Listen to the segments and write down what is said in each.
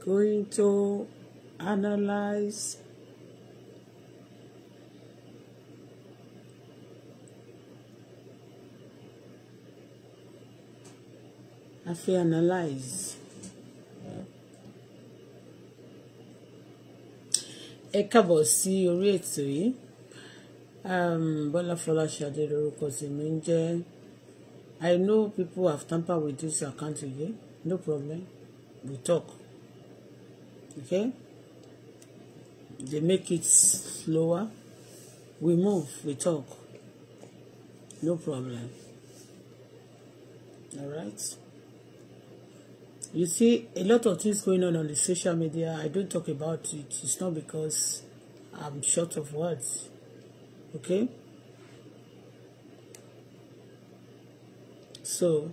are going to analyze a fẹ́ analyze ẹ kábọ̀ sí orí ètò yìí um, Bọ́lá Fọláṣadé lórúkọ tèmi ń jẹ́ I know people have tampered with this account today no problem we talk okay they make it slower we move we talk no problem all right you see a lot of things going on on the social media I don't talk about it it's not because I'm short of words okay so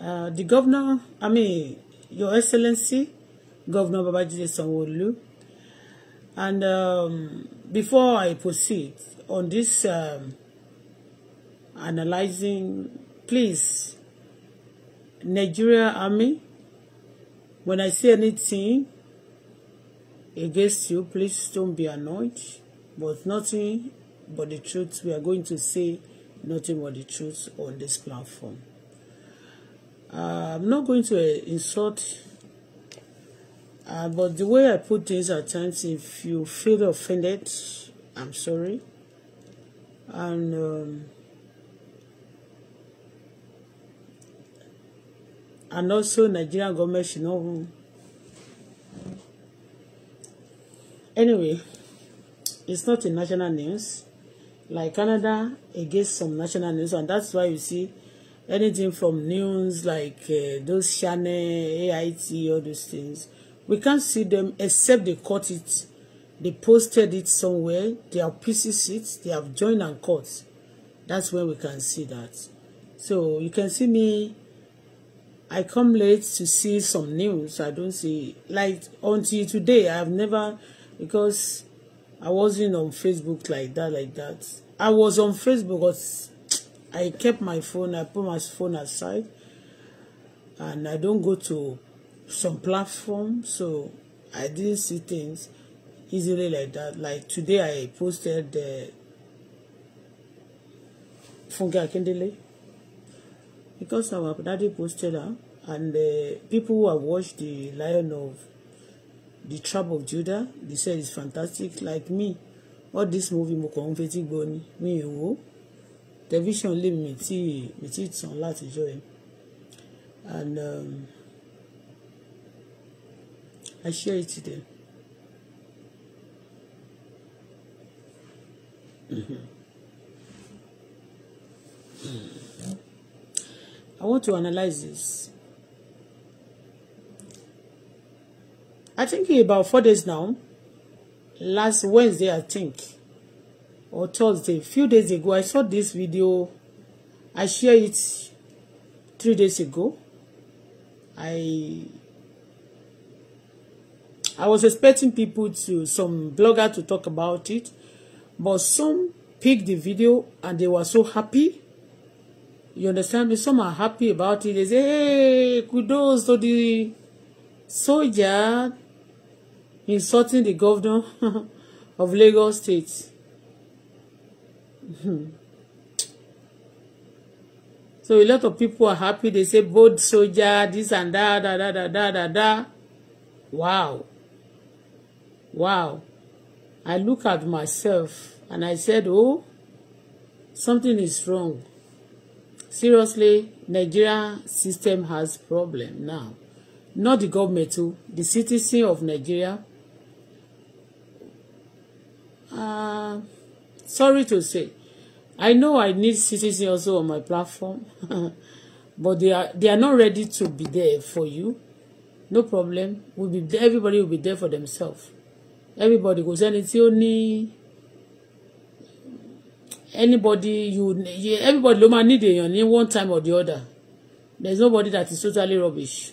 uh, the governor I mean Your Excellency, Governor Babajide Sanwo-Olu. And um, before I proceed on this um, analyzing, please, Nigeria Army, when I say anything against you, please don't be annoyed. But nothing but the truth, we are going to say nothing but the truth on this platform. I'm not going to uh, insult, uh, but the way I put things at times, if you feel offended, I'm sorry. And um, and also Nigerian government should know. Anyway, it's not in national news. Like Canada against some national news, and that's why you see anything from news like uh, those channel AIT all those things we can't see them except they cut it they posted it somewhere they have pieces it they have joined and cut that's when we can see that so you can see me I come late to see some news I don't see like until today I have never because I wasn't on Facebook like that like that I was on Facebook but I kept my phone, I put my phone aside, and I don't go to some platform, so I didn't see things easily like that. Like today, I posted the Funke Akindele because our daddy posted her, and people who have watched the Lion of the Tribe of Judah, they said it's fantastic. Like me, all this movie mo kàn me you. tẹlifíṣàn lè mi tí mi ti tàn látijọ́ ẹ̀ and um, I share it today. mm I want to analyze this. I think about four days now. Last Wednesday, I think or Thursday. A few days ago, I saw this video. I shared it three days ago. I I was expecting people to some blogger to talk about it, but some picked the video and they were so happy. You understand me? Some are happy about it. They say, "Hey, kudos to the soldier insulting the governor of Lagos State." So a lot of people are happy. They say bold soldier, this and that, da da da da da da. Wow. Wow. I look at myself and I said, oh, something is wrong. Seriously, Nigeria system has problem now. Not the government too, oh, the citizen of Nigeria. Uh, sorry to say I know I need citizens also on my platform but they are they are not ready to be there for you no problem will be there, everybody will be there for themselves everybody goes sẹ́ni tí ó anybody you everybody ló máa need èèyàn ní one time or the other There's nobody that is totally rubbish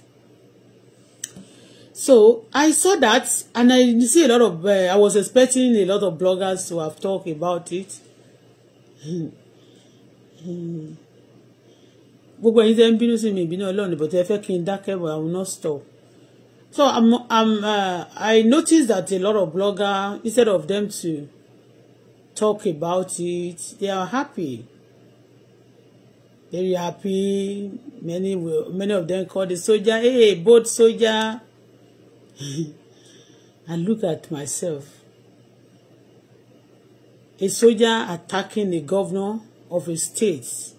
So I saw that and I see a lot of, uh, I was expecting a lot of bloggers to have talked about it. Gbogbo ẹ̀yin tẹ́ ń bínú sí mi ìbínú Ọlọ́run níbo tẹ́ fẹ́ kí n dákẹ́ but I will not stop. So I'm, I'm, uh, I noticed that a lot of bloggers, instead of them to talk about it, they are happy. Very happy. Many, will, many of them call the soldier, hey, bold soldier. I look at myself. A soldier attacking the governor of a state.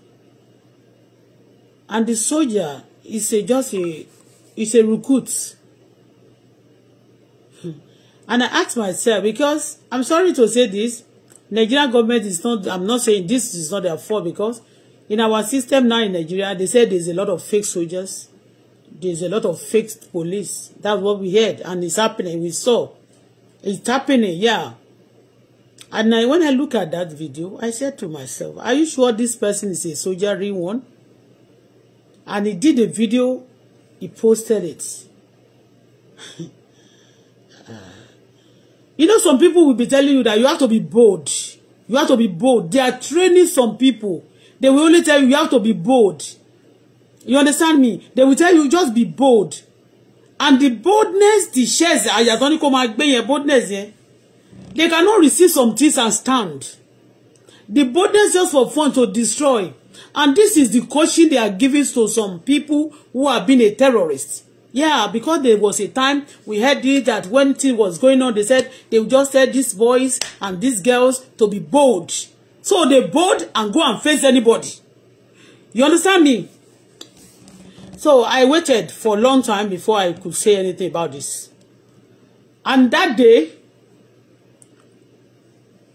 And the soldier is a, just a, is a recruit. And I ask myself, because I'm sorry to say this, Nigerian government is not, I'm not saying this is not their fault because in our system now in Nigeria, they say there's a lot of fake soldiers there's a lot of fixed police. That's what we heard, and it's happening. We saw. It's happening, yeah. And I, when I look at that video, I said to myself, are you sure this person is a soldier, real one? And he did a video, he posted it. You know, some people will be telling you that you have to be bold. You have to be bold. They are training some people. They will only tell you you have to be bold. You understand me? They will tell you just be bold. And the boldness, the shares, àyàtọ́níkò ah, máa boldness yẹn. They cannot receive some things and stand. The boldness just for fun to destroy. And this is the coaching they are giving to some people who have been a terrorist. Yeah, because there was a time we heard it that when things was going on, they said they just said these boys and these girls to be bold. So they bold and go and face anybody. You understand me? So I waited for a long time before I could say anything about this. And that day,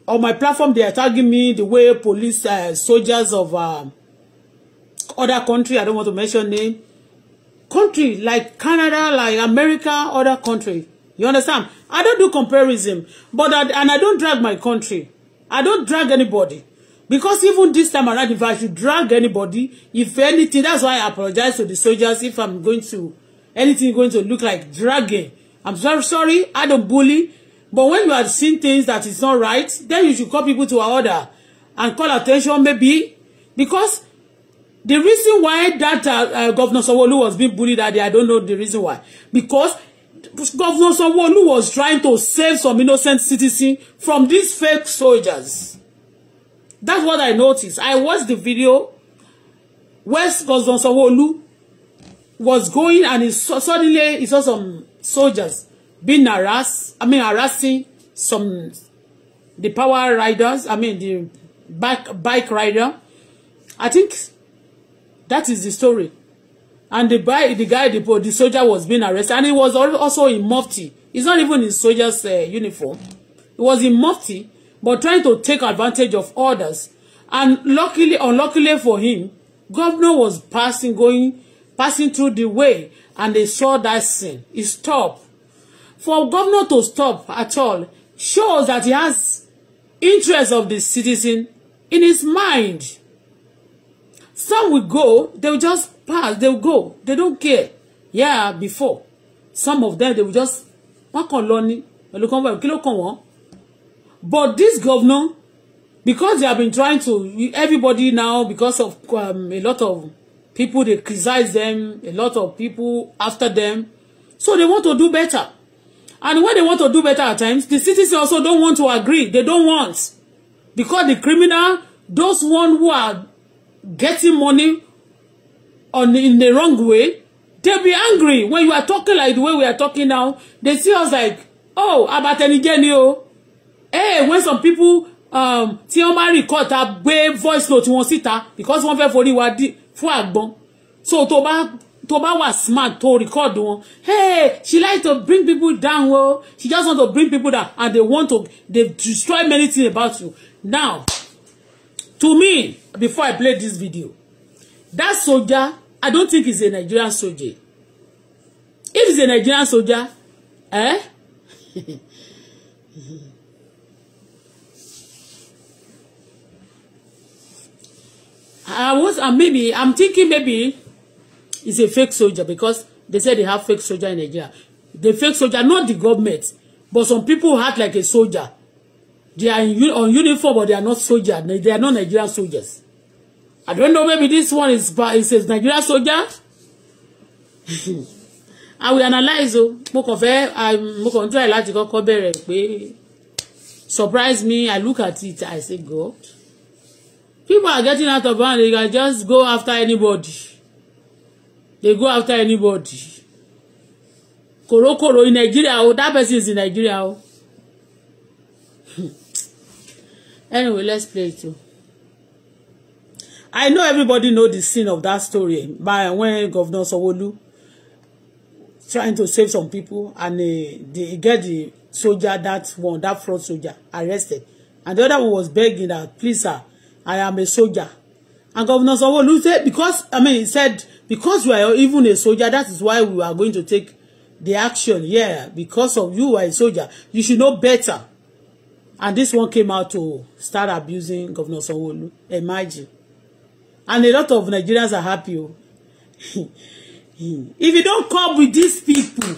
on my platform, they are tagging me the way police, uh, soldiers of uh, other country, I don't want to mention name, country like Canada, like America, other country. You understand? I don't do comparison, but I, and I don't drag my country. I don't drag anybody. Because even this time around, if I should drag anybody, if anything, that's why I apologize to the soldiers if I'm going to, anything going to look like dragging. I'm so sorry, I don't bully. But when you have seen things that is not right, then you should call people to order and call attention maybe. Because the reason why that uh, uh, Governor sanwo was being bullied that day, I don't know the reason why. Because Governor sanwo was trying to save some innocent citizen from these fake soldiers. That's what I noticed. I watched the video. West Gosdon Sanwo-Olu was going and he saw, suddenly he saw some soldiers being harassed, I mean harassing some the power riders, I mean the bike bike rider. I think that is the story. And the guy, the guy, the, the soldier was being arrested, and he was also in mufti. He's not even in soldier's uh, uniform. He was in mufti, but trying to take advantage of others. And luckily, unluckily for him, governor was passing, going, passing through the way, and they saw that scene. He stopped. For governor to stop at all shows that he has interest of the citizen in his mind. Some will go, they will just pass, they will go, they don't care. Yeah, before. Some of them, they will just, But this governor, because they have been trying to, everybody now, because of um, a lot of people, they criticize them, a lot of people after them. So they want to do better. And when they want to do better at times, the citizens also don't want to agree. They don't want. Because the criminal, those one who are getting money on in the wrong way, they be angry. When you are talking like the way we are talking now, they see us like, oh, abatẹnijẹ ni o hey eh, when some people um, tí wọ́n máa record ta gbé voice note wọn síta because wọ́n fẹ́ forí wa dí fún àgbọn so tó bá tó bá wà smart to record wọn hey she like to bring people down Well, oh. she just want to bring people down and they want to they destroy many things about you now to me before I play this video that soldier I don't think he's a Nigerian soldier if he's a Nigerian soldier eh I was and uh, maybe I'm thinking maybe it's a fake soldier because they say they have fake soldier in Nigeria. The fake soldier, not the government, but some people act like a soldier. They are in, on uniform, but they are not soldiers. They are not Nigerian soldiers. I don't know. Maybe this one is is a Nigerian soldier. I will analyze oh, Mo kàn fẹ́ mo kàn try láti kọ́kọ́ bẹ̀rẹ̀ surprise me. I look at it. I say God people are getting out of hand they can just go after anybody they go after anybody korokoro in Nigeria oh that person is in Nigeria oh anyway let's play it too oh. I know everybody know the scene of that story eh, by when Governor sanwo trying to save some people and uh, they get the soldier that one that fraud soldier arrested and the other one was begging that please sir I am a soldier. And Governor sanwo said, because, I mean, he said, because you are even a soldier, that is why we are going to take the action. Yeah, because of you are a soldier. You should know better. And this one came out to start abusing Governor sanwo Imagine. And a lot of Nigerians are happy. Oh. If you don't come with these people,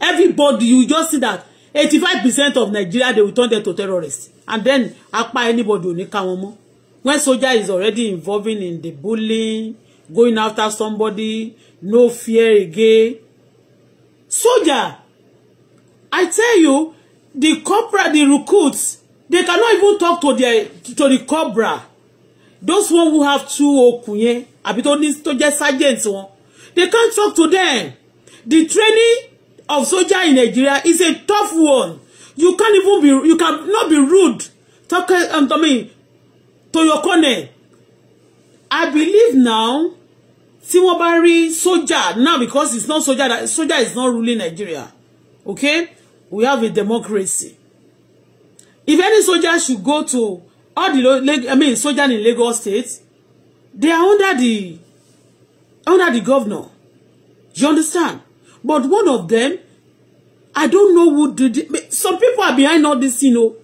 everybody, you just see that 85% of Nigeria, they will turn them to terrorists. And then, apa anybody ò ní ká when soldier is already involving in the bullying going after somebody no fear again soldier i tell you the cobra, the recruits they cannot even talk to their to the cobra. those one who have two okun yẹn àbí tó ní tó jẹ́ sergeant wọn they can't talk to them the training of soldier in Nigeria is a tough one you can't even be you can not be rude talk um, I mean to your corner i believe now tí wọ́n bá rí soldier now because it's not soldier that soldier is not ruling nigeria okay we have a democracy if any soldier should go to all the i mean soldier in lagos state they are under the under the governor you understand but one of them i don't know who did it some people are behind all this you know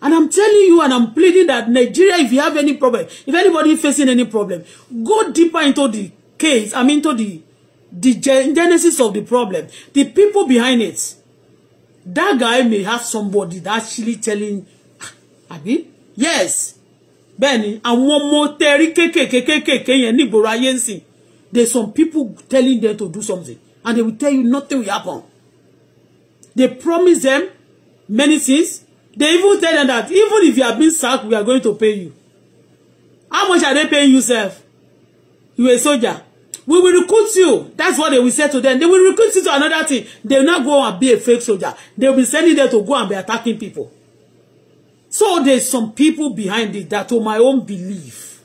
And I'm telling you and I'm pleading that Nigeria, if you have any problem, if anybody facing any problem, go deeper into the case, I mean, into the, the genesis of the problem, the people behind it. That guy may have somebody that actually telling, ah, Abi, yes, Benny, And one more kéékèèké kéékèèké yẹn nígboro ayé There's some people telling them to do something and they will tell you nothing will happen. They promise them many things They even tell them that even if you are being sacked, we are going to pay you. How much are they paying yourself? You a soldier. We will recruit you. That's what they will say to them. They will recruit you to another thing. They will not go and be a fake soldier. They will be sending them to go and be attacking people. So there's some people behind it that to my own belief,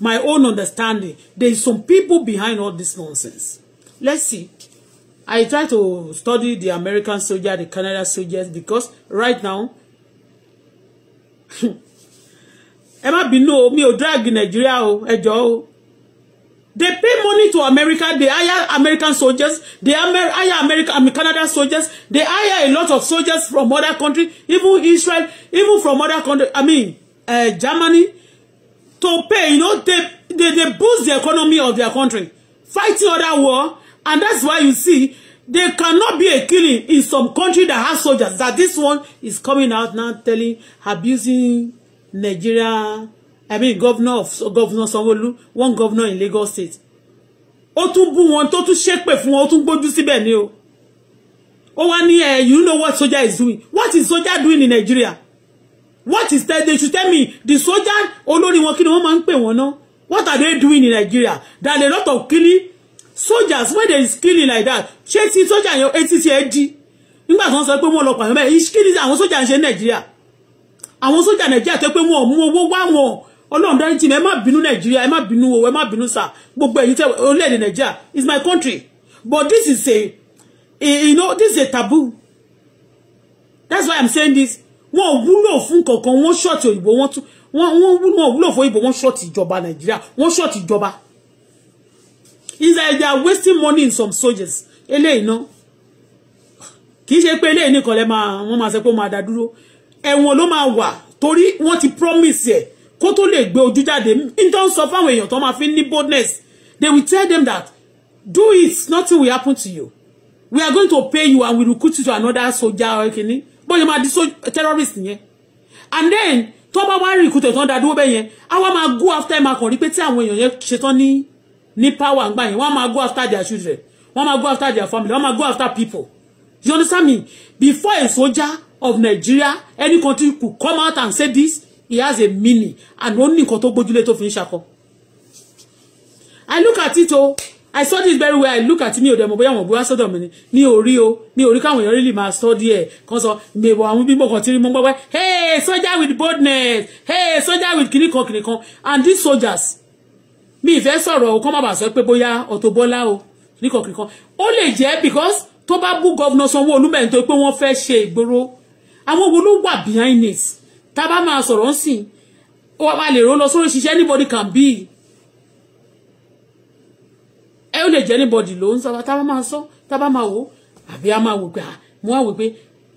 my own understanding, there's some people behind all this nonsense. Let's see. I try to study the American soldier, the Canada soldiers, because right now, ẹ má bínú o mi ò drag nàìjíríà o ẹ jọ o they pay money to america they hire american soldiers they Amer hire american I mean, canada soldiers they hire a lot of soldiers from other country even israel even from other country i mean uh, germany to pay you know they they they boost the economy of their country fighting other war and that's why you see There cannot be a killing in some country that has soldiers. That this one is coming out now telling, abusing Nigeria, I mean governor of governor sanwo one governor in Lagos State. Ó tún bú wọn tó tún ṣépè fún wọn, ó tún gbójú síbẹ̀ ni o. Ó wá ní eh you know what soldier is doing. What is soldier doing in Nigeria? What is they should tell me the soldier olórí wọn kí ni wọ́n máa ń pè wọ́n náà? What are they doing in Nigeria? That a lot of killing soldiers wey dey killing like that ṣé ti sójà yẹn etí ti ẹ di nígbà tí wọ́n sọ pé wọ́n lọ pààyàn bẹ́ẹ̀ ìṣkíni àwọn sójà ń ṣe nàìjíríà àwọn sójà nàìjíríà tó pé wọn ò mú owó wá wọn ọlọ́run dárí tìmí ẹ má bínú nàìjíríà ẹ má bínú owó ẹ má bínú sà gbogbo ẹ̀yin tẹ orílẹ̀-èdè nàìjíríà is my country but this is a you know this is a taboo that's why i'm saying this wọn ò wúlò fún kankan wọn ṣọ́ọ̀tì òyìnbó wọn tún wọn wúlò fún òyìnbó wọn ṣọ́ọ̀tì ìjọba nàìjíríà wọn ṣọ́ọ̀tì ìjọba is that they are wasting money in some soldiers eléyìí náà kì í ṣe pé eléyìí nìkan lẹ́ ma wọ́n ma ṣe pé ó máa dá dúró ẹ̀wọ̀n ló máa wà torí wọ́n ti promise ẹ̀ kó tó lè gbé ojú jáde nítorí sọ fáwọn èèyàn tó máa fi ní boldness they will tell them that do it nothing will happen to you we are going to pay you and we recruit you to another soldier or kini bóyá máa di terrorist yẹn and then tó bá wá recruit ẹ̀ tán dá dúró bẹ́ẹ̀ yẹn àwa go after ma kon kàn rí pé tí àwọn èèyàn yẹn ṣetán ní ní power and gbà yẹn wọ́n máa go after their children wọ́n máa go after their family wọ́n máa go after people you understand me before a soldier of Nigeria any country could come out and say this he has a meaning and only ní nǹkan tó gbójúlé tó fi ń ṣakọ I look at it o I saw this very well I look at mi ò dẹ̀ mọ̀ bóyá wọ́n bóyá sọ́dọ̀ mi ni mi ò rí o mi ò rí káwọn èèyàn really máa sọ́ díẹ̀ kan sọ mèbọ̀ àwọn bíbọ̀ kan tí rí mọ́ gbọ́gbẹ́ hey soldier with boldness hey soldier with kìnnìkan kìnnìkan and these soldiers mi ìfẹ́ sọ̀rọ̀ o kọ́ má bàa sọ pé bóyá Auto Bola o níkọ̀kíkọ́ ó lè jẹ́ because tó bá bú gọ́vnà Sanwó-Olú mẹ́rin tó pé wọ́n fẹ́ ṣe ìgboro àwọn wo wà behind it tá a bá máa sọ̀rọ̀ ń sìn wọ́n máa lè ró lọ sórí ṣiṣẹ́ anybody can be ẹ ó lè jẹ́ anybody ló ń sọ tá a bá máa sọ tá a bá máa wò àbí a máa wò pé mo wá wò pé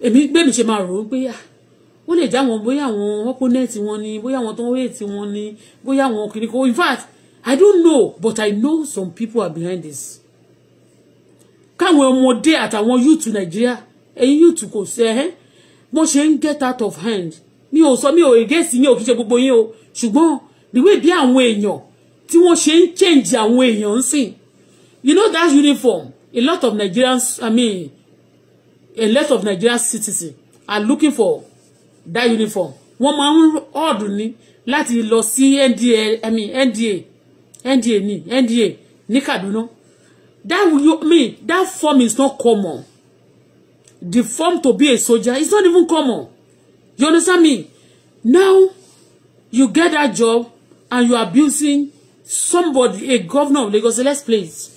èmi gbèmí ṣe máa rò ó pé ó lè jẹ́ àwọn bóyá àwọn opponent wọn ni bóyá àwọn tó ń wéètì wọn ni bóyá àwọn kìnnìkan in fact I don't know but I know some people are behind this Can we káwọn ọmọdé àtàwọn youth Nàìjíríà ẹ̀yin youth kò ṣe ẹ́ bó ṣe ain't get out of hand mi ò sọ mi ò ègèsì yín ò kí ṣe gbogbo yín o ṣùgbọ́n ìwé bí àwọn èèyàn tí wọ́n ṣe ń change àwọn way. You see, you know that uniform a lot of Nigerians I mean a lot of Nigerian citizens are looking for that uniform wọ́n máa ordinary. ọ̀dùn ni láti lọ sí NDA I mean NDA NDA ni NDA ní Kaduna that you mean that form is not common the form to be a soldier is not even common you understand me now you get that job and you abusing somebody a governor of Lagos let's play it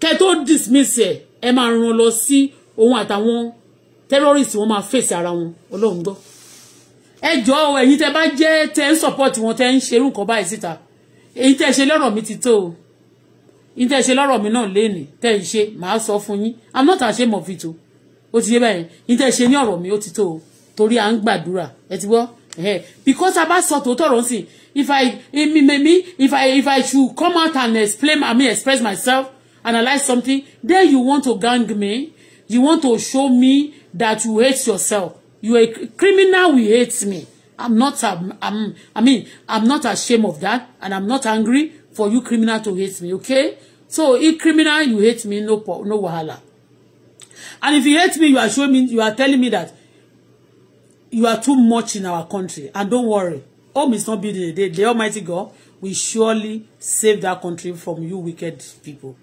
kẹ́ dismiss ẹ ẹ máa rán lọ sí òun àtàwọn terrorists wọ́n máa face ara wọn Ọlọ́run gbọ́ ẹ jọ̀ọ́ ẹ̀yin tẹ́ bá jẹ́ tẹ́ ń support wọn tẹ́ ń ṣerú nǹkan báyìí síta èyí tẹ́ ṣe lọ́rọ̀ mi ti tó o èyí tẹ́ ṣe lọ́rọ̀ mi náà léènì tẹ́ ń ṣe màá sọ fún yín i'm not ashamed of it o ó ti yé báyẹn èyí tẹ́ ṣe ní ọ̀rọ̀ mi ó ti tó o torí à ń gbàdúrà ẹ ti gbọ́ ẹ̀hẹ́ because a bá sọ tòótọ́ ọ̀rọ̀ sí if i emi memi if i if i should come out and explain i mean express myself analyze something then you want to gang me you want to show me that you hate yourself you a criminal will hate me i'm not I'm, i mean i'm not ashamed of that and i'm not angry for you criminal to hate me okay so if criminal you hate me no no wahala and if you hate me you are showing me you are telling me that you are too much in our country and don't worry home is not built in a day the almighty god will surely save that country from you wicked people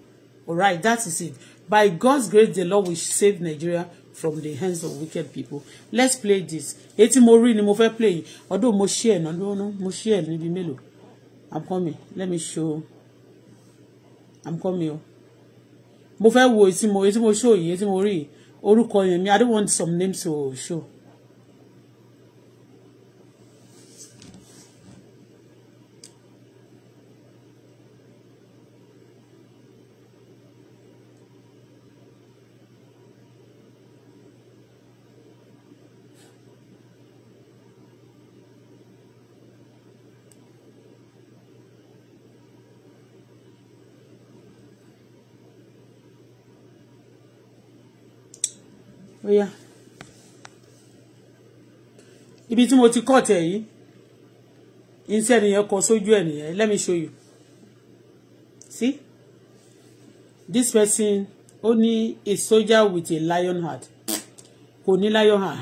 all right that is it by god's grace the lord will save nigeria from the hands of wicked people let's play this etí mo rí ni mo fẹ́ play yìí ọdún mo share náà lónà mo share níbi mélòó i'm coming let me show i'm coming o mo fẹ́ wo etí mo etí mo show yìí etí mo rí orúkọ yẹn mi i don't want some names to show. oya ibi tí mo ti kọ́ tẹ̀ yìí iṣẹ́ nìyẹn kọ sójú ẹ̀ let me show you see this person ó ní a soldier with a lion heart kò ní lion heart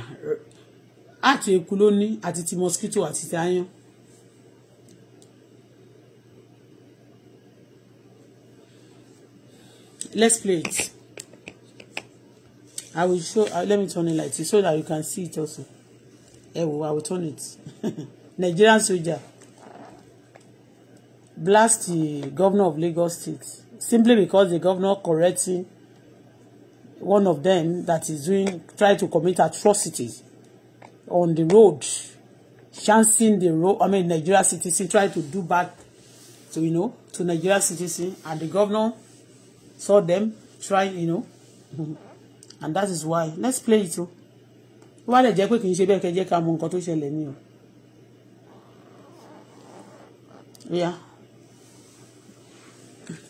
àti eku ló ní àti ti mosquito àti ti aáyán. let's play it. I will show uh, let me turn it like this so that you can see it also ẹ wo I will turn it Nigerian soldier blast the governor of Lagos State simply because the governor correcting one of them that is doing try to commit atrocities on the road chancing the road I mean Nigeria citizen try to do bad to you know to Nigeria citizen and the governor saw them trying you know and that is why let's play it o ó wá lè jẹ́ pé kì í ṣe bẹ́ẹ̀ kẹ́ jẹ́ ká mọ nǹkan tó ṣẹlẹ̀ ní o. Yeah.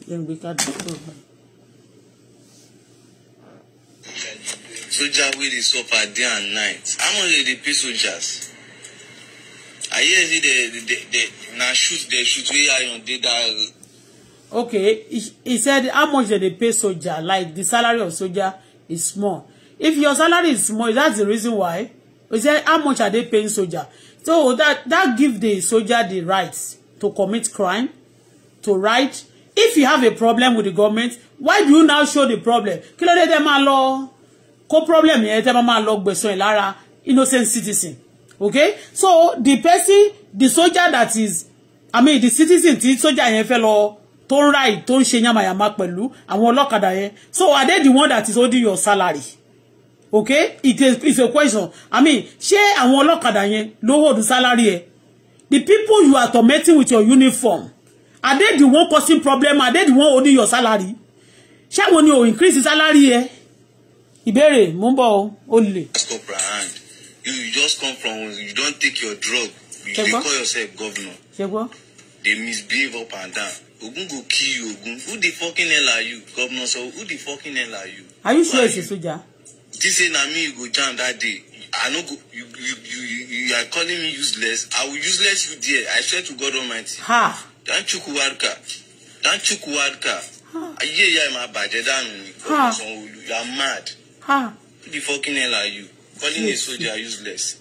Then we got the program. Soldier wey dey suffer day and night. How much dey dey pay soldiers? I hear say dey dey dey na shoot dey shoot wey iron dey that. Okay, he, he said how much dey dey pay soldier like the salary of soldier is small if your salary is small that's the reason why we say how much are they paying soldier so that that give the soldier the right to commit crime to right if you have a problem with the government why do you now show the problem Kilo de dé tẹ́ máa lọ problem yẹn tẹ́ ma lọ gbẹ̀san ẹ̀ lára innocent citizen okay so the person the soldier that is i mean the citizen the soldier yẹn fellow. lọ tó ń ráì tó ń ṣe yàmàyàmà pẹ̀lú àwọn ọlọ́kadà yẹn so are they the one that is holding your salary okay it is it's a question i mean ṣé àwọn ọlọ́kadà yẹn ló hold salary ẹ the people you are tormenting with your uniform are they the one causing problem are they the one holding your salary ṣé àwọn ni ò increase salary ẹ ìbéèrè mú bọ o lè. you just come from you don take your drug you dey call yourself governor They misbehave up and down Ogun go kill you, Ogun. Who the fucking hell are you? Governor so who the fucking hell are you? Are you sure it's a soldier? This say na me you go jam that day. I know go you you, you you you are calling me useless. I will useless you there. I swear to God Almighty. Ha. Dan chukuwarka. Dan chukuwarka. Ayé ìyá ẹ̀ máa bàjẹ́ dànù ni. Governor Sanwo-Olu, you are mad. Ha. Who the fucking hell are you? Calling a soldier useless.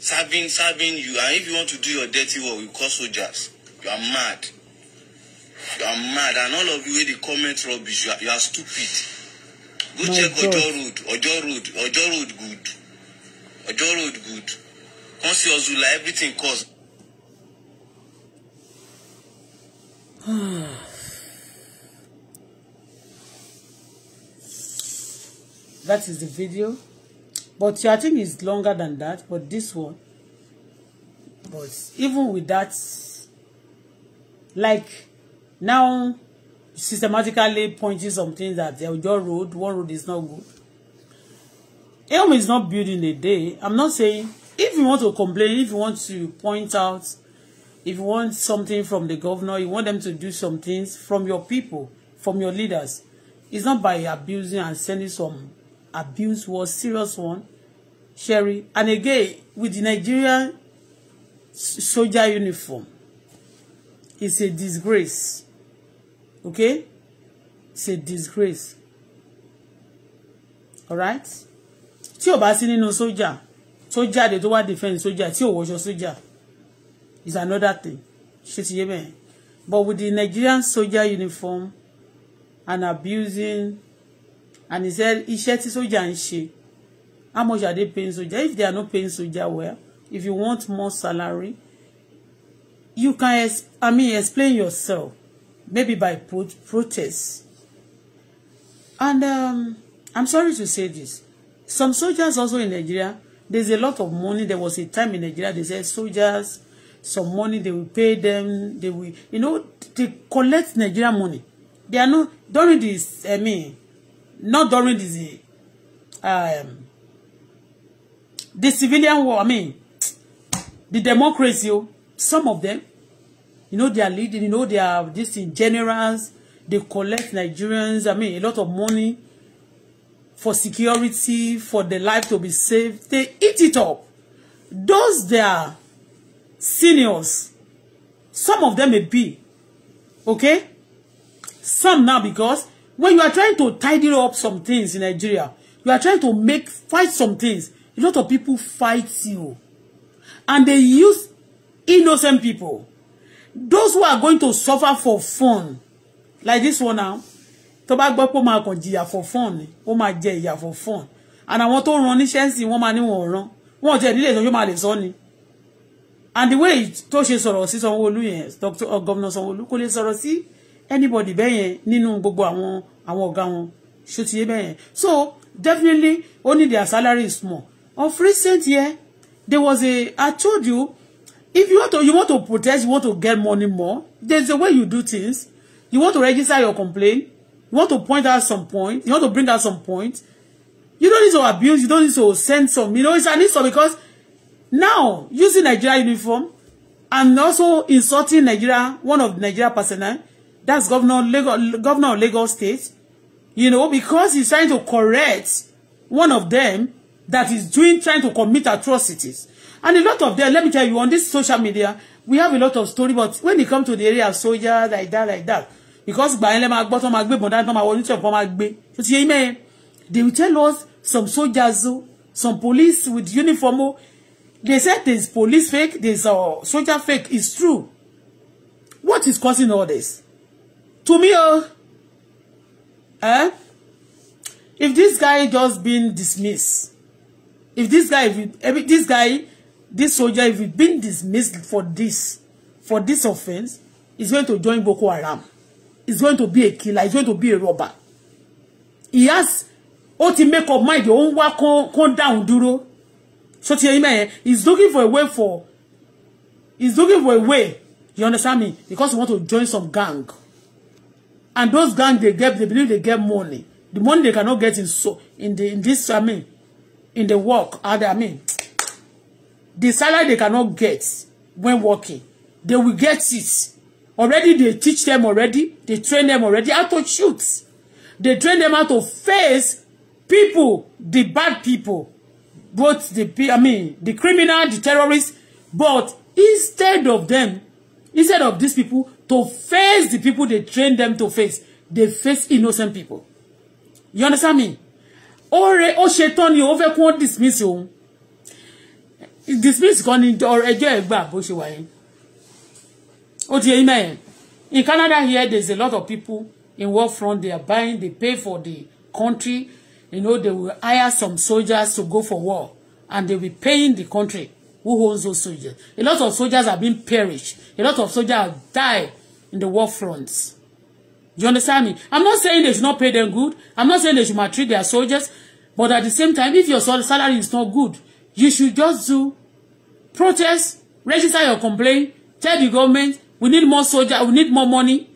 Serving serving you and if you want to do your dirty work, you call soldiers. You are mad you are mad and all of you wey dey comment rubbish you are, you are stupid go My check ojo road ojo road ojo road good ojo road good come see ozula everything cost. that is the video but i think is longer than that but this one but even with that like now systematically pointing some things that the Ojo road, one road is not good. Elm is not built in a day. I'm not saying if you want to complain, if you want to point out, if you want something from the governor, you want them to do some things from your people, from your leaders. It's not by abusing and sending some abuse was serious one, Sherry. And again, with the Nigerian soldier uniform, it's a disgrace. Okay? It's a disgrace. Alright? Tí o bá sí nínú sójà, tó jáde tó wá defend sójà, tí o wọṣọ sójà, is another thing. Ṣé ti yé bẹ́ẹ̀? But with the Nigerian soldier uniform and abusing and he said iṣẹ́ tí sójà ń ṣe, how much are they paying soldier? If they are not paying soldier well, if you want more salary, you can, I mean, explain yourself maybe by pro protest. And um, I'm sorry to say this. Some soldiers also in Nigeria, there's a lot of money. There was a time in Nigeria, they said soldiers, some money, they will pay them. They will, you know, they collect Nigeria money. They are not, during this, I mean, not during this, um, the civilian war, I mean, the democracy, oh, some of them, you know they are leading you know they are this in generals they collect Nigerians I mean a lot of money for security for the life to be saved they eat it up those their seniors some of them may be okay some now because when you are trying to tidy up some things in Nigeria you are trying to make fight some things a lot of people fight you and they use innocent people those who are going to suffer for fun like this one now to bá gbọ́ pé ó máa kàn jìyà for fun ni ó máa jẹ ìyà for fun and I want to run. ń sìn wọ́n máa ní wọn ran wọn ò tiẹ̀ nílé ìtọ́jú máa lè sọ ni and the way tó ṣe sọ̀rọ̀ sí Sanwó-Olú yẹn doctor or uh, governor Sanwó-Olú kò lè sọ̀rọ̀ sí anybody bẹ́ẹ̀ yẹn nínú gbogbo àwọn àwọn ọ̀gá wọn ṣó ti yé bẹ́ẹ̀ so definitely only their salary is small on recent year there was a I told you if you want to you want to protest you want to get money more there's a way you do things you want to register your complaint you want to point out some point you want to bring out some point you don't need to abuse you don't need to send some you know it's an insult because now using Nigeria uniform and also insulting Nigeria one of Nigeria personnel that's governor Lagos, governor of Lagos State you know because he's trying to correct one of them that is doing trying to commit atrocities And a lot of them, let me tell you, on this social media, we have a lot of story, but when it come to the area of soldier, like that, like that, because by them, I bought on my but that's not my one for my They will tell us some soldiers, some police with uniform. They said there's police fake, there's a uh, soldier fake. Is true. What is causing all this? To me, oh, eh? If this guy just been dismissed, if this guy, if, if this guy this soldier, if he's been dismissed for this, for this offense, is going to join Boko Haram. Is going to be a killer. Is going to be a robber. He has, ó ti make up mind, òun wá kó down duro. So ti yẹn, he's looking for a way for, he's looking for a way, you understand me? Because he want to join some gang. And those gang, they get, they believe they get money. The money they cannot get in so in the in this, I mean, in the work, I mean, the salary they cannot get when working they will get it already they teach them already they train them already how to shoot they train them how to face people the bad people both the I mean the criminal the terrorists but instead of them instead of these people to face the people they train them to face they face innocent people you understand me Or or tán ni ó fẹ́ kí wọ́n dismiss dismiss kan ni ẹjọ́ ẹ̀ gbà bó ṣe wà ó ti yẹn mẹ́yẹn in Canada here there is a lot of people in war front they are buying they pay for the country you know they will hire some soldiers to go for war and they will be paying the country who owns those soldiers a lot of soldiers have been perished a lot of soldiers have died in the war fronts you understand me I'm not saying they should not pay them good I'm not saying they should maltreat their soldiers but at the same time if your salary is not good you should just do protest register your complaint tell the government we need more soldiers we need more money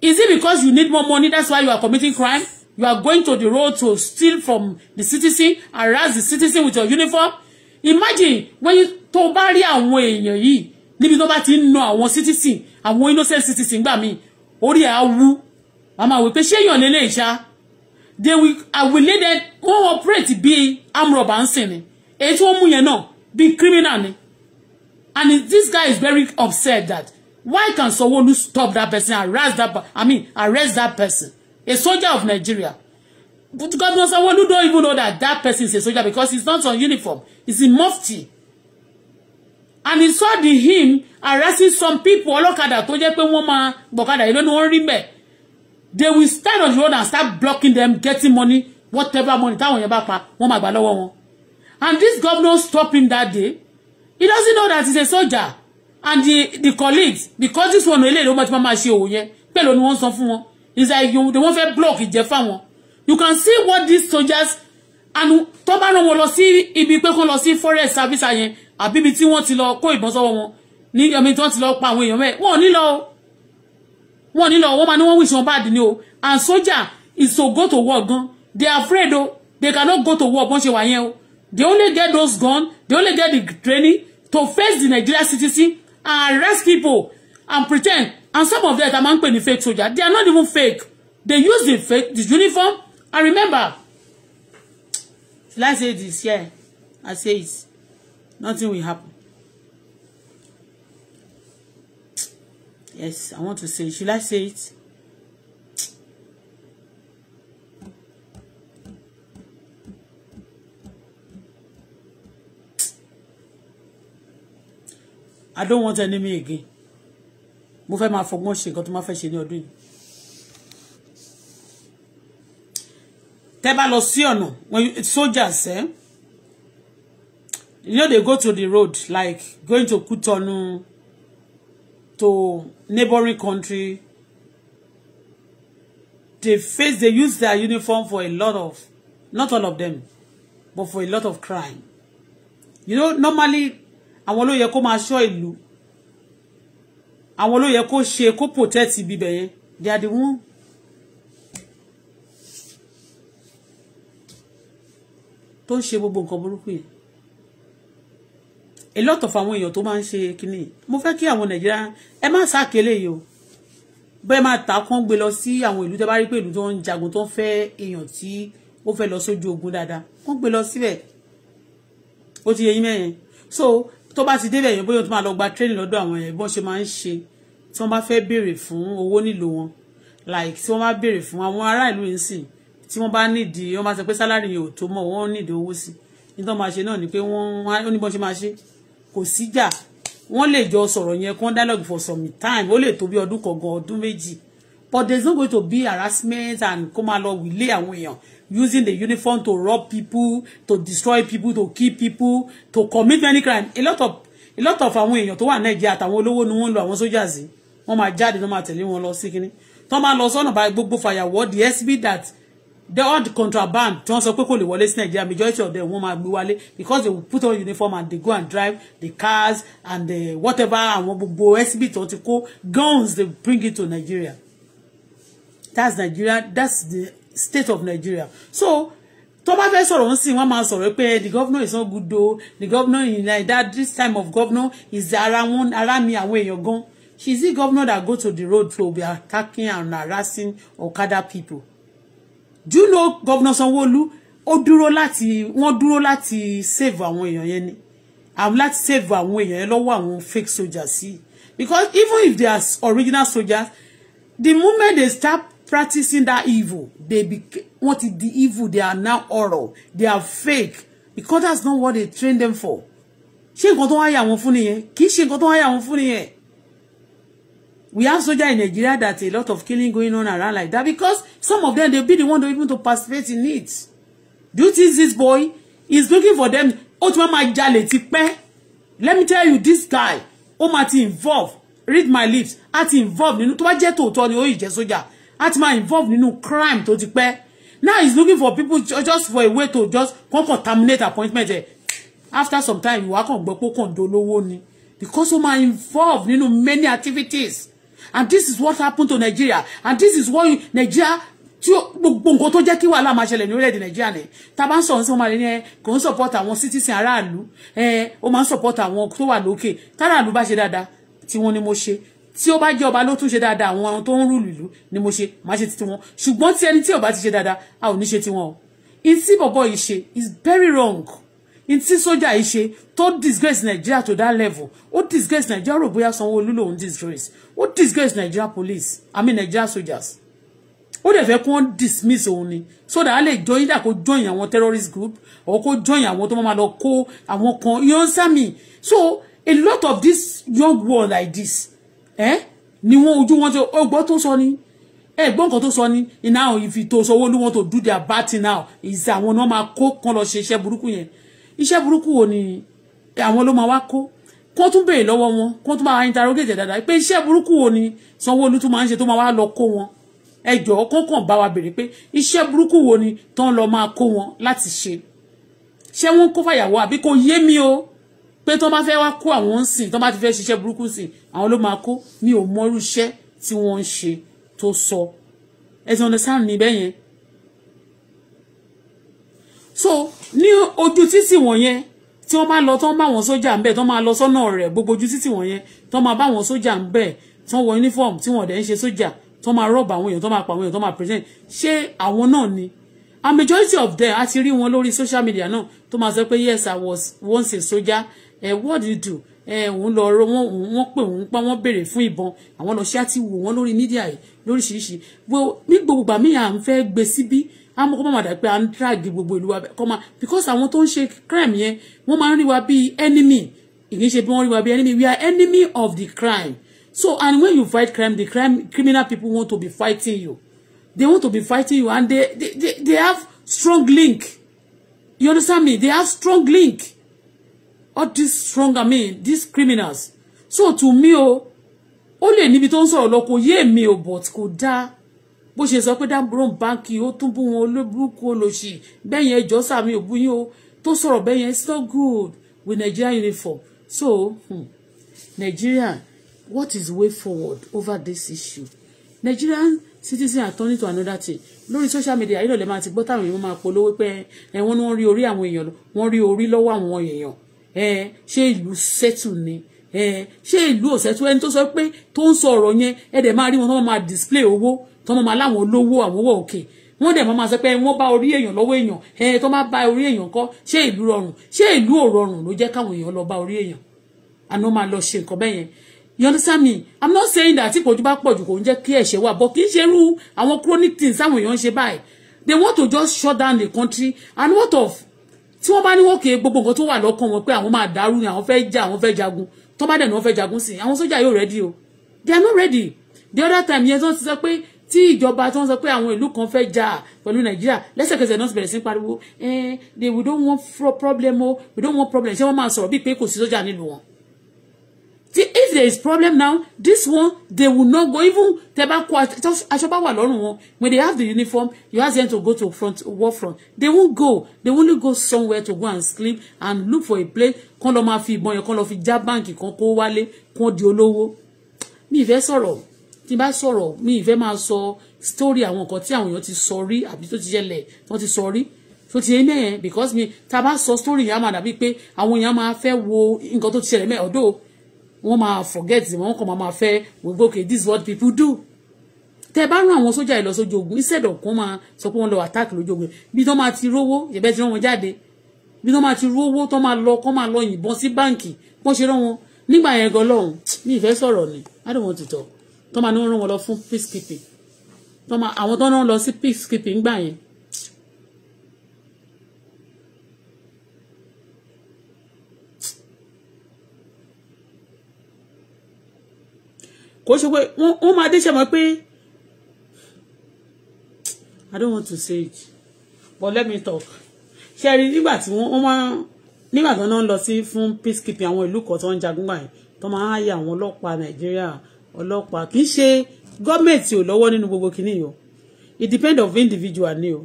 is it because you need more money that's why you are committing crime you are going to the road to steal from the citizen harass the citizen with your uniform imagine when you tó bá rí àwọn èèyàn yìí níbi tó bá ti ń na àwọn citizen àwọn innocent citizen gbà mí orí ẹ̀ á wú a máa wò pé ṣé èèyàn lè lè ṣá they will i will lay them wọ́n operate bíi amrọ̀bà ń sìn ni èyí tí mu mú yẹn náà criminal ni and this guy is very upset that why can Sanwó-Olu stop that person arrest that I mean arrest that person a soldier of Nigeria but Governor Sanwó-Olu don't even know that that person is a soldier because he's not on uniform he's in mufti and he saw the him arresting some people ọlọ́kadà tó jẹ́ pé wọ́n máa gbọ̀kadà yìí lónìí wọ́n rí bẹ́ẹ̀ they will stand on the road and start blocking them getting money whatever money táwọn yẹn bá pa wọ́n máa gbà lọ́wọ́ wọn And this governor stopped him that day. He doesn't know that he's a soldier. And the, the colleagues, because this one, ele ló máa ti máa ṣe òwò yẹn, pẹ̀lú ni wọ́n san like you, they won't block ìjẹ fáwọn. You can see what these soldiers and tó no rán see. lọ sí ibi pé see forest service yẹn àbí ibi tí wọ́n ti lọ kó ìbọn sọ́wọ́ wọn ní ẹ̀mí tí wọ́n ti lọ pa àwọn èèyàn mẹ́ẹ̀ wọ́n ní lọ wọ́n ní lọ wọ́n máa ní wish on bad ni o and soldier is so go to war gan they are afraid o they cannot go to war bọ́n ṣe wà yẹn o They only get those guns. They only get the training to face the Nigerian citizen and arrest people and pretend. And some of them are among the fake soldiers. They are not even fake. They use the fake this uniform. And remember, let's say this, yeah. I say it. Nothing will happen. Yes, I want to say Should I say it? I don't want any me again mo fẹ́ máa fọgbọ́n ṣe nǹkan tó máa fẹ́ ṣe ní ọdún yìí tẹ́ bá lọ sí ọ̀nà when soldiers eh? you know they go to the road like going to Kutonu to neighboring country they face they use their uniform for a lot of not all of them but for a lot of crime you know normally àwọn ló yẹ kó máa ṣọ́ ìlú àwọn ló yẹ kó ṣe kó protect ibibẹ̀ yẹn they are the one. tó ń ṣe gbogbo nǹkan burúkú yẹn a lot àwọn èèyàn tó máa ń ṣe kínní mo fẹ́ kí àwọn nàìjíríà ẹ má ṣàkélé yìí o bẹ́ẹ̀ máa ta kán gbé lọ sí àwọn ìlú tẹ́ bá rí pé ìlú tó ń jagun tó ń fẹ́ èèyàn tí ó fẹ́ lọ sójú ogun dáadáa kán gbé lọ síbẹ̀ ó ti yẹ yín mẹ́yẹn so tó bá ti débẹ̀ yẹn bóyá tó máa lọ gba training lọ́dọ̀ àwọn yẹn bọ́n ṣe máa ń ṣe tí wọ́n bá fẹ́ béèrè fún owó nílò wọn like tí wọ́n bá béèrè fún àwọn ará ìlú yìí sìn tí wọ́n bá nídìí wọ́n bá sọ pé sálárì yẹn ò tó mọ̀ wọ́n nídìí owó sí ní tó máa ṣe náà ni pé wọ́n ó ní bọ́n ṣe máa ṣe kò síjà wọ́n lè jọ sọ̀rọ̀ yẹn kó dialogue for some time ó lè tó bí ọdún kọ̀ọ̀kan ọdún méjì but there is no going to be harassment and kó máa lọ wílé àwọn èèyàn using the uniform to rob people to destroy people to kill people to commit many crimes. a lot of a lot of àwọn èèyàn tó wà nàìjíríà àtàwọn olówó ni wọ́n ń lo àwọn sójà sí wọ́n máa jáde wọ́n máa tẹ̀lé wọn lọ sí kínní tó máa lọ sọ́nà báyìí gbogbo fàyàwọ́ the SB that the odd contraband tí wọ́n sọ pé kò lè wọlé sí nàìjíríà majority of them wọ́n máa gbé wálé because they will put on uniform and they go and drive the cars and the eh, whatever àwọn gbogbo SB tó ti kó guns they bring it to Nigeria that's Nigeria that's the state of Nigeria so tó bá fẹ́ sọ̀rọ̀ ń sìn wọ́n máa sọ̀rọ̀ pé the governor is not good o the governor in naija this time of governor is ara wọn ara mi àwọn èèyàn gan she is the governor that go to the road to be attacking and harassing okada people do you know governor sanwóolu ó dúró láti wọ́n dúró láti save àwọn èèyàn yẹn ni àwọn láti save àwọn èèyàn yẹn lọ́wọ́ àwọn fake soldiers sí because even if they are original soldiers the moment they start practicing that evil. They be what is the evil? They are now oral. They are fake. Because that's not what they train them for. Ṣé nǹkan tó wáyà wọn fún nìyẹn? Kì í ṣe nǹkan tó wáyà wọn fún nìyẹn. We have soldiers in Nigeria that a lot of killing going on around like that because some of them, they'll be the one to even to participate in it. Do you think this boy is looking for them? Ó ti máa jalè tipẹ́. Let me tell you, this guy, ó máa ti involve, read my lips, á ti involve nínú tó bá jẹ́ tòótọ́ ni ó yìí jẹ́ sójà. At ti máa involve nínú crime tó ti pẹ́ now he's looking for people just for a way to just come contaminate appointment ẹ̀ after some time ìwà kan gbọ́ pé kàn dolówó ni because ó máa involve nínú many activities and this is what happened to Nigeria and this is why Nigeria tí gbogbo nǹkan tó jẹ́ kí wàhálà máa ṣẹlẹ̀ ní orílẹ̀-èdè nàìjíríà ni tá a bá ń sọ̀rọ̀ sí wọn máa rí ẹ kò ń support àwọn citizen aráàlú ẹ ó máa ń support àwọn tó wà lókè táràlú bá ṣe dáadáa tí wọ́n ní mo ṣe tí ó bá jẹ́ ọba ló tún ṣe dáadáa àwọn tó ń rúlù ni mo ṣe máa ṣe titi wọn ṣùgbọ́n tí ẹni tí ò bá ti ṣe dáadáa a ò ní ṣe tiwọn o in tí bọ̀bọ̀ yìí ṣe is very wrong in tí sójà yìí ṣe tó disgrace Nigeria to that level ó disgrace Nigeria rò bóyá Sanwó-Olú lòun disgrace ó disgrace Nigeria police I mean Nigeria soldiers ó dẹ̀ fẹ́ kí wọ́n dismiss òun ni so that a lè join either kó join àwọn terrorist group or kó join àwọn tó máa lọ kó àwọn kan you understand me so a lot of this young world like this ẹ eh? ni wọn ojú wọn ti ọgbọ́n tó sọ ni ẹ̀gbọ́n kan tó sọ ni now if to sọ owó lówó to do their bad thing now ìsì àwọn náà máa kó kan lọ ṣe iṣẹ́ burúkú yẹn iṣẹ́ burúkú wo ni àwọn ló máa wá kó kó tún béèrè lọ́wọ́ wọn kó tún máa interrogate dáadáa pé iṣẹ́ burúkú wo ni Sanwó-Olú tún máa ń ṣe tó máa wá lọ kó wọn ẹ jọ̀ọ́ kó kàn bá wa béèrè pé iṣẹ́ burúkú wo ni tó ń lọ máa kó wọn láti ṣe ṣé wọ́n kó fàyàwọ́ àbí kò yé mi o pé tó bá fẹ́ wá kó àwọn ń sìn tó bá ti fẹ́ ṣiṣẹ́ burúkú sìn àwọn ló máa kó mi ò mọrú iṣẹ́ tí wọ́n ń ṣe tó sọ ẹ ti understand mi bẹ́ẹ̀ so ní ojú títì wọ̀nyẹn tí wọ́n bá lọ tán bá àwọn sójà ń bẹ̀ tán máa lọ sọ́nà rẹ̀ gbogbo ojú títì wọ̀nyẹn tán máa bá àwọn sójà ń bẹ̀ tán wọ uniform tí wọ́n dẹ̀ ń ṣe sójà tán máa rọ́ọ̀bù àwọn èèyàn tán máa pa àwọn èèyàn tán máa present ṣé àwọn náà ni a majority of them a ti rí wọn lórí social media náà tó máa sọ pé yes i was once a soldier ẹ what do you do ẹ eh, òun lọ rọ wọn wọn pè òun pa wọn béèrè fún ìbọn àwọn lọ ṣe àti wò wọn lórí mídíà yìí lóríṣiríṣi ní gbogbo ìgbà míì à ń fẹ́ gbé síbí àmọ́ kó má dà pé à ń dráàgì gbogbo ìlú wa kọ́ ma because àwọn tó ń ṣe crime yẹn wọ́n máa ń rí wa bíi enemy ìyẹn ṣe bí wọ́n rí wa bíi enemy we are enemy of the crime so and when you fight crime the crime criminal people want to be fighting you they want to be fighting you and they they they, they have strong link you understand me they have strong link all this stronger i these criminals so to me o oh, ó lè níbi tó ń sọ̀rọ̀ lọ kò yé mi o but kò dáa bó ṣe sọ pé dábòrán báńkì ó tún bú wọn olóbùrúkú olóṣì bẹ́ẹ̀ yẹn ẹjọ́ sàmì òbúyín o tó sọ̀rọ̀ bẹ́ẹ̀ yẹn it's not good with Nigeria uniform so hmm, Nigeria what is way forward over this issue Nigerian citizen are turning to another thing lórí social media ayélujára máa ti gbọ́ táwọn èèyàn máa polówó pé ẹ̀wọ̀n ni wọ́n rí orí àwọn èèyàn wọ́n rí orí lọ́wọ́ àwọn èèyàn ṣé ìlú sẹ́tù ni ṣé ìlú ò sẹ́tù ẹni tó sọ pé tó ń sọ ọ̀rọ̀ yẹn ẹ dẹ̀ máa rí wọn tó máa display owó tó máa láwọn olówó àwọn owó òkè wọ́n dẹ̀ máa sọ pé wọ́n bá orí èèyàn lọ́wọ́ èèyàn ẹ tó máa bá orí èèyàn kọ́ ṣé ìlú rọrùn ṣé ìlú ò rọrùn ló jẹ́ káwọn èèyàn lọ bá orí èèyàn àná máa lọ ṣe nǹkan bẹ́yẹn you understand me i'm not saying that ìpọ́njú bá pọ̀jù kò ń jẹ́ kí ẹ̀ṣẹ̀ wà but kì í ṣe irú àwọn chronic things táwọn èèyàn ń ṣe báyìí they want to just shut down the country and what of tí wọ́n bá ní wọ́n kéé gbogbo nǹkan tó wà lọ́kàn wọn pé àwọn máa dàrú ni àwọn fẹ́ jà àwọn fẹ́ jagun tó bá dẹ̀ ní wọ́n fẹ́ jagun sí àwọn sójà yóò rẹ́dí o they are not ready the other time yẹn tó ti sọ pé tí ìjọba tó ń sọ pé àwọn ìlú kan fẹ́ jà pẹ̀lú nàìjíríà lẹ́sẹ̀kẹsẹ̀ náà bẹ̀rẹ̀ sí pariwo ẹ̀ eh, they we don't want problem o we don't want problem ṣé wọ́n máa sọ̀rọ̀ bíi pé kò sí sójà nílùú wọn if there is problem now this one they will not go even tẹ́ bá kó aṣọ bá wà when they have the uniform you ask them to go to front war front they won't go they only go somewhere to go and sleep and look for a place kán lọ máa fi ìbọn yẹn kán lọ fi já báǹkì kan kó wálé kán di olówó mi ìfẹ́ sọ̀rọ̀ tí n bá sọ̀rọ̀ mi ìfẹ́ máa sọ story àwọn nǹkan tí àwọn èèyàn ti sọ rí àbí tó ti ṣẹlẹ̀ tí wọ́n ti sọ rí tó ti ẹ̀mẹ́ because mi tá a bá story yẹn ma máa bi pe àwọn èèyàn máa fe wo nǹkan tó ti ṣẹlẹ̀ mẹ́ ọ̀dọ́ wọ́n máa forget wọ́n kàn máa fẹ́ wọ́n gbókè this is what people do tẹ bá rán àwọn sójà ìlọ sójú ogun of kan máa sọ pé wọ́n lọ attack lójú ogun bí tán máa ti rówó ìbẹ́ ti rán wọn jáde bí tán máa ti rówó tán máa lọ kán máa lọ yìnbọn sí báǹkì wọ́n ṣe rán wọn nígbà yẹn gan lọ́hùn mi ìfẹ́ sọ̀rọ̀ ni I don't want to talk tán máa ní wọ́n rán wọn lọ fún peacekeeping tán máa àwọn tán rán lọ sí peacekeeping gbà yẹn kò ṣe pé wọ́n máa dé ṣe mọ̀ pé I don't want to say it but let me talk ṣe rí nígbà tí wọ́n máa nígbà tí wọ́n lọ sí fún peacekeeping àwọn ìlú kan tó ń jagun gbà yẹn tó máa ń háyà àwọn ọlọ́pàá Nàìjíríà ọlọ́pàá kì í ṣe gọ́ọ̀mẹ̀ntì ò lọ́wọ́ nínú gbogbo kìíní yìí o it depend of individual ni o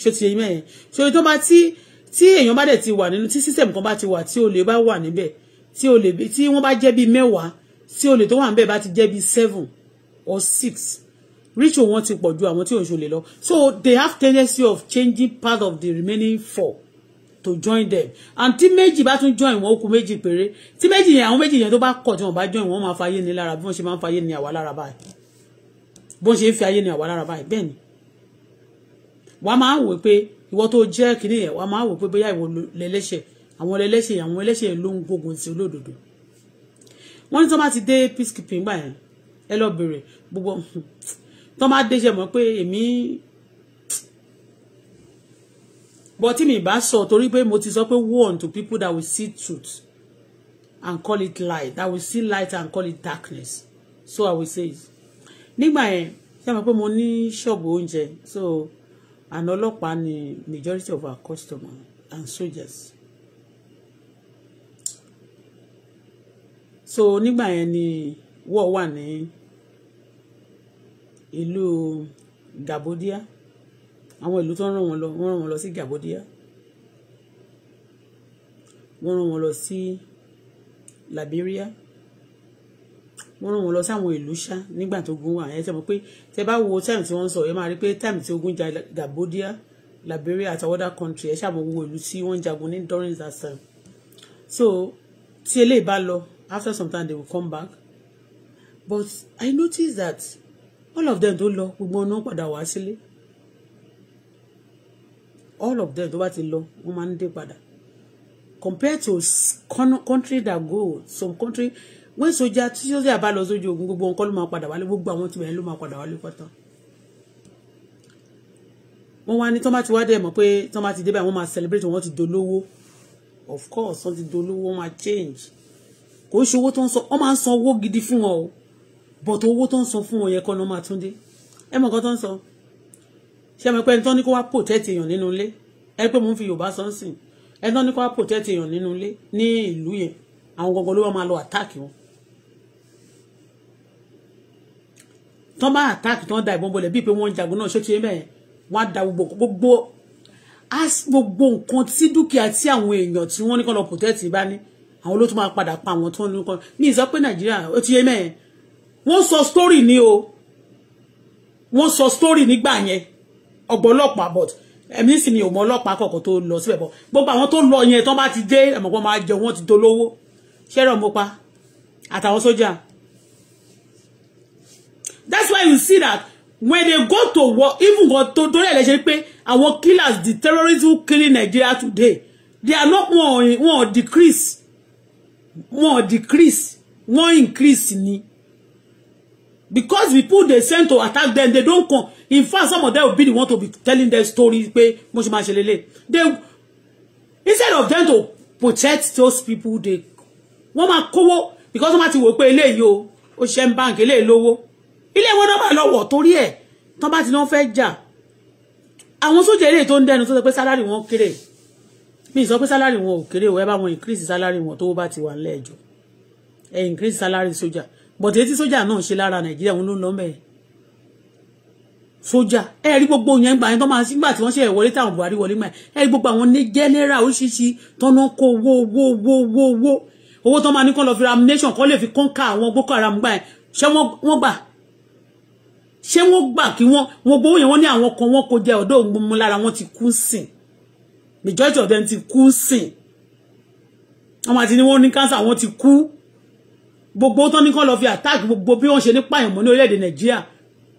ṣé ti yẹn mẹ́yẹn ṣé tó bá tí tí èèyàn bá dẹ̀ ti wà nínú tí system kan bá ti wà tí olè bá wà níbẹ̀ tí olè tí wọ́n bá jẹ́ bíi mẹ́wàá tí olè tó wà ń bẹ̀ bá ti jẹ́ bíi seven or six ritual wọn ti pọ̀ ju àwọn tí òṣù lè lọ so they have tendency of changing part of the remaining four to join them and tí méjì bá tún join wọn ó kù méjì péré tí méjì yẹn àwọn méjì yẹn tó bá kọ̀ tí wọn bá join wọn máa fa ayé ní lára bí wọ́n ṣe máa ń fa ayé ní àwa lára báyìí bí wọ́n ṣe ń fi ayé ní àwa lára báyìí bẹ́ẹ̀ ni wàá máa wò pé ìwọ tó jẹ́ kìnìyẹn wàá máa wò pé bóyá ìwọ lẹ́lẹ́ṣẹ̀ àwọn lẹ́lẹ́ṣẹ̀ àwọn ẹlẹ́ṣẹ̀ ló ń gbógun ti olódodo wọ́n ní tó bá ti dé peacekeeping gbà yẹn ẹ lọ bèrè gbogbo tó bá dé ṣe mọ̀ pé èmi bọ́ tí mi bá sọ torí pé mo ti sọ pé warn to people that will see truth and call it light that will see light and call it darkness so I will say it nígbà yẹn ṣe mọ̀ pé mo ní ṣọ́ọ̀bù oúnjẹ so àná ọlọ́pàá ni majority of our customers and soldiers so nígbà yẹn ni war wà ní ìlú Gabodia àwọn ìlú tó ń ràn wọ́n lọ wọ́n ràn wọ́n lọ sí Gabodia wọ́n ràn wọ́n lọ sí Liberia wọ́n ràn wọ́n lọ sáwọn ìlú ṣá nígbà tó gun wà yẹn tẹ́ mọ̀ pé tẹ́ bá wo time tí wọ́n ń sọ ẹ máa rí pé time tí ogun ja Gabodia Liberia àti other country ẹ ṣàmọ̀ wo ìlú tí wọ́n jagun ní during that so tí eléyìí bá lọ after some time they will come back but I notice that all of them tó lọ gbogbo ọ̀nà padà wá sílé all of them tó bá ti lọ wọ́n máa ń dé padà compared to country that go some country when soja tí soja bá lọ sójú ogun gbogbo nǹkan ló máa padà wálé gbogbo àwọn tìmọ̀ ẹ̀ ló máa padà wálé pátá wọ́n wá ní tọ́ bá ti wá dẹ̀ mọ̀ pé tọ́ bá ti débẹ̀ wọ́n máa celebrate wọ́n ti dolówó of course wọ́n ti dolówó wọ́n máa change kò ń ṣe owó tó ń sọ wọ́n máa ń san owó gidi fún wọn o but owó tó ń san fún wọn yẹn kọ́ ni wọ́n máa tún dé ẹ mọ̀ kan tó ń sọ ṣé ẹmọ pé ẹni tó ní kó wá protect èèyàn nínú ilé ẹ pé mò ń fi Yorùbá sọ ń sìn ẹni tó ní kó wá protect èèyàn nínú ilé ní ìlú yẹn àwọn gbọ̀ngàn ló wá máa lọ attack wọn tán bá attack tán da ìbọn bọlẹ̀ bíi pé wọ́n ń jagun náà ṣé ti yé mẹ́ẹ̀ wọ́n á da gbogbo gbogbo nǹkan tí dúkìá tí àwọn èèyàn tí wọ́n ní kó lọ protect bá ní àwọn ló tún máa padà pa àwọn tó ń ní ìsọ pé nàìjíríà ó ti yé mẹ́ẹ̀ wọ́n sọ story ni o wọ́n sọ story nígbà yẹn ọ̀gbọ́n ọlọ́pàá but ẹ̀mí sì ni òmò ọlọ́pàá kọ̀ọ̀kan tó lọ síbẹ̀ bọ̀ gbogbo àwọn tó lọ yẹn tán bá ti dé àmọ̀pọ̀ máa jẹun wọ́n ti dolówó ṣẹ́rọ̀ mo àtàwọn sójà that's why you see that when they go to war even go to torí ẹ̀ lè ṣe pé àwọn killers the terrorists who kill Nigeria today they are not wọn ò decrease wọ́n decrease wọ́n increase ni because people dey send to attack them they don come in fact some of them will be the one to be telling their story Pe, mo ṣe máa ṣe lélẹ̀ they instead of them to protect those people they wọ́n máa kówó because wọ́n máa ti wò pé eléyìí o ó ṣe ń báǹkì eléyìí lówó ilé wọn náà máa lọ́wọ́ torí ẹ̀ tán bá ti náà fẹ́ jà àwọn sójà eléyìí tó ń dẹnu tó sọ pé sálárì wọn kéré mi sọ pé sálárì wọn ò kéré o ẹ bá wọn increase sálárì wọn tó bá ti wà nílẹ̀ ẹjọ́ ẹ increase sálárì sójà but tí sójà náà ṣe lára nàìjíríà òun ló ń lọ mẹ́ẹ̀ sójà ẹ rí gbogbo yẹn gbà yẹn tó máa nígbà tí wọ́n ṣe ìwọlé táwọn buhari wọlé mọ́ ẹ rí gbogbo àwọn ní jẹ́lẹ́rà oríṣiríṣi tọ́nà kó owó owó owó owó owó owó tó máa ní kán lọ fi ra nation kán lè fi kọ́ńkà àwọn boko haram gbà yẹn ṣé wọ́n gbà ṣé wọ́n gbà kí wọ́n gbowó yẹn wọ́n ní àwọn kan wọ́n kó jẹ ọ̀dọ́ ògbómọ lára wọn ti kú sìn majority of them ti kú sìn àwọn àti ni wọ́n ní cancer wọ́n ti kú gbogbo tó ní kán lọ fi attack gbogbo bí wọ́n ṣe ní pààyàn mọ́ ní orílẹ̀-èdè nàìjíríà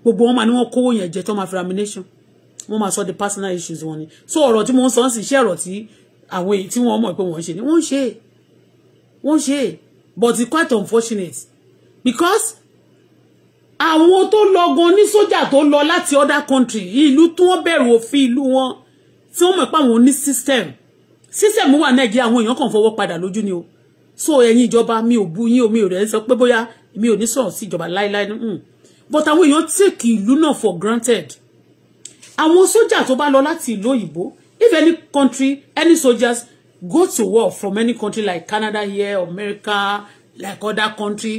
gbogbo wọn máa ní wọ́n kówó yẹn jẹ tó máa fi ramination wọ́n máa sọ the personal issues wọn ni so ọ̀rọ̀ tí mo ń sọ ń sì iṣẹ́ ọ̀rọ̀ tí àwọn èyí tí wọ́n mọ̀ pé wọ́n ni wọ́n ń ṣe wọ́n but it's quite unfortunate because àwọn tó lọ gan ní sójà tó lọ láti other country ìlú tí wọ́n bẹ̀rù òfin ìlú wọn tí wọ́n mọ̀ pé àwọn ní system system wà nàìjíríà àwọn èèyàn kàn fọwọ́ padà lójú ni o so ẹ̀yin ìjọba mi ò bu yín o mi ò rẹ̀ sọ pé bóyá mi ò ní sọ̀rọ̀ sí ìjọba láéláé mm. but àwọn èèyàn take ìlú náà for granted àwọn sójà tó bá lọ láti ìlú òyìnbó if any country any soldiers go to war from any country like Canada here America like other country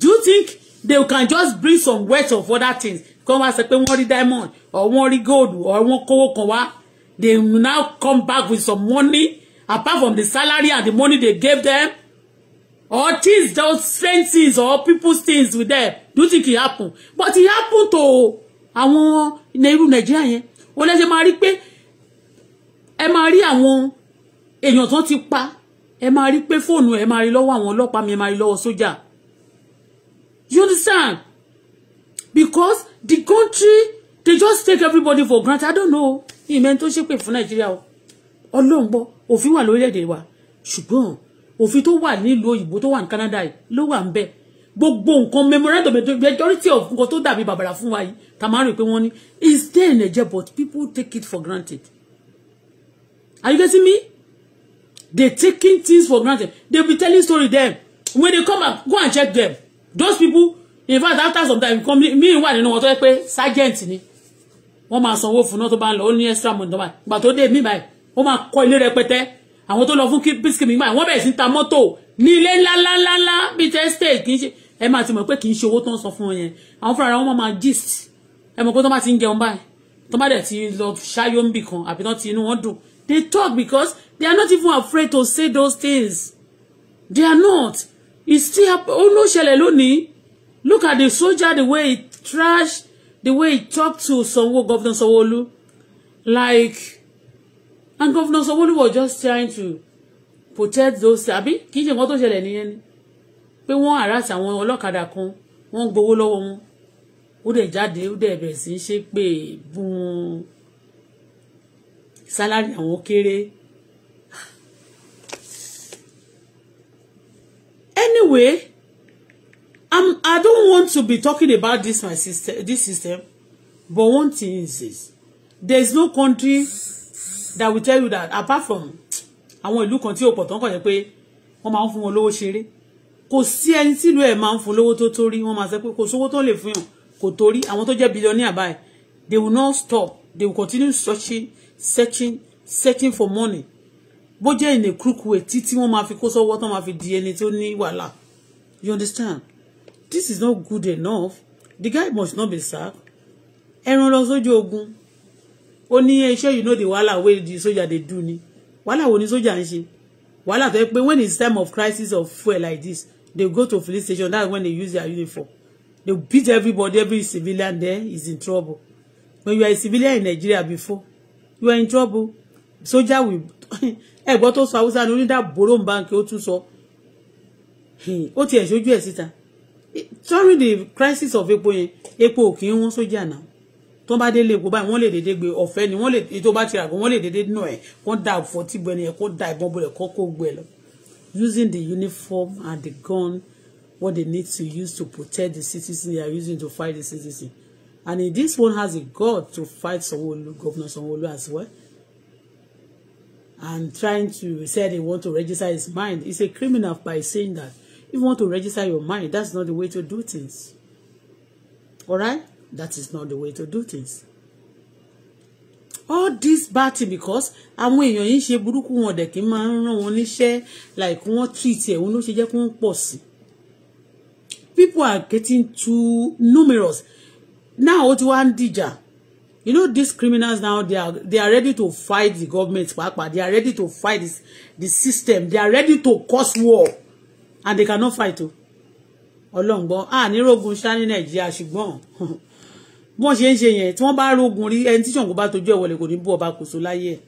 do you think they can just bring some wealth of other things kí wọ́n wá sọ pé wọ́n rí diamond or wọ́n rí gold or wọ́n kówó kan wá they will now come back with some money apart from the salary and the money they gave them or things those strange things or people's things with them do you think it happen but it happen to àwọn irú nàìjíríà yẹn ó lẹ́sẹ̀ máa rí pé ẹ máa rí àwọn èèyàn tó ti pa ẹ máa rí pé fóònù ẹ máa rí lọ́wọ́ àwọn ọlọ́pàá mi ẹ máa rí lọ́wọ́ sójà you understand because the country they just take everybody for granted i don't know yìí mẹ́ni tó ṣépè fún nàìjíríà o ọlọ́run gbọ́ òfin wà lórílẹ̀‐èdè wa ṣùgbọ́n òfin tó wà nílùú òyìnbó tó wà ní Canada yìí ló wà ń bẹ gbogbo nǹkan memorandum majority of nǹkan tó dàbí bàbàrà fún wa yìí tá pé wọ́n ní is there in Nigeria but people take it for granted are you getting me they taking things for granted they be telling story them when they come back go and check them those people in fact after some time come meanwhile nínú wọn tó yẹ pé sergeant ni wọ́n máa sanwó fún náà tó bá ń lọ ó ní extra money tó bá gbà tó dé mí báyìí wọ́n máa kọ́ ilé rẹpẹtẹ àwọn tó lọ fún bísíkì mi báyìí wọ́n bẹ̀rẹ̀ sí ta mọ́tò ní ilé ńláńláńlá bíi testate kì í ṣe ẹ máa ti mọ̀ pé kì í ṣe owó tó ń san fún wọn yẹn àwọn fúnra wọn máa gist ẹ mọ̀ pé tó bá ti ń jẹun báyìí tó bá dẹ̀ ti lọ ṣáyó ń bì kan àbí tó ti inú wọn dùn they talk because they are not even afraid to say those things they are not it's still ó ló ṣẹlẹ̀ lónìí look at the soldier the way he trash the way he talked to Sanwo, Governor sanwo like, and Governor sanwo was just trying to protect those, Abi, kì í ṣe nǹkan tó ṣẹlẹ̀ nìyẹn ni, pé wọ́n harass àwọn ọlọ́kadà kan, wọ́n gbowó lọ́wọ́ wọn, ó dẹ̀ jáde, ó dẹ̀ bẹ̀rẹ̀ sí í ṣe pé bú wọn, sálárì àwọn Anyway, I'm, I don't want to be talking about this my sister this system but one thing is this there is no country that will tell you that apart from I want kan tí ó pọ̀ tán kàn jẹ́ pé wọ́n máa ń fún wọn lówó ṣeré kò sí ẹni tí ìlú ẹ̀ máa ń fún lówó tó torí wọ́n máa sọ pé kò sówó tó lè fún yàn kò billionaire báyìí they will not stop they will continue searching searching searching for money bó jẹ́ in a crook way títí wọ́n máa fi kó sọ́wọ́ tán máa fi di ẹni tó ní wàhálà you understand this is not good enough the guy must not be sacked ẹran lọ sójú ogun ó ní iṣẹ́ you know the wahala wey the soldier dey do ni wahala wo ni soldier ń ṣe wahala tó yẹ pé when it's time of crisis of fuel like this they go to police station that's when they use their uniform they beat everybody every civilian there is in trouble when you are a civilian in Nigeria before you are in trouble soldier will ẹ̀gbọ́n tó sọ haúsá ni onídàbòrò ń báńkì ó tún sọ ó tiẹ̀ sójú ẹ̀ síta during the crisis of epo yẹn epo ò kì í wọ́n sójà náà tó bá délé epo báyìí wọ́n lè dédé gbé ọ̀fẹ́ ni wọ́n lè tó bá ti rà wọ́n lè dédé nù ẹ̀ wọ́n da àfọ̀tí bọ ẹnìyẹn kó da ìbọn bọ̀lẹ̀ kó gbẹ lọ using the uniform and the gun what they need to use to protect the citizens they are using to fight the citizens and this one has a god to fight Sanwo-Olu governor Sanwo-Olu as well and trying to say said he want to register his mind he's a criminal by saying that you want to register your mind that's not the way to do things all right that is not the way to do things all this bad thing because àwọn èèyàn yìí ń ṣe burúkú wọn dẹ̀ kí n máa ń rán wọn níṣẹ́ like wọ́n treat ẹ̀ òun ló ṣe jẹ́ kí wọ́n pọ̀ sí people are getting too numerous now ó ti wá ń dìjà you know these criminals now they are they are ready to fight the government pàápàá they are ready to fight this, the system they are ready to cause war and they cannot fight o ọlọ́ngbọ́n a ní rogun ṣá ní nàìjíríà ṣùgbọ́n wọ́n ṣe ń ṣe yẹn tí wọ́n bá rogun rí ẹni tí ṣàǹgó bá tojú ẹ̀ wọlé kò ní bú ọba kò so láyé ẹ̀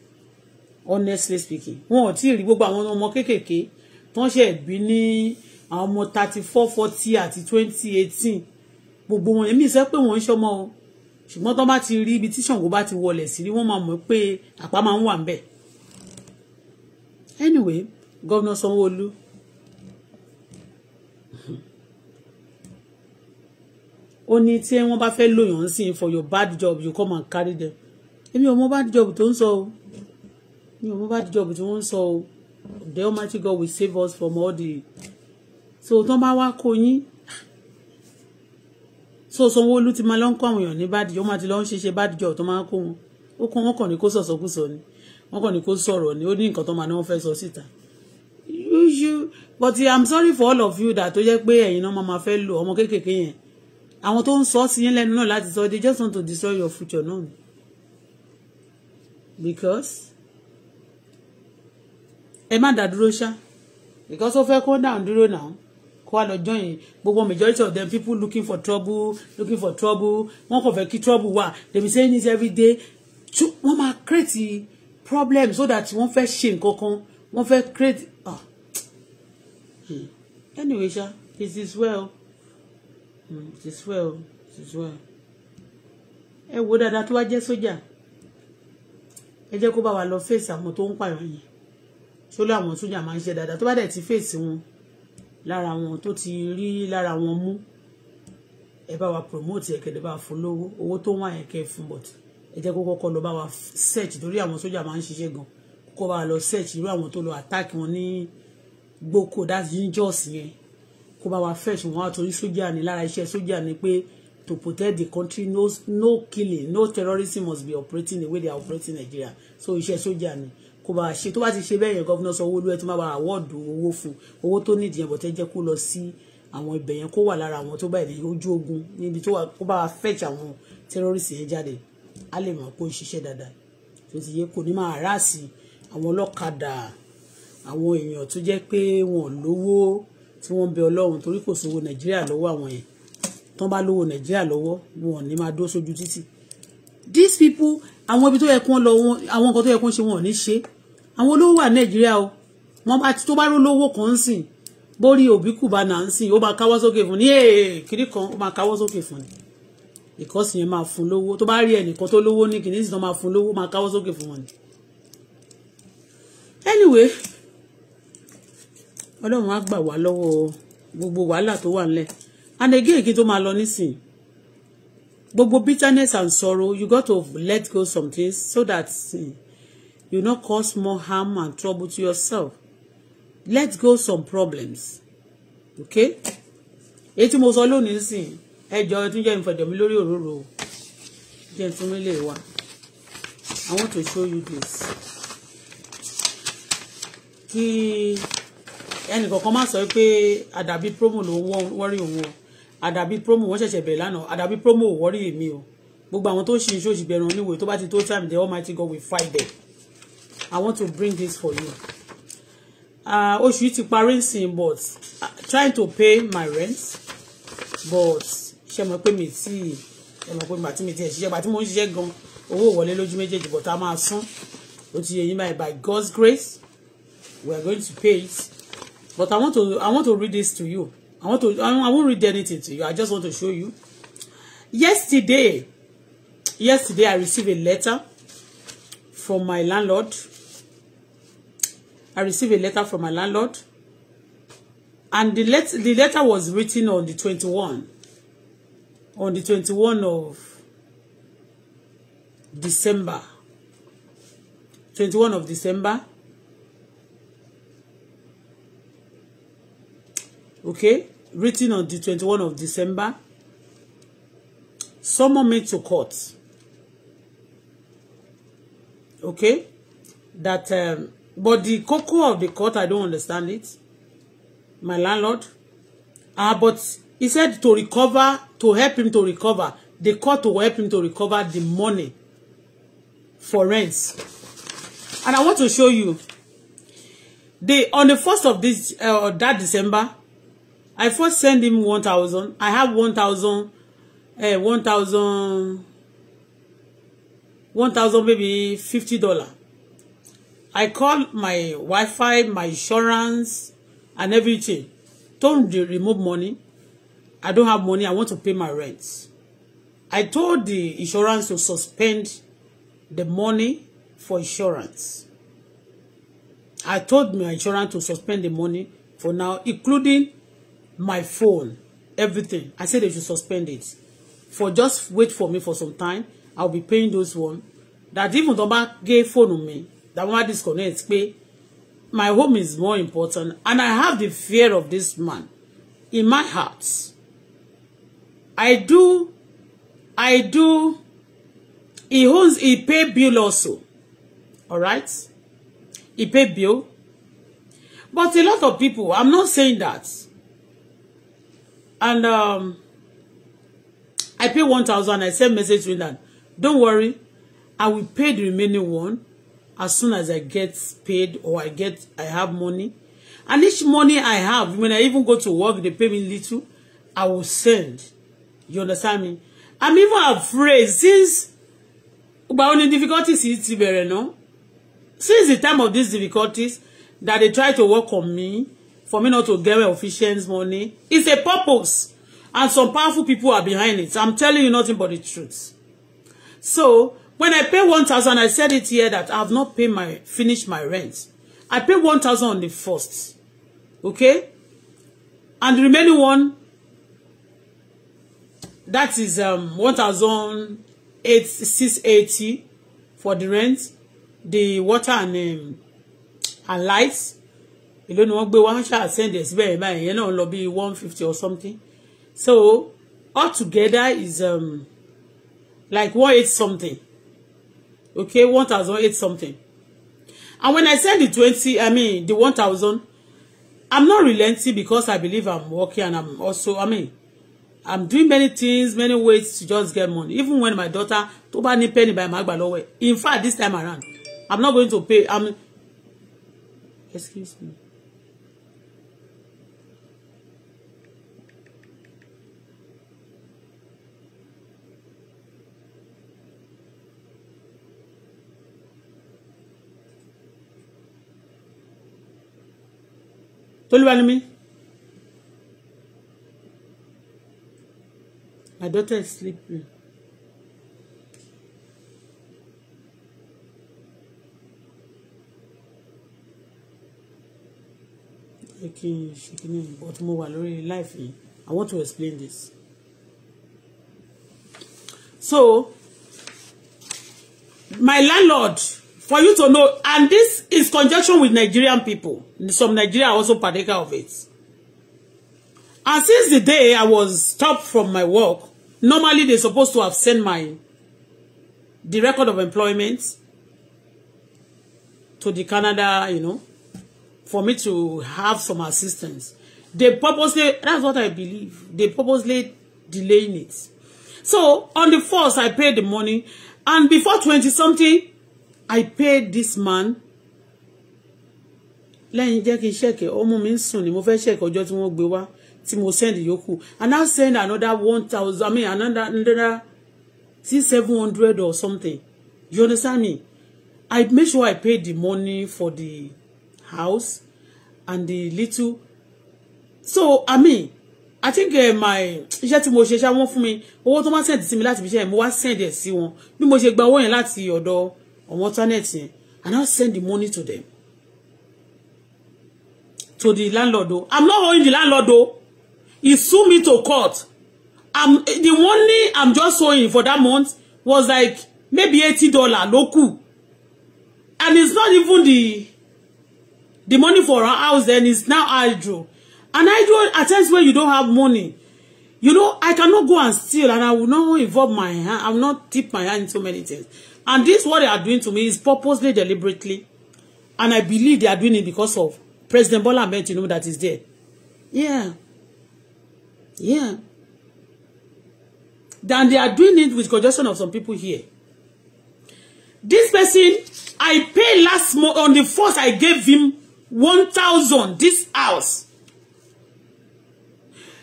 honestly speaking wọn ò tí ì rí gbogbo àwọn ọmọ kéékèèké tó ń ṣe ẹ̀bí ní àwọn ọmọ thirty four forty àti twenty eighteen gbogbo wọn èmi sọ pé wọn ń ṣọmọ o ṣùgbọ́n tó bá ti rí ibi tí ṣàǹgó bá ti wọlé sí rí wọ́n máa mọ̀ pé àpá máa ń wà ń bẹ̀ anyway gọ́vnà sanwó-olú ó ní tí wọ́n bá fẹ́ lòyàn ń for your bad job you come and carry them èmi ò mọ bad job tó ń sọ o mi ò mọ bad job tí wọ́n ń sọ o the almighty God will save us from all the so tó bá wá kó yín so Sanwó-Olú ti máa lọ ń kó àwọn èèyàn ní bad job wọ́n máa ti lọ ń ṣiṣẹ́ bad job tó máa ń kó wọn ó kọ́ wọn kàn ní kó sọ̀sọ̀kúsọ ni wọ́n kàn ní kó sọ̀rọ̀ ni ó ní nǹkan tó máa ní wọ́n fẹ́ sọ síta you should but i'm sorry for all of you that tó jẹ́ pé ẹ̀yin náà máa fẹ́ lò ọmọ kéékèèké yẹn àwọn tó ń sọ sí yín lẹ́nu náà láti sọ they just want to destroy your future náà no? because ẹ má dàdúró ṣá because ó fẹ́ kó dáhùn dúró náà kó wá lọ join gbogbo majority of them people looking for trouble looking for trouble wọn kò fẹ́ kí trouble wà they be saying this every day to, wọ́n máa create problem so that wọ́n fẹ́ ṣe nǹkan kan wọ́n fẹ́ create ah. Hmm. anyway ṣá it is well. Mm, it is well it is well ẹ wo dáadáa tó wá jẹ́ sójà ẹ jẹ́ kó bá wa lọ fèsì àwọn tó ń pààyàn yìí tó lé àwọn sójà máa ń ṣe dáadáa tó bá dẹ̀ ti fèsì wọn lára wọn tó ti rí lára wọn mú ẹ bá wa promote ẹ kẹdẹ bá wa fún lówó owó tó wà yẹn kẹ fún but ẹ jẹ́ kó kọ́kọ́ lọ bá wa search torí àwọn sójà máa ń ṣiṣẹ́ gan kó bá wa lọ search irú àwọn tó lọ attack wọn ní gboko that's injust yẹn kó bá wa fẹ́ ṣùgbọ́n àtòrí sójà ni lára iṣẹ́ sójà ni pé to protect the country no no killing no terrorism must be operating the way they are operating Nigeria so iṣẹ́ sójà ni kò bá ṣe tó bá ti ṣe bẹ́ẹ̀ yẹn gọ́fúnà Sanwó-Olú ẹ tó máa bá àwọ́ọ̀dù owó fún owó tó nídìí yẹn bọ̀tẹ́ jẹ́ kó lọ sí àwọn ibẹ̀ yẹn kó wà lára àwọn tó bá ìdíyẹ ojú ogun níbi tó kó bá fetch àwọn tẹ́rọ́rìsì yẹn jáde á lè mọ̀ pé ṣiṣẹ́ dáadáa tó ti yẹ kò ní máa ráàsì àwọn ọlọ́kadà àwọn èèyàn tó jẹ́ pé wọn lówó tí wọ́n ń bẹ ọlọ́run torí kò sówó nàìjíríà lọ́wọ́ àwọn yẹn tán bá lówó nàìjíríà lọ́wọ́ wọn ò ní máa dó sójú títì these people àwọn ibi tó yẹ kí wọ́n lọ wọn àwọn nǹkan tó yẹ kí wọ́n ṣe wọn ò ní ṣe àwọn olówó wà nàìjíríà o wọn bá tó bá lówó kan sìn bórí òbí kù bá náà sìn ó máa káwọ́ sókè fún ní èè kiri kan ó máa káwọ́ sókè fún ni ìkọ́sì yẹn máa fún lówó tó bá rí ẹnìkan tó lówó ní kìnìún sì tán máa fún lówó máa káwọ́ sókè fún wọn ni. anyway ọlọ́run á gbà wá lọ́wọ́ gbogbo wàhálà tó wà nílẹ̀ and again kí tó máa lọ nísìn gbogbo bitterness and sorrow you got to let go some things so that you no cause more harm and trouble to yourself let go some problems okay èyí tí mo sọ lónìí nísìn ẹjọ́ tún jẹ́ ìfẹ̀dọ̀mí lórí òróró jẹ́ tún mi lè wà I want to show you this. The ẹnìkọ̀ọ̀kan má sọ pé àdàbí promo ló wọ́rí òun o àdàbí promo wọ́n ṣẹ̀ṣẹ̀ bẹ̀rẹ̀ lánàá àdàbí promo ò wọ́rí èmi o gbogbo àwọn tó ṣì ń ṣòṣì bẹ̀rẹ̀ oníwèé tó bá ti tó time the almighty God will fight them I want to bring this for you oṣù yìí ti parí nsìn but trying to pay my rent but ṣe mọ̀ pé mi tí ẹ mọ̀ pé mi àti mi ti ẹ̀ ṣiṣẹ́ gbà tí mo ń ṣiṣẹ́ gan owó wọlé lójú méjèèjì but a máa sún ó ti yẹ yín báyìí by God's grace we are going to pay it But I want to I want to read this to you. I want to I, won't read anything to you. I just want to show you. Yesterday, yesterday I received a letter from my landlord. I received a letter from my landlord. And the let the letter was written on the 21. On the 21 of December. 21 of December okay, written on the twenty one of December, summon me to court. Okay? That, um, but the cocoa of the court, I don't understand it. My landlord. Ah, uh, but he said to recover, to help him to recover. The court to help him to recover the money for rent, And I want to show you. the on the first of this, uh, that December, I first send him one thousand. I have one thousand, eh, one thousand, one thousand, maybe fifty dollar. I call my Wi-Fi, my insurance, and everything. Don't remove money. I don't have money. I want to pay my rent. I told the insurance to suspend the money for insurance. I told my insurance to suspend the money for now, including my phone, everything. I said they should suspend it. For just wait for me for some time. I'll be paying those one. That even tó bá gé phone me. that one disconnect pé my home is more important and I have the fear of this man in my heart. I do, I do, he owns, he pay bill also. All right? He pay bill. But a lot of people, I'm not saying that and um, I pay one thousand. I send message to that. Don't worry. I will pay the remaining one as soon as I get paid or I get, I have money. And each money I have, when I even go to work, they pay me little, I will send. You understand me? I'm even afraid since but only difficulties is bẹ̀rẹ̀ now. Since the time of these difficulties that they try to work on me, for me not to get officials money. It's a purpose. And some powerful people are behind it. I'm telling you nothing but the truth. So, when I pay 1,000, I said it here that I have not paid my, finished my rent. I pay 1,000 on the first. Okay? And the remaining one, that is um, 1,680 for the rent, the water and, um, and lights èló ni wọ́n gbé wá ṣáà send ẹ̀ síbẹ̀ yẹn báyìí yẹn náà lọ bí one fifty or something so all together is um, like one eight something okay one thousand eight something and when I send the twenty I mean the one thousand I'm not relenting because I believe I'm working and I'm also I mean I'm doing many things many ways to just get money even when my daughter tó bá ní penny by magba lọ́wọ́ in fact this time around I'm not going to pay I'm excuse me tolúwa ni my daughter is sleeping. jẹ́ kí n ṣe kíní but mo wà lórí life yìí I want to explain this. So my landlord for you to know. And this is conjunction with Nigerian people. Some Nigerian also partaker of it. And since the day I was stopped from my work, normally they supposed to have sent my the record of employment to the Canada, you know, for me to have some assistance. They purposely, that's what I believe, they purposely delaying it. So on the 1 I paid the money. And before 20 something, I paid this man lẹ́yìn jẹ́ kí n ṣẹ̀kẹ̀ ó mú mi ń sùn ni mo fẹ́ ṣẹ̀kẹ̀ ọjọ́ tí wọ́n gbé wá tí mo send yòókù and now send another one thousand I mean another another six seven hundred or something you understand me I make sure I pay the money for the house and the little so I mean I think uh, my iṣẹ́ tí mo ṣe ṣá wọ́n fún mi owó tó máa send sí mi láti fi ṣe mo wá send ẹ̀ sí wọn bí mo ṣe gba owó yẹn láti ọ̀dọ̀ on alternate yẹn and I'll send the money to them to the landlord o I'm not owing the landlord o he sued me to court I'm the money I'm just owing for that month was like maybe eighty dollar ló and it's not even the the money for our house then it's now hydro and hydro at times when you don't have money you know I cannot go and steal and I will not involve my hand I will not tip my hand in many things And this, what they are doing to me, is purposely, deliberately. And I believe they are doing it because of President Bola Ahmed Tinubu know, that is there. Yeah. Yeah. Then they are doing it with congestion of some people here. This person, I paid last month, on the first, I gave him 1,000, this house.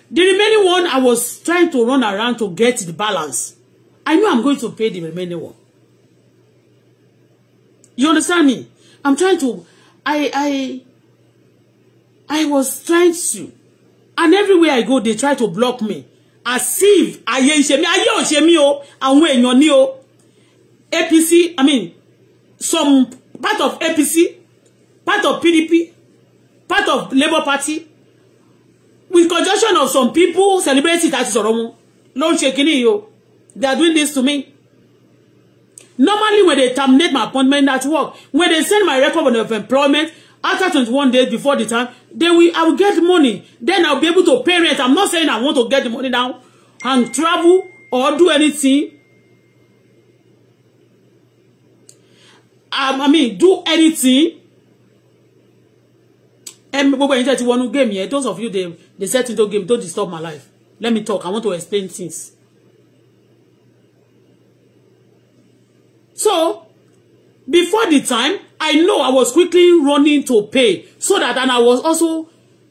The remaining one, I was trying to run around to get the balance. I know I'm going to pay the remaining one. You understand me? I'm trying to, I, I, I was trying to, and everywhere I go, they try to block me. As if, ayé ìṣe mi, ayé ìṣe mi o, àwọn èèyàn ni o. APC, I mean, some part of APC, part of PDP, part of Labour Party, with conjunction of some people celebrating that is ọ̀rọ̀ wọn. Ló ń ṣe They are doing this to me. Normally, when they terminate my appointment at work, when they send my record of employment, after 21 days before the time, then we I will get money. Then I'll be able to pay rent. I'm not saying I want to get the money now and travel or do anything. Um, I mean, do anything. And gbogbo ẹ̀yin tẹ́ ti wọnú game yẹn, those of you they they set into game, don't disturb my life. Let me talk. I want to explain things. So, before the time, I know I was quickly running to pay so that, and I was also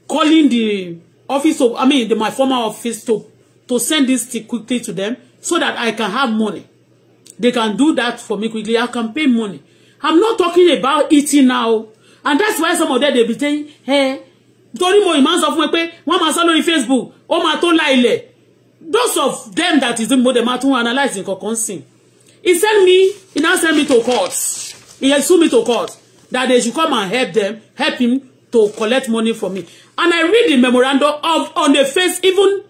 calling the office of, I mean, the, my former office to, to send this quickly to them so that I can have money. They can do that for me quickly. I can pay money. I'm not talking about eating now. And that's why some of them, they be saying, hey, torí mo ìmọ̀ sọ fún mi pé wọ́n máa Facebook ó máa tó la ilẹ̀ those of them that is the more the matter tún analyse nǹkan kan sìn He sent me, he now sent me to court. He has me to court that they should come and help them, help him to collect money for me. And I read the memorandum of on the face, even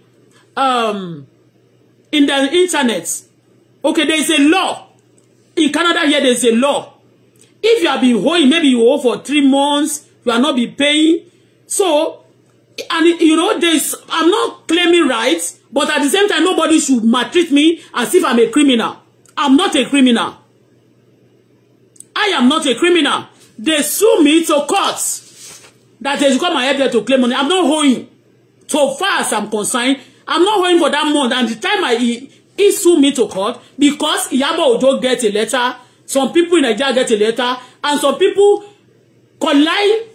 um, in the internet. Okay, there is a law. In Canada here, there is a law. If you have been owing, maybe you owe for three months, you are not be paying. So, and you know, there's, I'm not claiming rights, but at the same time, nobody should maltreat me as if I'm a criminal. I'm not a criminal. I am not a criminal. They sue me to court that they should come and help them to claim money. I'm not holding. So far as I'm concerned, I'm not holding for that month. And the time I he, he sued me to court because Iyabo Ojo get a letter, some people in Nigeria get a letter, and some people collide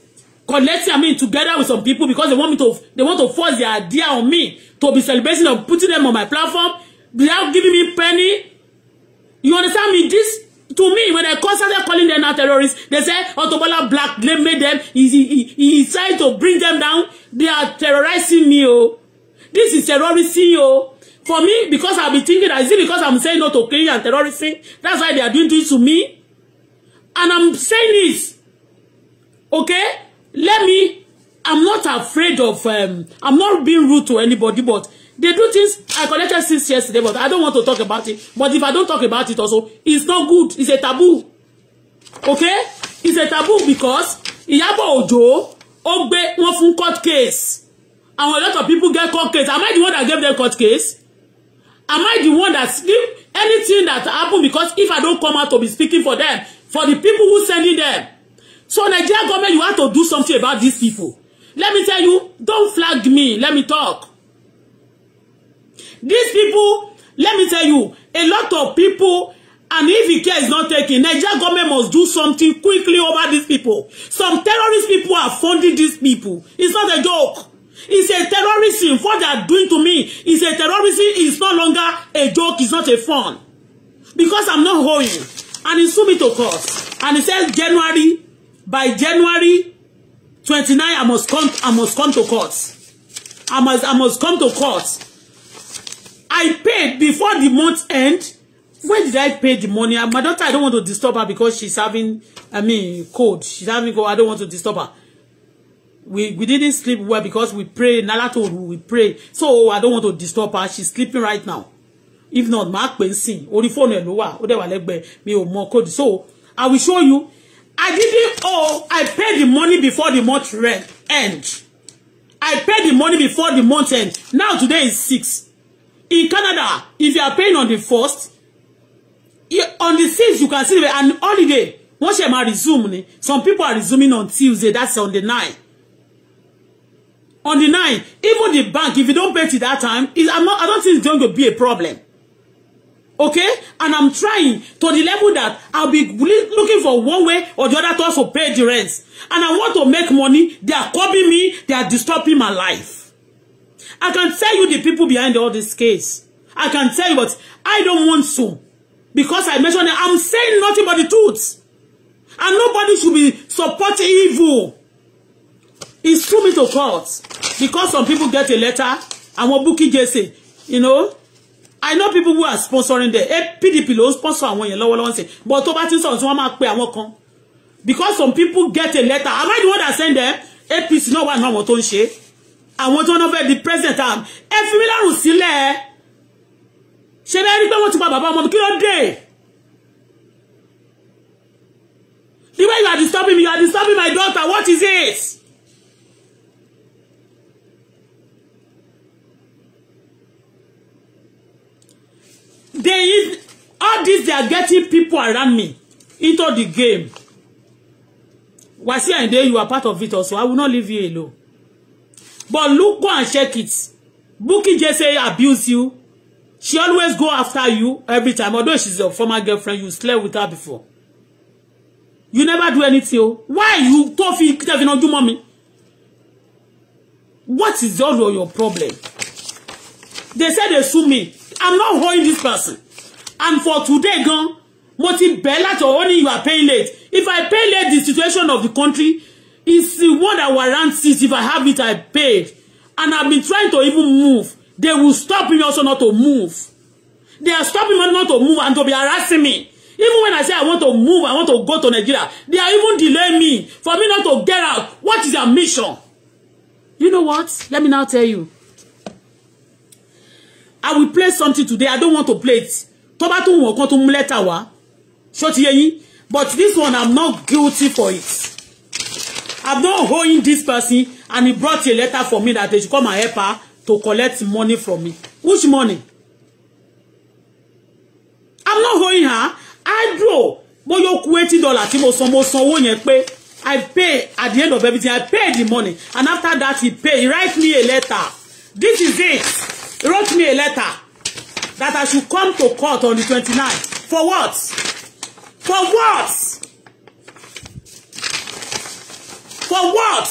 collecting, I mean, together with some people because they want me to they want to force their idea on me to be celebrating and putting them on my platform without giving me penny You understand me? This to me, when I started calling them now terrorists, they say Auto Black they made them. He, he, he, he tried to bring them down. They are terrorizing me. Oh, this is terrorism. Oh, for me because I be thinking that is it because I'm saying no to killing and terrorism. That's why they are doing this to me. And I'm saying this. Okay, let me. I'm not afraid of. Um, I'm not being rude to anybody, but They do things, I collected since yesterday, but I don't want to talk about it. But if I don't talk about it also, it's not good. It's a taboo. Okay? It's a taboo because Iyabo Ojo, Ogbe, wọ́n fún court case. And a lot of people get court case. Am I the one that gave them court case? Am I the one that give anything that happen because if I don't come out to be speaking for them, for the people who sending them. So Nigeria government, you have to do something about these people. Let me tell you, don't flag me. Let me talk. These people, let me tell you, a lot of people, and if the care is not taken, Nigeria government must do something quickly over these people. Some terrorist people are funding these people. It's not a joke. It's a terrorism. What they are doing to me is a terrorism. It's no longer a joke. It's not a fun. Because I'm not holding. And it's soon me to cause. And it says January, by January 29, I must come, I must come to court. I must, I must come to court. I paid before the month end. When did I pay the money? Uh, my daughter, I don't want to disturb her because she's having, I mean, cold. She's having cold. I don't want to disturb her. We, we didn't sleep well because we pray. Nala told we pray. So I don't want to disturb her. She's sleeping right now. If not, Mark Benson, sin. phone and ló wà. Ó dẹ̀ wà lẹ́gbẹ̀ẹ́ code. So I will show you. I didn't owe. I paid the money before the month end. I paid the money before the month end. Now today is six. In Canada, if you are paying on the first, on the sixth you can see an holiday. Once you are resume, some people are resuming on Tuesday. That's on the nine. On the nine, even the bank, if you don't pay to that time, it, I'm not. I don't think it's going to be a problem. Okay, and I'm trying to the level that I'll be looking for one way or the other to also pay the rents. And I want to make money. They are copying me. They are disturbing my life. I can tell you the people behind all this case. I can tell you, but I don't want to. Because I mentioned that I'm saying nothing but the truth. And nobody should be supporting evil. It's through me to court. Because some people get a letter, and àwọn Bukky Jesse, you know. I know people who are sponsoring there. Hey, eh, PDP ló sponsor àwọn yẹn lọ́wọ́lọ́wọ́ ṣe. But to bá ti ń sọ̀rọ̀ tí wọ́n máa pe àwọn kan. Because some people get a letter. Am I the one that send them? APC náà wà ní one tó ń ṣe àwọn tí wọ́n fẹ́ di president am ah, ẹ fi mí lọ́rùn sílẹ̀ ṣe bẹ́ẹ̀ rí pé wọ́n ti pa bàbá ọmọ mi kí ló dé the way you are disturbing me you are disturbing my daughter what is it. they is all this they are getting people around me into the game Wasiu Ayinde you are part of it also I will not leave you alone But look, go and check it. Bukky Jesse abuse you. She always go after you every time. Although she's your former girlfriend, you slept with her before. You never do anything. Oh. Why you tofi tevino do mommy? What is all your problem? They said they sue me. I'm not holding this person. And for today, gone, What if Bella láti ọ̀hún you are paying late. If I pay late, the situation of the country It's the one that warrants it. If I have it, I pay. And I've been trying to even move. They will stop me also not to move. They are stopping me not to move and to be harassing me. Even when I say I want to move, I want to go to Nigeria, they are even delaying me for me not to get out. What is their mission? You know what? Let me now tell you. I will play something today. I don't want to play it. Tó bá tún wọ́n kan tún mú But this one, I'm not guilty for it. I'm not owing this person and he brought a letter for me that they should come and help her to collect money from me. Which money? I'm not owing her. I draw. But you're kú eighty dollars tí I pay at the end of everything I pay the money and after that he pay he write me a letter. This is it. He wrote me a letter that I should come to court on the 29th. For what? For what? For what?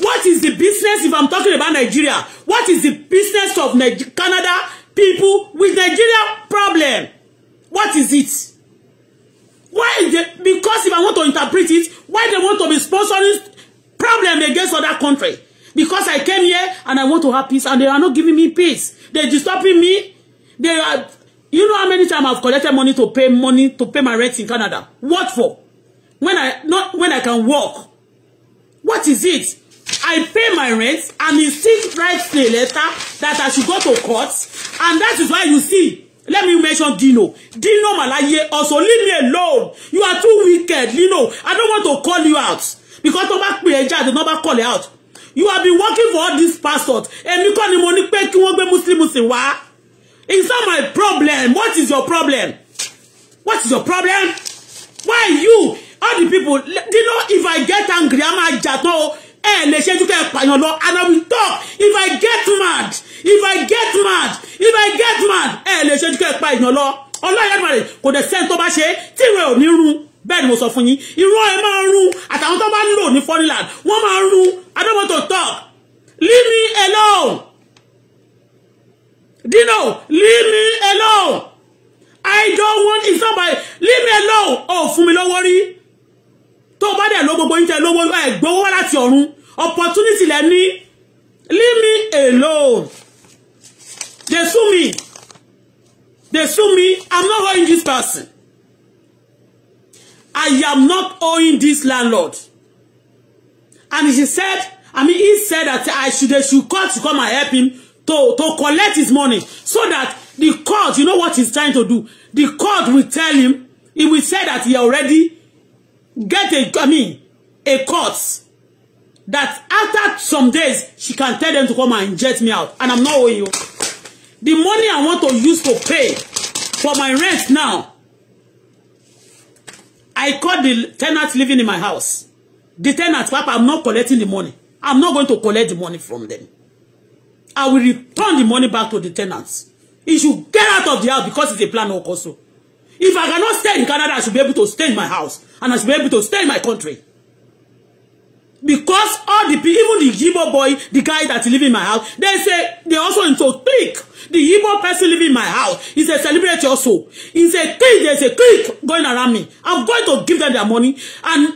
What is the business, if I'm talking about Nigeria, what is the business of Niger Canada people with Nigeria problem? What is it? Why is they, because if I want to interpret it, why they want to be sponsoring problem against other country? Because I came here and I want to have peace and they are not giving me peace. They're disturbing me. They are, you know how many times I've collected money to pay money to pay my rent in Canada? What for? When I not when I can work What is it? I pay my rent and he still writes a letter that I should go to court. And that is why you see, let me mention Dino. Dino Malaye also, leave me alone. You are too wicked, Dino. I don't want to call you out. Because tó bá pè ẹ́ jáde, tó bá call you out. You have been working for all these pastors. and you ni mo ní pé kí wọ́n gbé Muslim sí wá. It's not my problem. What is your problem? What is your problem? Why you? all the people do you know if i get angry i'm a jatan o ẹ lè ṣe dúkẹ́ pààyàn lọ and i will talk if i get mad if i get mad if i get mad eh, lè ṣe dúkẹ́ pààyàn lọ ọlọ́yẹ̀dùmarè kò dẹ̀ sẹ́ni tó bá ṣe tí ìwé ò ní we bẹ́ẹ̀ ni mo sọ fún yín irun ẹ máa ń run àtàwọn tó bá ń lò foreign land. máa ń run i don't want to talk leave me alone dino leave me alone i don't want it's not leave me alone Oh, fún mi lọ́wọ́ rí tó bá dẹ̀ ló gbogbo yíntẹ́ lówó ẹ̀ gbowó wá láti ọ̀run opportunity lẹ ní leave me alone they sue me they sue me i'm not owing this person i am not owing this landlord and she said i mean he said that i should they should call to come and help him to to collect his money so that the court you know what he's trying to do the court will tell him he will say that he already get a, I mean, a court that after some days, she can tell them to come and jet me out. And I'm not owing you. The money I want to use to pay for my rent now, I call the tenant living in my house. The tenant, Papa, I'm not collecting the money. I'm not going to collect the money from them. I will return the money back to the tenants. He should get out of the house because it's a plan also. If I cannot stay in Canada, I should be able to stay in my house. And I should be able to stay in my country. Because all the people, even the Igbo boy, the guy that live in my house, they say, they also into clique. The Igbo person living in my house is a celebrity also. It's a clique, there's a clique going around me. I'm going to give them their money. And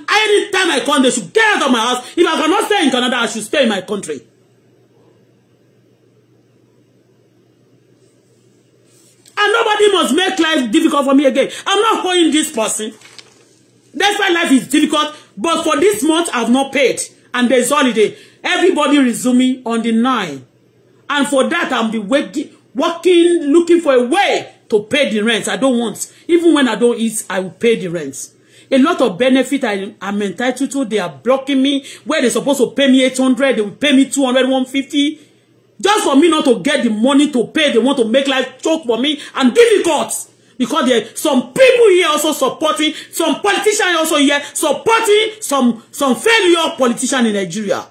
time I come, they should get out of my house. If I cannot stay in Canada, I should stay in my country. And nobody must make life difficult for me again. I'm not owing this person. That's why life is difficult. But for this month, I've not paid. And there's holiday. Everybody resuming on the 9. And for that, I'll be waking, working, looking for a way to pay the rent. I don't want. Even when I don't eat, I will pay the rent. A lot of benefit I am entitled to. They are blocking me. Where they're supposed to pay me 800, they will pay me 200, 150. Just for me not to get the money to pay, they want to make life choke for me and difficult. Because there some people here also supporting, some politician also here supporting some some failure politician in Nigeria.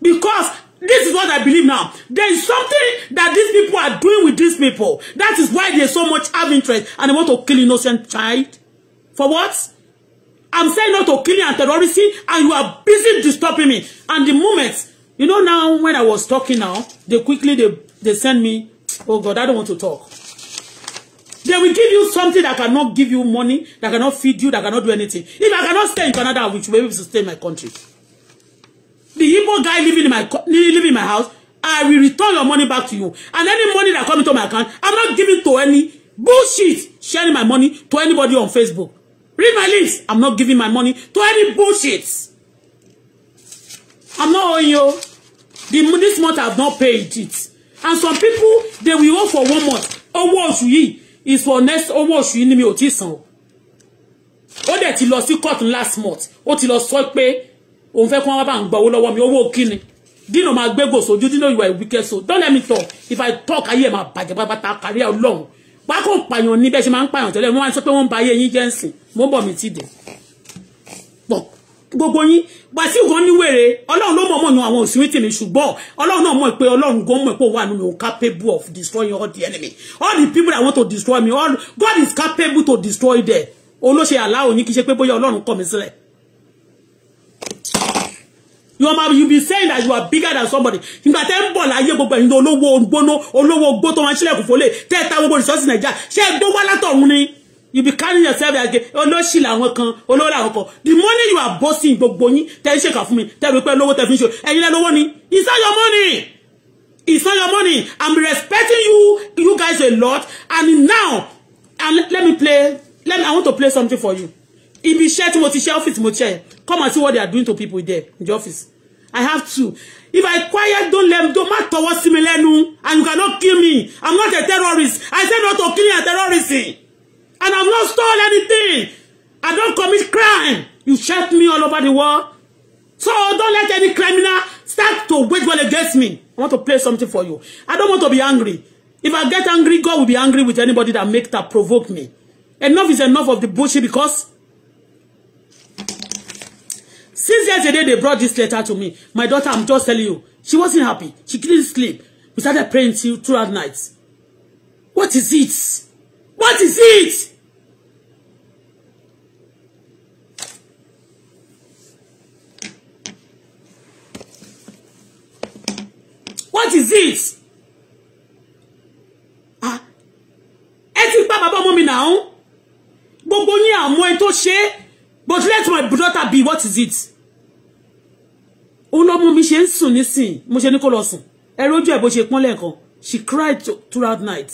Because this is what I believe now. There is something that these people are doing with these people. That is why they so much have interest and they want to kill innocent child. For what? I'm saying no to killing and terrorism, and you are busy disturbing me. And the moment, you know now, when I was talking now, they quickly, they, they send me, oh God, I don't want to talk. They will give you something that cannot give you money, that cannot feed you, that cannot do anything. If I cannot stay in Canada, which will be stay in my country. The Igbo guy living in my living in my house, I will return your money back to you. And any money that comes into my account, I'm not giving to any bullshit sharing my money to anybody on Facebook. Read my lips. I'm not giving my money to any bullshit. I'm not owing you. The, this month I've not paid it. And some people, they will owe for one month. Owó oṣù yìí is for next owó what you ni mi ò ti san o. that dẹ̀ lost you caught court last month. What ti lost, sọ pay? òun fẹ́ kí wọ́n bá ń gba owó lọ́wọ́ mi. Owó kíni? Dino máa gbégbò sójú. Dino you were wicked So Don't let me talk. If I talk, ayé ẹ̀ máa bàjẹ́ pátápátá kárí ẹ̀ ọlọ́run pákó pààyàn níbẹ̀ ṣe máa ń pààyàn tẹ́lẹ̀ wọ́n máa ń sọ pé wọ́n ń ba ayé yín jẹ́ ń sìn mo ń bọ̀ mí ti dè pọ̀ gbogbo yín wàsíù gan níwèrè ọlọ́run ló mọ̀ mọ̀ yan àwọn òsínwìtì mi ṣùgbọ́n ọlọ́run náà mọ̀ pé ọlọ́run gan mọ̀ pé ó wà nínú capable of destroying all the enemy all the people that want to destroy me all God is capable to destroy them olóṣè aláwo yín kì í ṣe pé bóyá ọlọ́run kọ̀ mí sílẹ̀ you are you be saying that you are bigger than somebody In nígbà tẹ́ ń bọ̀ láyé gbogbo know. olówó gbóná olówó gbó tó wọn sílẹ̀kùn fólè tẹ́ ẹ ta gbogbo resources nàìjíríà ṣé ẹ gbó wá látọ̀run ni you be carrying yourself as olóṣì làwọn kan olówó làwọn kan the money you are boasting but yín Tell ń ṣèkà fún mi tẹ́ rí pé lówó tẹ́ fi ń ṣe ẹ̀yin lẹ́ lówó ni it's not your money it's not your money i'm respecting you you guys a lot and now and let me play let me i want to play something for you ibi iṣẹ́ tí mo ti ṣe ọ́fíìsì mo ṣe come and see what they are doing to people there in the office I have to if I quiet don't let don't má tọwọ́ sí mi lẹ́nu and you cannot kill me I'm not a terrorist I say not to killing a terrorist. and I've not stole anything I don't commit crime you shot me all over the world so don't let any criminal start to wage war against me I want to play something for you I don't want to be angry if I get angry God will be angry with anybody that make that provoke me enough is enough of the bullshit because Since yesterday they brought this letter to me. My daughter, I'm just telling you, she wasn't happy. She couldn't sleep. We started praying till throughout night. What is it? What is it? What is it? Ah, ẹ ti pa bàbá ọmọ mi náà. Gbogbo yín àmọ́ ẹ But let my daughter be. What is it? òun ló mú mi ṣe ń sùn nísìn mo ṣe ní kó lọ sùn ẹrú ojú ẹ bó ṣe pọ́n lẹ́ẹ̀kan she cried throughout night.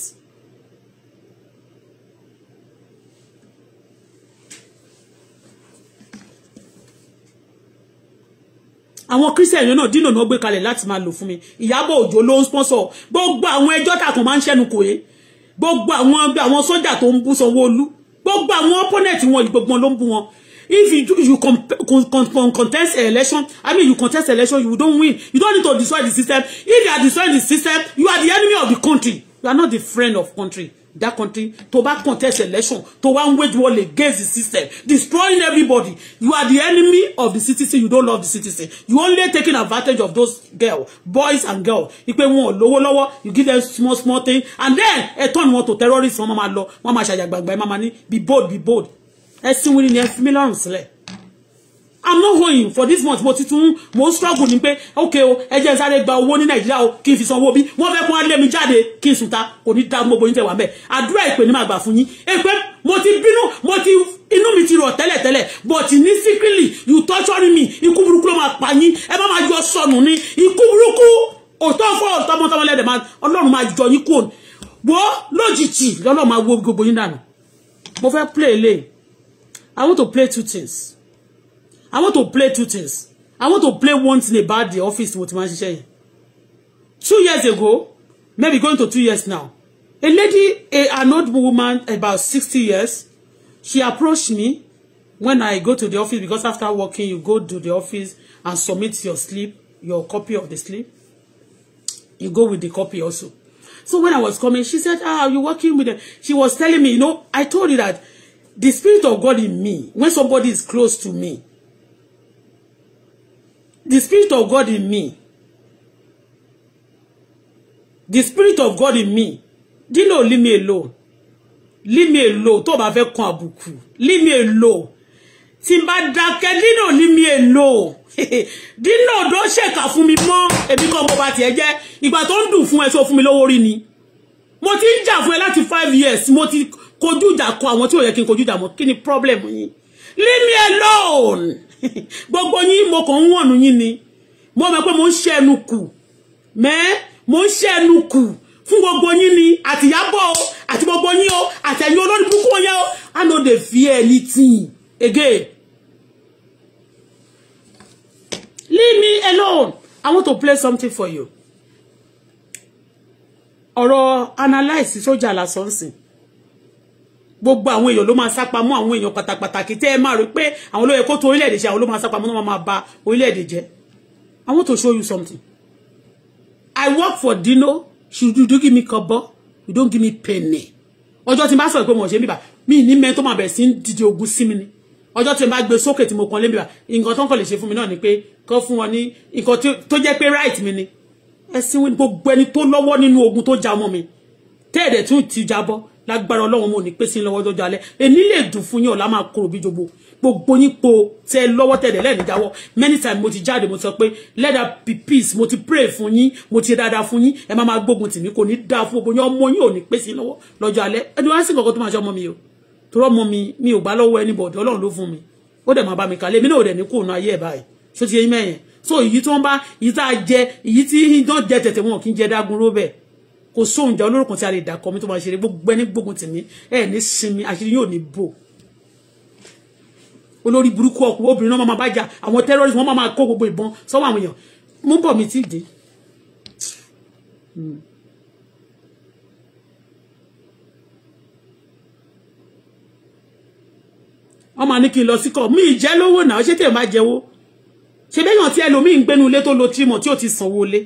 àwọn christian yìí náà dínà náà gbé kalẹ̀ láti máa lò fún mi ìyábọ̀ òjò ló ń sponsor gbogbo àwọn ẹjọ́ tàkùn máa ń ṣẹ́nu kò yé gbogbo àwọn àwọn sójà tó ń bú sanwó-olú gbogbo àwọn opponent wọn gbogbo ló ń bú wọn If you, you contest an election, I mean, you contest election, you don't win. You don't need to destroy the system. If you are destroying the system, you are the enemy of the country. You are not the friend of country. That country, to back contest election, to one wage war against the system, destroying everybody. You are the enemy of the citizen. You don't love the citizen. You only taking advantage of those girl, boys and girl. You pay one lower, lower, you give them small, small thing, and then a turn want to terrorists from Mama Law, Mama Shayagbagba, Mama Ni, be bold, be bold ẹ̀sìn wíní ni ẹ fi mí lọ́rùn sílẹ̀ i'm not going for this month mo ti tún mo struggle ni pé okay o ẹ jẹ́ n sáré gba owó ní Nàìjíríà o kí n fi sanwó bí wọ́n fẹ́ kó wá lé mi jáde kí n sùn ta kò ní dá gbogbo yín tẹ̀ wá bẹ́ẹ̀ àdúrà ìpè ní màá gbà fún yín èpè mo ti bínú mo ti inú mi ti rọ̀ tẹ́lẹ̀ tẹ́lẹ̀ but ní secretly you torture me ikú burúkú ló máa pa yín ẹ bá máa jọ sọnù ni ikú burúkú òótọ́ fọ́ tọmọtọmọ lẹ́dẹ̀ máa Ọlọ́run máa jọ yín kúrò wọ́ lójijì lọ́lọ́ máa wo gbogbo yín dànù mo fẹ́ play lane I want to play two things. I want to play two things. I want to play one thing about the office with my share. Two years ago, maybe going to two years now, a lady, a, an old woman about 60 years, she approached me when I go to the office because after working, you go to the office and submit your slip, your copy of the slip. You go with the copy also. So when I was coming, she said, ah, are you working with them? She was telling me, you know, I told you that the spirit of God in me when somebody is close to me the spirit of God in me the spirit of God in me Di dino leave me alone leave me alone tó o bá fẹ́ kan leave me alone tí n bá dákẹ́ dino leave me alone dino don ṣèkà fún mi mo. Ebi kan mo bá tiẹ̀ jẹ́ ìgbà tó ń dùn fún ẹ sọ fún mi lówó rí ni mo ti ń jà fún ẹ láti five years mo ti kojú ìjà kọ àwọn tí ò yẹ kí n kojú ìjà mọ́ kí ni problem yín leave me alone gbogbo yín mo kàn ń wọ̀nù yín ni mo mọ̀ pé mo ń ṣe ẹnu kù mẹ́ mo ń ṣe ẹnu kù fún gbogbo yín ni àti Ìyábọ̀ o àti gbogbo yín o àti ẹ̀yin olórí kúkú yẹn o I no dey fear anything again leave me alone I want to play something for you ọ̀rọ̀ analyze sójà lásán sìn gbogbo àwọn èèyàn ló máa sápamọ́ àwọn èèyàn pàtàkì tẹ́ ẹ máa rò pé àwọn olóyè kó tó orílẹ̀-èdè ṣe àwọn ló máa sápamọ́ náà máa ba orílẹ̀-èdè jẹ́ I want to show you something I work for Dino should you do give me kọ́bọ̀ you don't give me penny ọjọ́ tí n bá sọ̀rọ̀ pé mo ṣe bíbà mi ní mẹ́ tó máa bẹ̀ sí dìde ogun sí mi ni ọjọ́ tí n bá gbé sókè tí mo kàn lé bíbà nǹkan tó ń kọ̀ lè ṣe fún mi náà ni pé kọ́ fún wọn ní nǹkan tó jẹ́ pé right mi ni ẹ̀sìn wíni gbogbo ẹni tó lọ́wọ́ nínú ogun tó ja ọmọ mi tẹ́ ẹ̀dẹ̀ tún ti jábọ́ lágbára ọlọ́run mo ní pèsè lọ́wọ́ dọ́jọ́ alẹ́ èní lè dùn fún yín ọ̀la máa kúrò bí jogbo gbogbo yín po tẹ lọ́wọ́ tẹ̀lẹ̀ lẹ́ẹ̀ni jáwọ́ many times mo ti jáde mo sọ pé let there be peace mo ti pray fún yín mo ti dáadáa fún yín ẹ má máa gbógun tì mí kò ní dáa fún gbogbo yín ọmọ yín ò ní pèsè lọ́wọ́ lọ́jọ́ alẹ́ ẹni wá sí kankan tó máa ṣe ọmọ mi o torọ́ ọmọ mi mi ò gbá lọ́wọ́ ẹni bọ̀dọ̀ ọlọ́run ló fún mi ó dẹ̀ máa bá mi kalẹ̀ mi náà ò dẹ̀ ní kùnà ayé ẹ̀ báyìí ṣó ti yẹ yín mẹ́yìn so èyí tó ń bá èyí tá a jẹ èyí tí ìdán jẹ tẹ̀tẹ̀ wọn kì í jẹ dágun róbẹ̀ kò sóhun ìjà olórúkọ tí a lè dàkọ mi tó máa ṣe gbogbo ẹni gbógun tèmi ẹ ní sinmi àṣírí yóò ní bò olórí burúkú ọkùn obìnrin náà máa bá àwọn terrorist wọn máa kó gbogbo ìbọn sọ́wọ́ àwọn èèyàn mú bọ̀ mi tí dé. Hmm. wọ́n máa ní kí n lọ sí mí ìjẹ́ lówó náà ṣé tèmi bá jẹ́wọ́ ṣe béèyàn tí ẹlòmíì ń gbénu ilé tó lo three months tí ò ti sanwó lé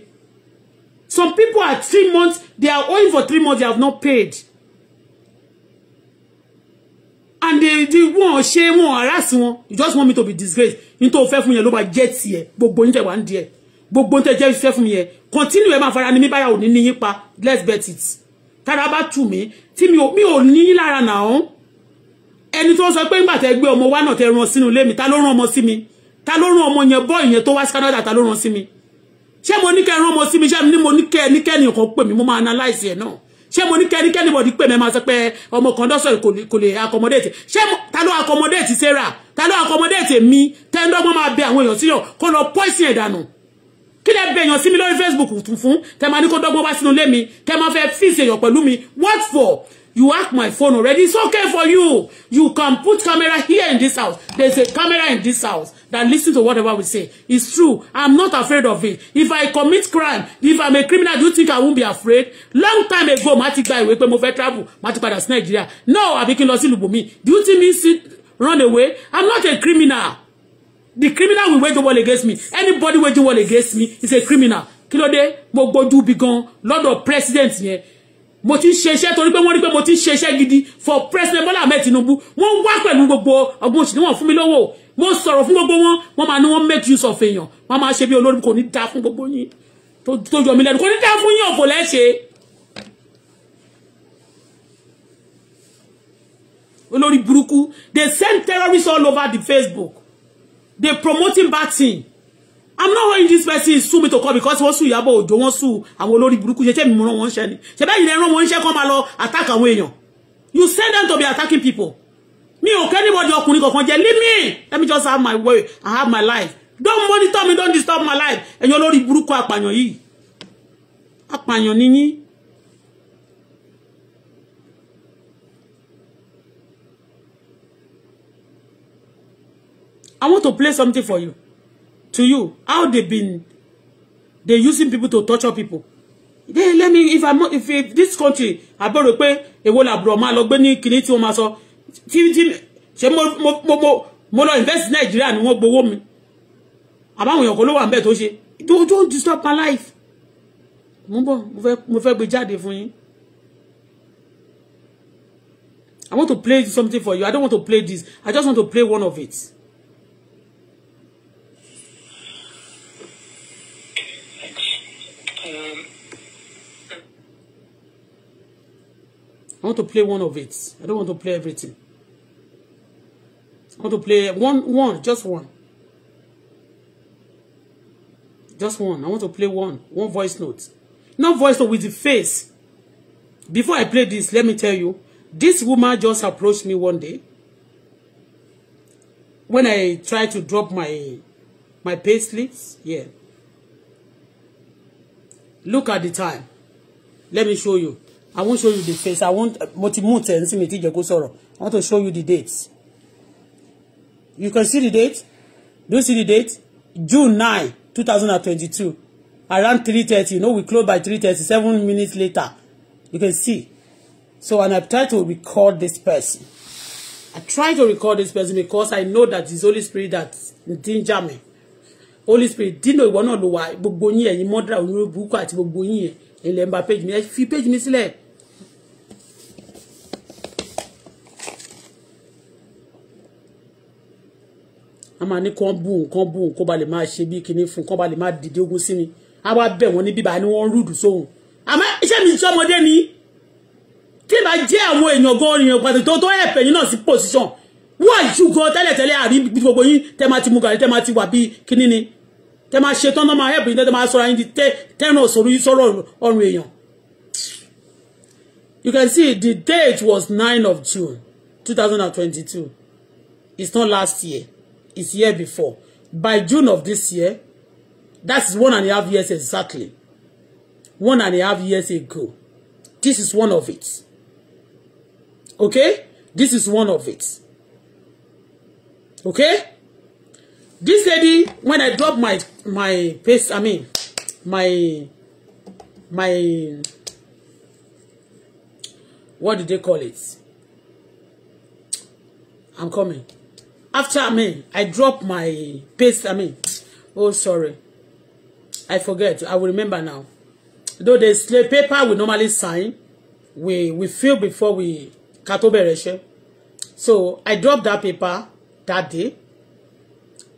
some people are three months they are owing for three months they have not paid and they di wọn ṣe wọn harass wọn you just want me to be disgraced n tó fẹ́ fún yẹn ló bá jẹ́ tiẹ̀ gbogbo yín tẹ̀ wá ń díẹ̀ gbogbo tẹ̀ jẹ́ fẹ́ fún yẹn continue ẹ̀ máa fara ni mi báyà ò ní níyín pa let's bet it tára me. tù mí tí mi ò níyín lára nà án ẹni tó sọ pé ńgbà tẹ gbé ọmọ wa náà tẹ rán sínú ilé mi ta ló rán ọmọ sí mi ta ló rán ọmọ yẹn boy yẹn tó wá sí Canada ta ló rán sí mi ṣé mo ní kẹ́ rán ọmọ sí mi ṣé mo ní kẹ́ ẹnikẹ́ni kan pè mí mo máa analyse ẹ̀ náà ṣé mo ní kẹ́ ẹnikẹ́ni bọ̀dí pè mí máa sọ pé ọmọ kan dọ́sọ̀ kò lè accommodate ṣé ta ló accommodate Sarah ta ló accommodate mi tẹ́ńdọ́gbọ́n máa bẹ àwọn èèyàn síyàn kó lọ poison ẹ̀dànù kí lẹ bẹ èèyàn sí mi lórí Facebook fún tẹ máa ní kó dọ́gbọ́n wá sínú ilé mi tẹ máa fẹ́ fíìsì èèyàn pẹ̀lú mi what for You hack my phone already. It's okay for you. You can put camera here in this house. There's a camera in this house that listen to whatever we say. It's true. I'm not afraid of it. If I commit crime, if I'm a criminal, do you think I won't be afraid? Long time ago, mati guy gba ìwé pé travel, mati ti padà sí Nigeria. No, àbí kí n lọ sí Do you think me sit, run away? I'm not a criminal. The criminal will wage a war against me. Anybody wage a war against me is a criminal. Kí mo dé gbogbo ojú bí gan lọ́dọ̀ president yẹn mo ti ṣe iṣẹ́ torí pé wọ́n rí mo ti ṣe gidi for president Bola Ahmed Tinubu wọ́n wá pẹ̀lú gbogbo ọgbọ́n òṣèlú wọn fún mi lówó mo sọ̀rọ̀ fún gbogbo wọn wọ́n máa ní wọ́n make use of èèyàn wọ́n máa ṣe bí olórí kò ní dáa fún gbogbo yín tó yọ mí lẹ́nu kò ní dáa fún yín òfò lẹ́sẹ̀ olórí burúkú they send terrorists all over the Facebook they promoting bad thing i'm not hearing this person sue me to call because wọ́n sue Ìyábọ̀ Òjó wọ́n sue àwọn olórí burúkú ṣe ṣe mi rán wọn ṣẹ́ ni ṣe bẹ́ẹ̀ yìí lè rán wọn ṣẹ́ kọ́ máa lọ attack àwọn èèyàn you send them to be attacking people mi ò kẹ́ anybody ọkùnrin kankan jẹ́ leave me let me just have my way i have my life don't monitor me don't disturb my life And ẹ̀yin olórí burúkú apàyàn yìí apàyàn ni Nini. I want to play something for you. To you, how they've been, They're using people to torture people. Then let me, if I'm, if, if this country, I borrow a èwo la bro ma lọ gbé ní kinní tí tí tí ṣe mo mo mo mo mo lọ invest Nàìjíríà ni wọ́n gbowó mi àbáwọn èèyàn kan ló wà ń bẹ̀ tó don't don't disturb my life mo bọ̀ mo fẹ́ mo fẹ́ gbé jáde fún yín I want to play something for you I don't want to play this I just want to play one of it. I want to play one of it. I don't want to play everything. I want to play one, one, just one. Just one. I want to play one, one voice note. Not voice note with the face. Before I play this, let me tell you, this woman just approached me one day. When I tried to drop my my pay slips, yeah. Look at the time. Let me show you. I won't show you the face. I won't mo ti mute I want to show you the dates you can see the date do you see the date June 9 2022 around 3:30 you know we close by 3:30 seven minutes later you can see so and I try to record this person I try to record this person because I know that it's Holy Spirit that danger me Holy Spirit dino ìwọ náà ló wà gbogbo yín ẹ̀yin mọdra onírúurú àti gbogbo yín ẹ ilẹ̀ ń ba ẹ fi page mi sílẹ̀. wọ́n máa ní kán bú nǹkan bú nǹkan ba lè máa ṣe bí kinní fún kán ba lè máa dìde ogun sí mi á wá bẹ̀ wọ́n ní bíbá ni wọ́n rúdù sóhun àmọ́ iṣẹ́ mi iṣẹ́ ọmọdé ni tí ìbá jẹ́ àwọn èèyàn gan èèyàn pàtó tó tó ẹ̀pẹ̀ yín náà sí position wọ́n àìsù gan tẹ́lẹ̀tẹ́lẹ̀ àrí gbogbo yín tẹ́ máa ti mu gàrí tẹ́ máa ti wà bí kinní ni tẹ́ máa ṣe tán náà máa ẹ̀pẹ̀ yín You can see the date was 9 of June 2022. It's not last year is here before. By June of this year, that's one and a half years exactly. One and a half years ago. This is one of it. Okay? This is one of it. Okay? This lady, when I drop my my paste, I mean, my my what do they call it? I'm coming after I mean I drop my paste I mean oh sorry I forget I will remember now though the slave paper we normally sign we we fill before we ká tó so I dropped that paper that day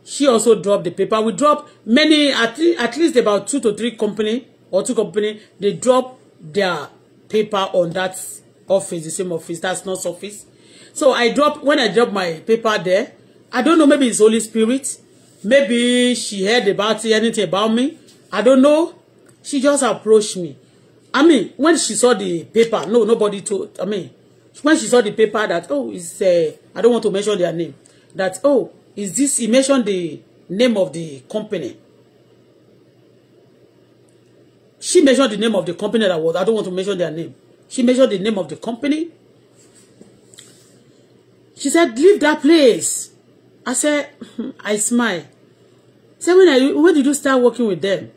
she also dropped the paper we dropped many at, at least about two to three company or two company they drop their paper on that office the same office that's not office so I drop when I drop my paper there I don't know, maybe it's Holy Spirit. Maybe she heard about anything about me. I don't know. She just approached me. I mean, when she saw the paper, no, nobody told, I mean, when she saw the paper that, oh, it's, uh, I don't want to mention their name, that, oh, is this, he mentioned the name of the company. She mentioned the name of the company that was, I don't want to mention their name. She mentioned the name of the company. She said, leave that place. I said, I smile. Say, when, I, when did you start working with them?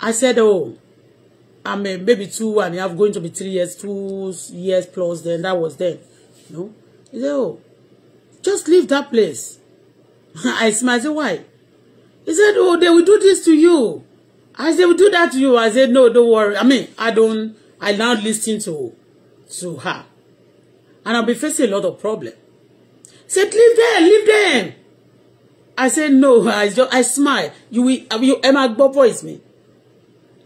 I said, oh, I'm a maybe two and a half, going to be three years, two years plus then. That was then. no. He said, oh, just leave that place. I smile. I said, why? He said, oh, they will do this to you. I said, they will do that to you. I said, no, don't worry. I mean, I don't, I now listen to, to her. And I'll be facing a lot of problems said, leave them, leave them. I said, no, I, just, I smile. You will, You will, Emma Gbopo is me.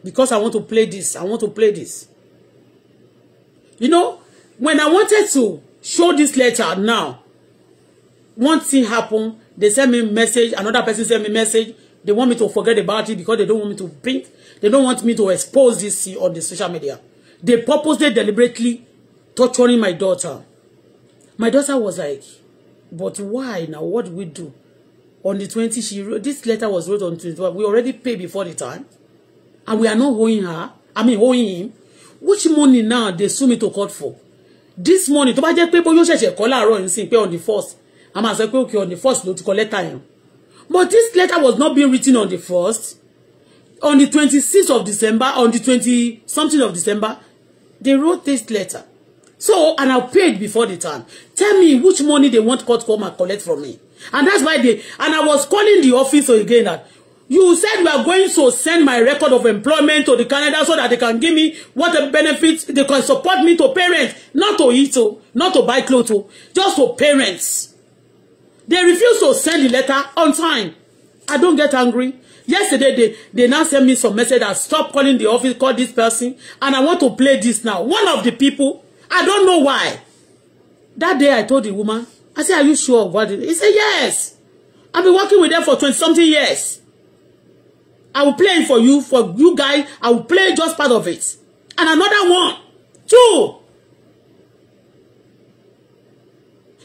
Because I want to play this. I want to play this. You know, when I wanted to show this letter now, one thing happened. They sent me message. Another person sent me message. They want me to forget about it because they don't want me to print. They don't want me to expose this on the social media. They purposely, deliberately torturing my daughter. My daughter was like, But why now? What do we do? On the 20, she wrote, this letter was wrote on 21. We already paid before the time. And we are not owing her. I mean, owing him. Which money now they sue me to court for? This money, To buy jet paper, you ṣẹ̀ṣẹ̀ kọ́ láàárọ̀ yìí See, pay on the first. I'm going to okay, on the first, note ti kọ letter yẹn. But this letter was not being written on the first. On the 26th of December, on the 20 something of December, they wrote this letter. So, and I paid before the time. Tell me which money they want court to come and collect from me. And that's why they, and I was calling the office again that, you said you are going to send my record of employment to the Canada so that they can give me what the benefits, they can support me to parents, not to eat, to not to buy clothes, to just to parents. They refuse to send the letter on time. I don't get angry. Yesterday, they, they now sent me some message that stop calling the office, call this person, and I want to play this now. One of the people I don't know why. That day I told the woman, I said, are you sure about it? He said, yes. I've been working with them for 20 something years. I will play for you, for you guys. I will play just part of it. And another one, two.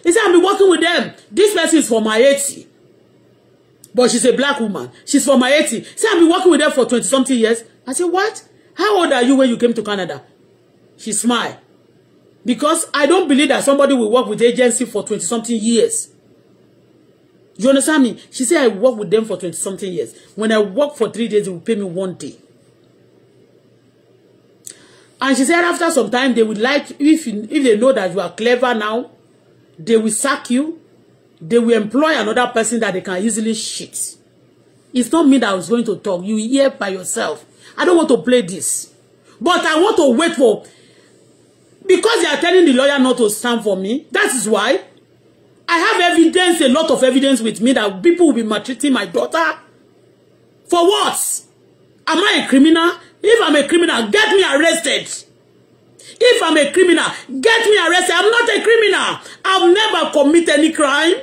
He said, I've been working with them. This person is for my 80. But she's a black woman. She's for my 80. Said, I've been working with them for 20 something years. I said, what? How old are you when you came to Canada? She smiled. Because I don't believe that somebody will work with agency for 20 something years. You understand me? She said I work with them for 20 something years. When I work for three days, they will pay me one day. And she said after some time, they would like, if, you, if they know that you are clever now, they will sack you. They will employ another person that they can easily shit. It's not me that was going to talk. You hear by yourself. I don't want to play this. But I want to wait for because they are telling the lawyer not to stand for me that is why I have evidence a lot of evidence with me that people will be maltreating my daughter for what am I a criminal if I'm a criminal get me arrested if I'm a criminal get me arrested I'm not a criminal I've never committed any crime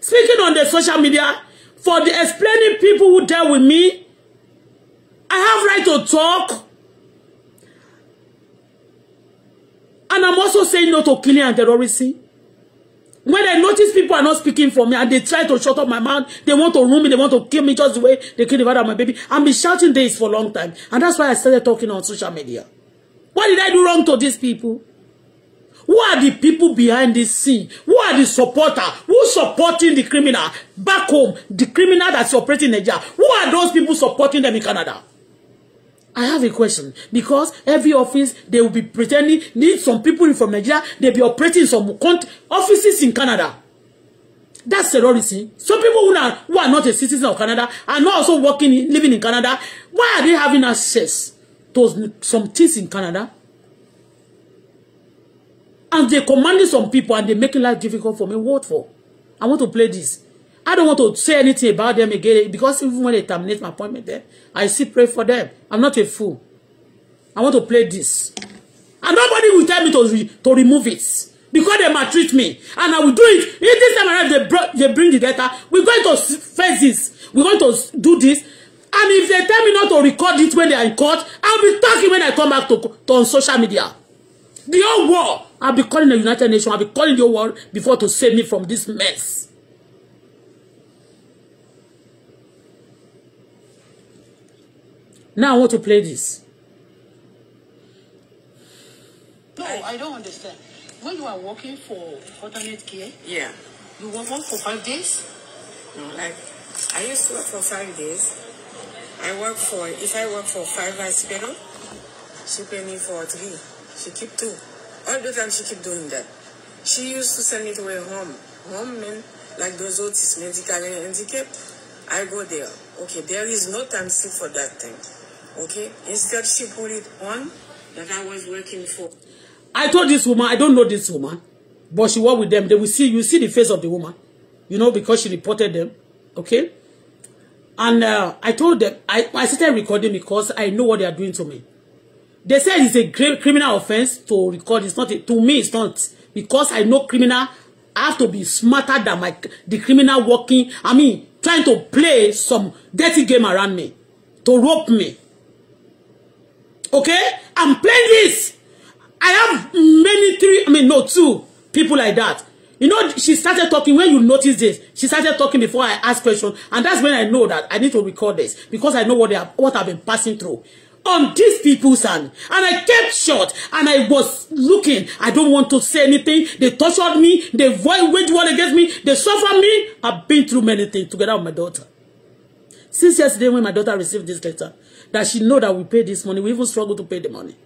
speaking on the social media for the explaining people who deal with me I have right to talk And I'm also saying no to killing and terrorism. When I notice people are not speaking for me and they try to shut up my mouth, they want to ruin me, they want to kill me just the way they killed the father of my baby. I've been shouting this for a long time. And that's why I started talking on social media. What did I do wrong to these people? Who are the people behind this scene? Who are the supporter? Who's supporting the criminal? Back home, the criminal that's operating in Nigeria. Who are those people supporting them in Canada? I have a question because every office they will be pretending need some people from Nigeria they be operating some offices in Canada. That's terrorism. Some people who are who are not a citizen of Canada are not also working in, living in Canada. Why are they having access to some things in Canada? And they commanding some people and they making life difficult for me. What for? I want to play this. I don't want to say anything about them again because even when they terminate my appointment there, I still pray for them. I'm not a fool. I want to play this. And nobody will tell me to, re to remove it because they maltreat me. And I will do it. If this time around they, they bring the data, we're going to face this. We're going to do this. And if they tell me not to record it when they are in court, I'll be talking when I come back to, to on social media. The whole world, I'll be calling the United Nations, I'll be calling the whole world before to save me from this mess. Now I want to play this. No, I don't understand. When you are working for alternate care, yeah, you work for five days. No, like I used to work for five days. I work for if I work for five hospital, she pay me for three. She keep two. All the time she keep doing that. She used to send me to a home. Home men like those autistic medically handicapped. I go there. Okay, there is no time sick for that thing. Okay? Instead, she put it on that I was working for. I told this woman, I don't know this woman, but she worked with them. They will see, you see the face of the woman, you know, because she reported them. Okay? And uh, I told them, I, I started recording because I know what they are doing to me. They said it's a criminal offense to record. It's not, a, to me, it's not. Because I know criminal, I have to be smarter than my, the criminal working, I mean, trying to play some dirty game around me, to rope me. Okay? I'm playing this. I have many three, I mean, no, two people like that. You know, she started talking when you notice this. She started talking before I asked questions, and that's when I know that I need to record this because I know what they have, what I've been passing through on these people's hand, and I kept short, and I was looking. I don't want to say anything. They tortured me. They wage war against me. They suffer me. I've been through many things together with my daughter. Since yesterday, when my daughter received this letter, that she know that we pay this money. We even struggle to pay the money.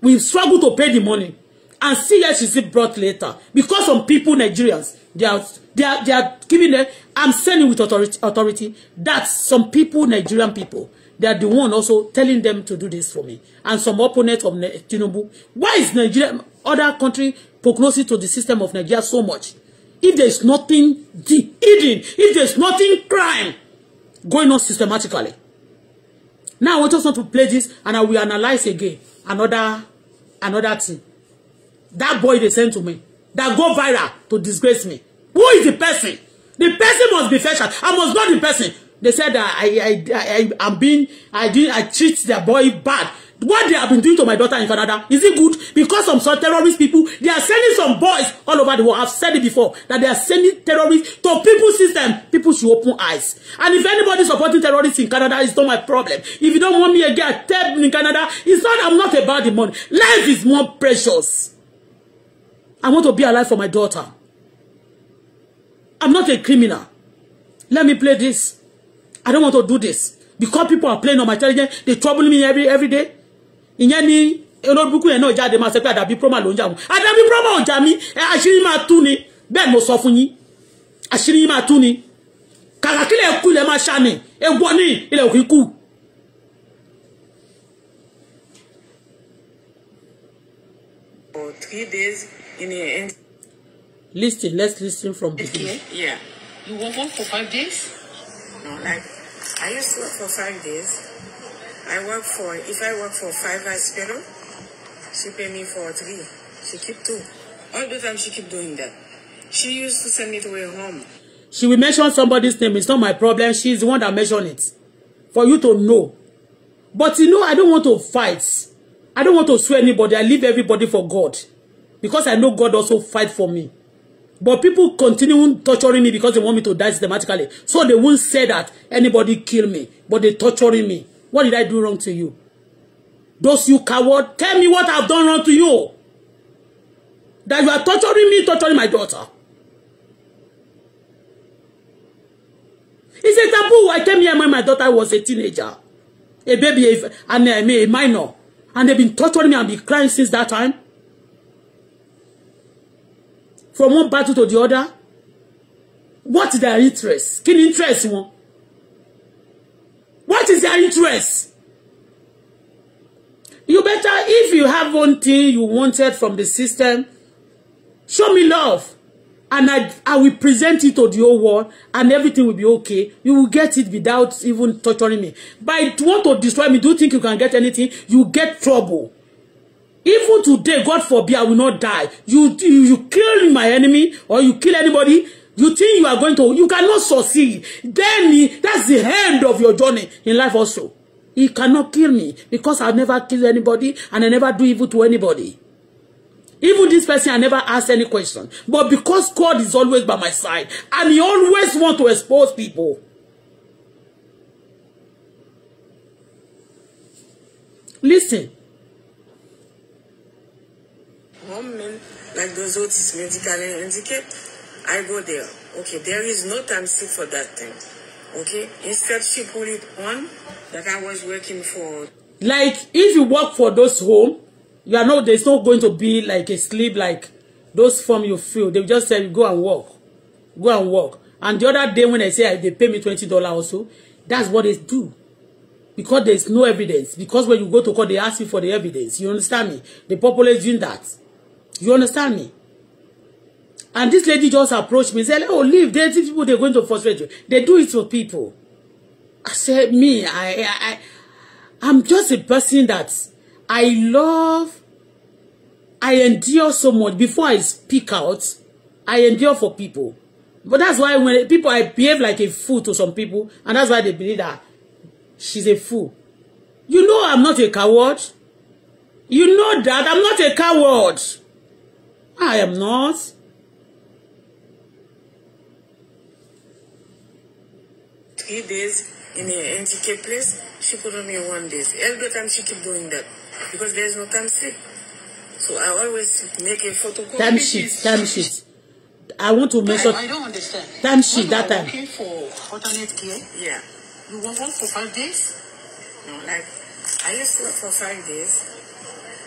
We struggle to pay the money. And see here she's brought later. Because some people, Nigerians, they are, they are, they are giving them, I'm saying with authority, authority that some people, Nigerian people, they are the one also telling them to do this for me. And some opponents of Tinubu. Why is Nigeria, other country, prognosis to the system of Nigeria so much? If there is nothing hidden, if there is nothing crime, going on systematically. Now I want us to play this and I will analyze again another another thing. That boy they sent to me that go viral to disgrace me. Who is the person? The person must be fetched. I must know the person. They said that I I I am being I did I treat the boy bad what they have been doing to my daughter in Canada is it good because some some terrorist people they are sending some boys all over the world I've said it before that they are sending terrorists to people system people should open eyes and if anybody supporting terrorists in Canada it's not my problem if you don't want me again I tell in Canada it's not I'm not about the money life is more precious I want to be alive for my daughter I'm not a criminal let me play this I don't want to do this because people are playing on my intelligence they trouble me every every day ìyẹn ni olóbùkù yẹn náà jáde máa ṣe pé àdàbí promo ló ń jà wọn àdàbí promo ò jà àṣírí máa tú ni bẹ́ẹ̀ mo sọ fún yín àṣírí máa tú ni kàkàkílẹ̀ kú ilẹ̀ máa ṣàní ewu ní ilẹ̀ òkè kú. For three days in the end. Listen, let's listen from beginning. Yeah. You work for five days? No, like are you still for five days. I work for, if I work for five hospital, she pay me for three. She keep two. All the time she keep doing that. She used to send me to a home. She will mention somebody's name. It's not my problem. She's the one that mentioned it. For you to know. But you know, I don't want to fight. I don't want to sue anybody. I leave everybody for God. Because I know God also fight for me. But people continue torturing me because they want me to die systematically. So they won't say that anybody kill me. But they torturing me. What did I do wrong to you? Those you coward, tell me what I've done wrong to you. That you are torturing me, torturing my daughter. It's a taboo. I came here when my daughter was a teenager, a baby, a, and I a minor. And they've been torturing me and been crying since that time. From one battle to the other. What is their interest? Kí interest one? What is their interest? You better, if you have one thing you wanted from the system, show me love. And I, I will present it to the whole world and everything will be okay. You will get it without even torturing me. But if you want to destroy me, do you think you can get anything? You get trouble. Even today, God forbid, I will not die. You, you, you kill my enemy or you kill anybody, you think you are going to you cannot succeed then that's the end of your journey in life also he cannot kill me because i never kill anybody and i never do evil to anybody even this person i never ask any question but because god is always by my side and he always want to expose people listen one man like does what is medically indicated I go there. Okay, there is no time sheet for that thing. Okay, instead she put it on that I was working for. Like if you work for those home, you are not. There's not going to be like a sleep like those form you fill. They just say go and work, go and work. And the other day when I say they pay me twenty dollar also, that's what they do. Because there's no evidence. Because when you go to court, they ask you for the evidence. You understand me? The populace doing that. You understand me? And this lady just approached me, and said, oh, leave. They, these people, they're going to frustrate you. They do it for people. I said, me, I, I, I, I'm just a person that I love, I endure so much. Before I speak out, I endure for people. But that's why when people, I behave like a fool to some people. And that's why they believe that she's a fool. You know I'm not a coward. You know that I'm not a coward. I am not. three days in the NTK place, she put on me one day. Every time she keep doing that because there's no time sheet. So I always make a photocopy. Time sheet, time sheet. I want to mention. I, don't understand. Time sheet that time. Okay for alternate care. Yeah. You want work for five days? No, like I just work for five days.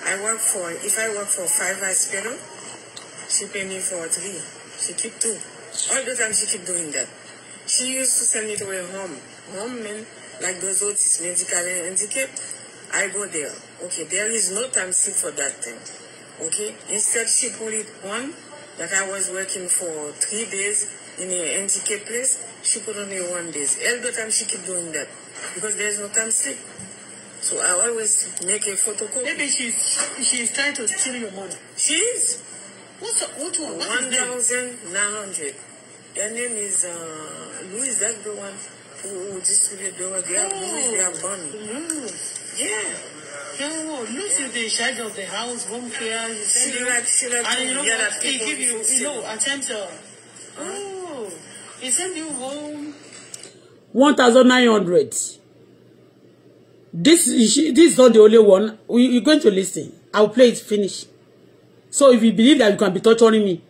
I work for if I work for five hospital, she pay me for three. She keep two. All the time she keep doing that. She used to send me to a home. Home man. like those autistic, medically handicapped, I go there. Okay, there is no time sick for that thing. Okay, instead she put it on that I was working for three days in a handicap place. She put on one days. Every time she keep doing that because there's no time sick. So I always make a photocopy. Maybe she's she's trying to steal your money. She is. What's what, what, what One thousand nine hundred. Their name is uh, Louis. That's the one who, who distributed the one. Oh. They are oh. Louis. They are Bonnie. Louis. Yeah. Oh, Louis yeah. is in charge of the house, home care. She like, she like, and you know what? He give you, you know, attempts. Uh, oh, he send you home. One thousand nine hundred. This is, this is not the only one. We, you're going to listen. I'll play it finish. So if you believe that you can be torturing me,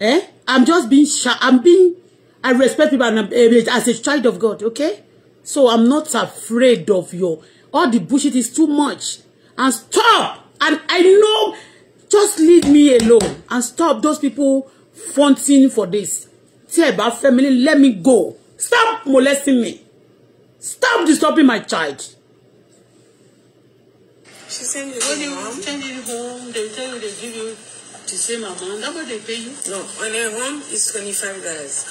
eh? I'm just being shy. I'm being, I respect people and eh, as a child of God, okay? So I'm not afraid of your, all the bullshit is too much. And stop! And I know, just leave me alone. And stop those people fronting for this. Tell about family, let me go. Stop molesting me. Stop disturbing my child. She sent you home. They send you home. They tell you they give you the same amount. How much they pay you? No, when a home is twenty-five dollars.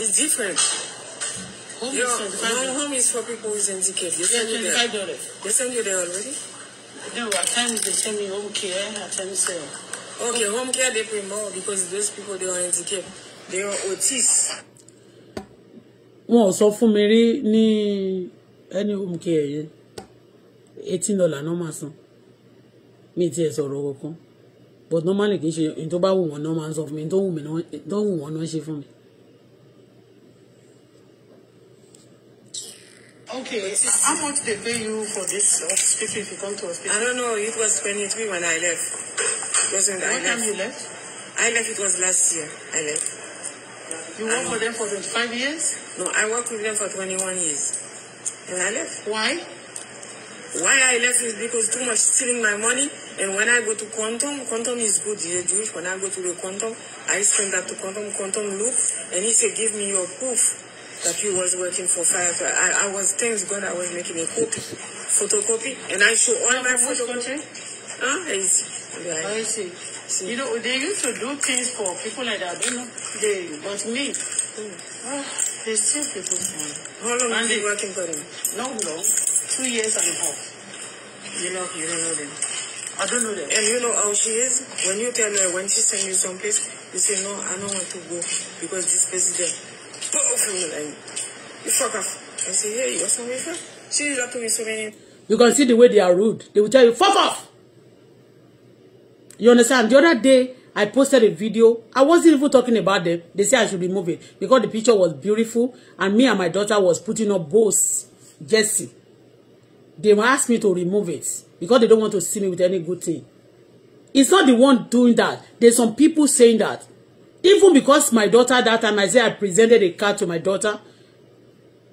It's different. Home Your, is twenty-five. Home, home is for people with handicap. They send you five dollars. They send you there already. No, at times they send me home care. At times. Uh, okay, home care they pay more because those people they are handicap, They are autistic. wọn ò sọ fún mi rí ní ẹni home care yẹn eighteen dollar náà máa san mi ti ẹ̀ sọ̀rọ̀ kankan but normally kì í ṣe ní tó bá wù wọ́n náà máa ń sọ fún mi ní tó wù wọ́n náà ṣe fún mi. Okay, how much they pay you for this hospital if you come to hospital? I don't know. It was 23 when I left. It wasn't what I left. time you left? I left, it was last year. I left. You worked for them for 25 years? No, I worked with them for 21 years. And I left. Why? Why I left is because too much stealing my money. And when I go to Quantum, Quantum is good, he's Jewish. When I go to the Quantum, I send that to Quantum. Quantum look, and he said, give me your proof that you was working for fire. I, I was, thanks God, I was making a copy, photocopy, and I show all my photocopy. Huh? I see. see. You know, they used to do things for people like that, you know, they, but me, mm. oh, they still people. How long and you been working for them? Not long, two years and a half. You know, you don't know them. I don't know them. And you know how she is? When you tell her, when she send you some place, you say, no, I don't want to go because this place is there. Powerful. And you fuck off. I say, hey, you're somewhere from? She did that to me so many You can see the way they are rude. They will tell you, fuck off. You understand? The other day, I posted a video. I wasn't even talking about them. They said I should remove it because the picture was beautiful and me and my daughter was putting up both Jesse. They asked me to remove it because they don't want to see me with any good thing. It's not the one doing that. There's some people saying that. Even because my daughter that time, I said I presented a car to my daughter.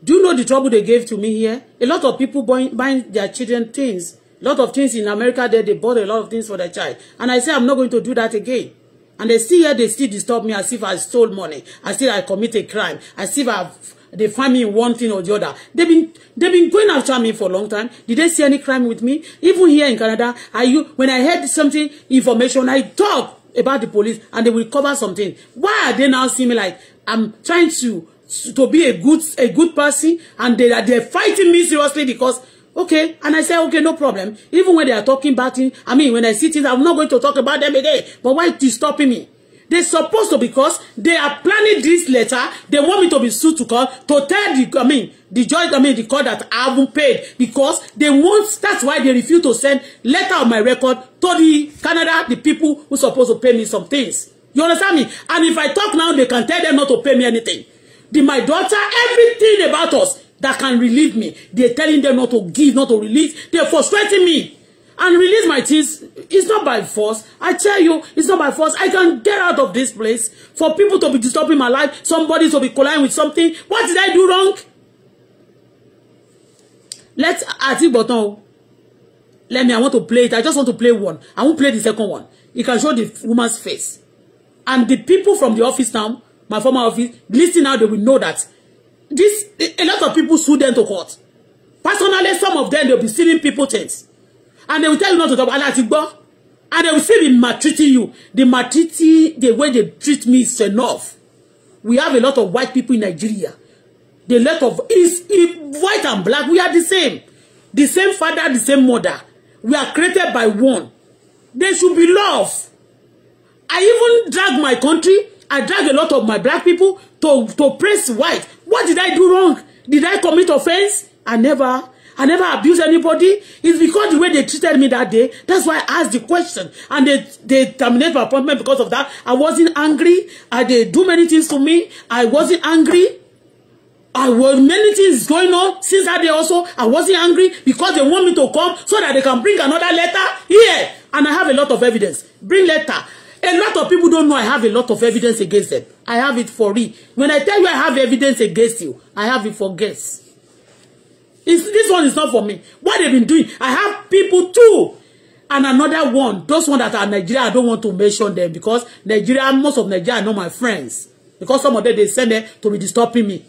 Do you know the trouble they gave to me here? A lot of people buying, buying their children things. A lot of things in America there, they bought a lot of things for their child. And I said, I'm not going to do that again. And they still here, they still disturb me as if I stole money, as if I commit a crime, as if I've they find me in one thing or the other. They've been they've been going after me for a long time. Did they see any crime with me? Even here in Canada, I when I heard something information, I talk about the police and they will cover something. Why are they now seeing me like I'm trying to to be a good a good person and they are they're fighting me seriously because okay and i say okay no problem even when they are talking about things i mean when i see things i'm not going to talk about them again but why are you stopping me they supposed to because they are planning this letter they want me to be sued to court to tell the I mean the judge I mean the court that I haven't paid because they won't that's why they refuse to send letter of my record to the Canada the people who supposed to pay me some things you understand me and if I talk now they can tell them not to pay me anything the my daughter everything about us that can relieve me they're telling them not to give not to release they're frustrating me and release my things. It's not by force. I tell you, it's not by force. I can get out of this place for people to be disturbing my life, somebody to be colliding with something. What did I do wrong? Let's àti button. Oh. Let me, I want to play it. I just want to play one. I won't play the second one. You can show the woman's face. And the people from the office now, my former office, listening now, they will know that this, a lot of people sued them to court. Personally, some of them, they'll be stealing people things and they will tell you not to talk aláti go, and they will still be maltreating you the maltreating the way they treat me is enough we have a lot of white people in Nigeria the lot of is white and black we are the same the same father the same mother we are created by one There should be love. I even drag my country I drag a lot of my black people to to praise white what did I do wrong did I commit offense I never I never abused anybody. It's because the way they treated me that day. That's why I asked the question. And they, they terminated my appointment because of that. I wasn't angry. I, they do many things to me. I wasn't angry. I was many things going on since that day also. I wasn't angry because they want me to come so that they can bring another letter here. And I have a lot of evidence. Bring letter. A lot of people don't know I have a lot of evidence against them. I have it for real. When I tell you I have evidence against you, I have it for guess. It's, this one is not for me. What they've been doing, I have people too. And another one, those one that are Nigeria, I don't want to mention them because Nigeria, most of Nigeria, are not my friends. Because some of them, they send them to be disturbing me.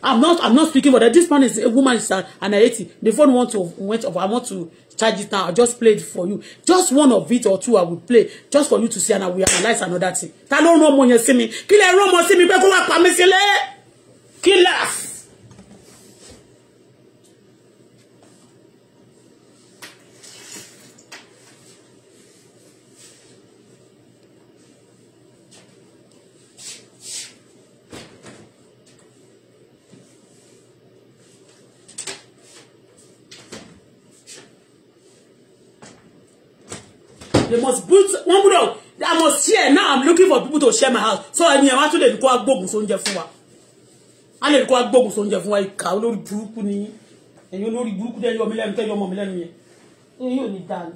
I'm not, I'm not speaking for that. This man is a woman, is an, an 80. The phone wants to, went off. I want to charge it now. I just played for you. Just one of it or two I will play. Just for you to see and I will analyze another thing. Ta ló rán ọmọ yẹn sí mi. Kí lẹ rán ọmọ sí mi pé kó wá pa mí sílẹ̀. Killers. they must build one gbọ́dọ̀ I must share now I'm looking for people to share my house so ẹni ẹ̀ wá tún lè kó agbóògùn sóúnjẹ fún wa á lè kó agbóògùn sóúnjẹ fún wa ìkà olórí burúkú ni ẹ̀yin olórí burúkú tẹ́jọ́ mi lẹ́nu tẹ́jọ́ ọmọ mi lẹ́nu yẹn ẹ̀yin ò ní dáa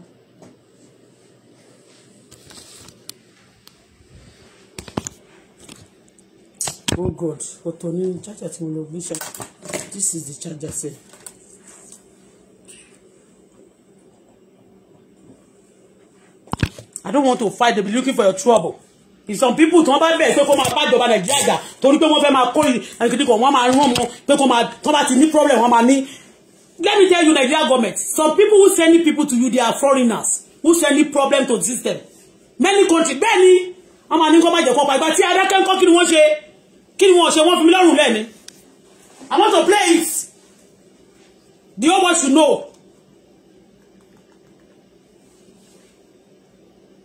oh god ọ̀tọ̀ ni charger tí mo lọ this is the charger set. I don't want to fight They'll be looking for your trouble if some people tí wọ́n bá bẹ̀rẹ̀ pé kó máa bá ìjọba nàìjíríà jà torí pé wọ́n fẹ́ máa kó ẹnìkìtì kan wọ́n máa rán mọ́ pé kó máa tí wọ́n bá ti ní problem wọ́n máa let me tell you Nigeria government some people who send people to you they are foreigners who send problem to system many country bẹ́ẹ̀ ni wọ́n máa ní kó máa jẹ̀ kó pa ìgbà tí adákẹ́ ń kọ́ kí ni wọ́n ṣe kí I want to play it the whole world should know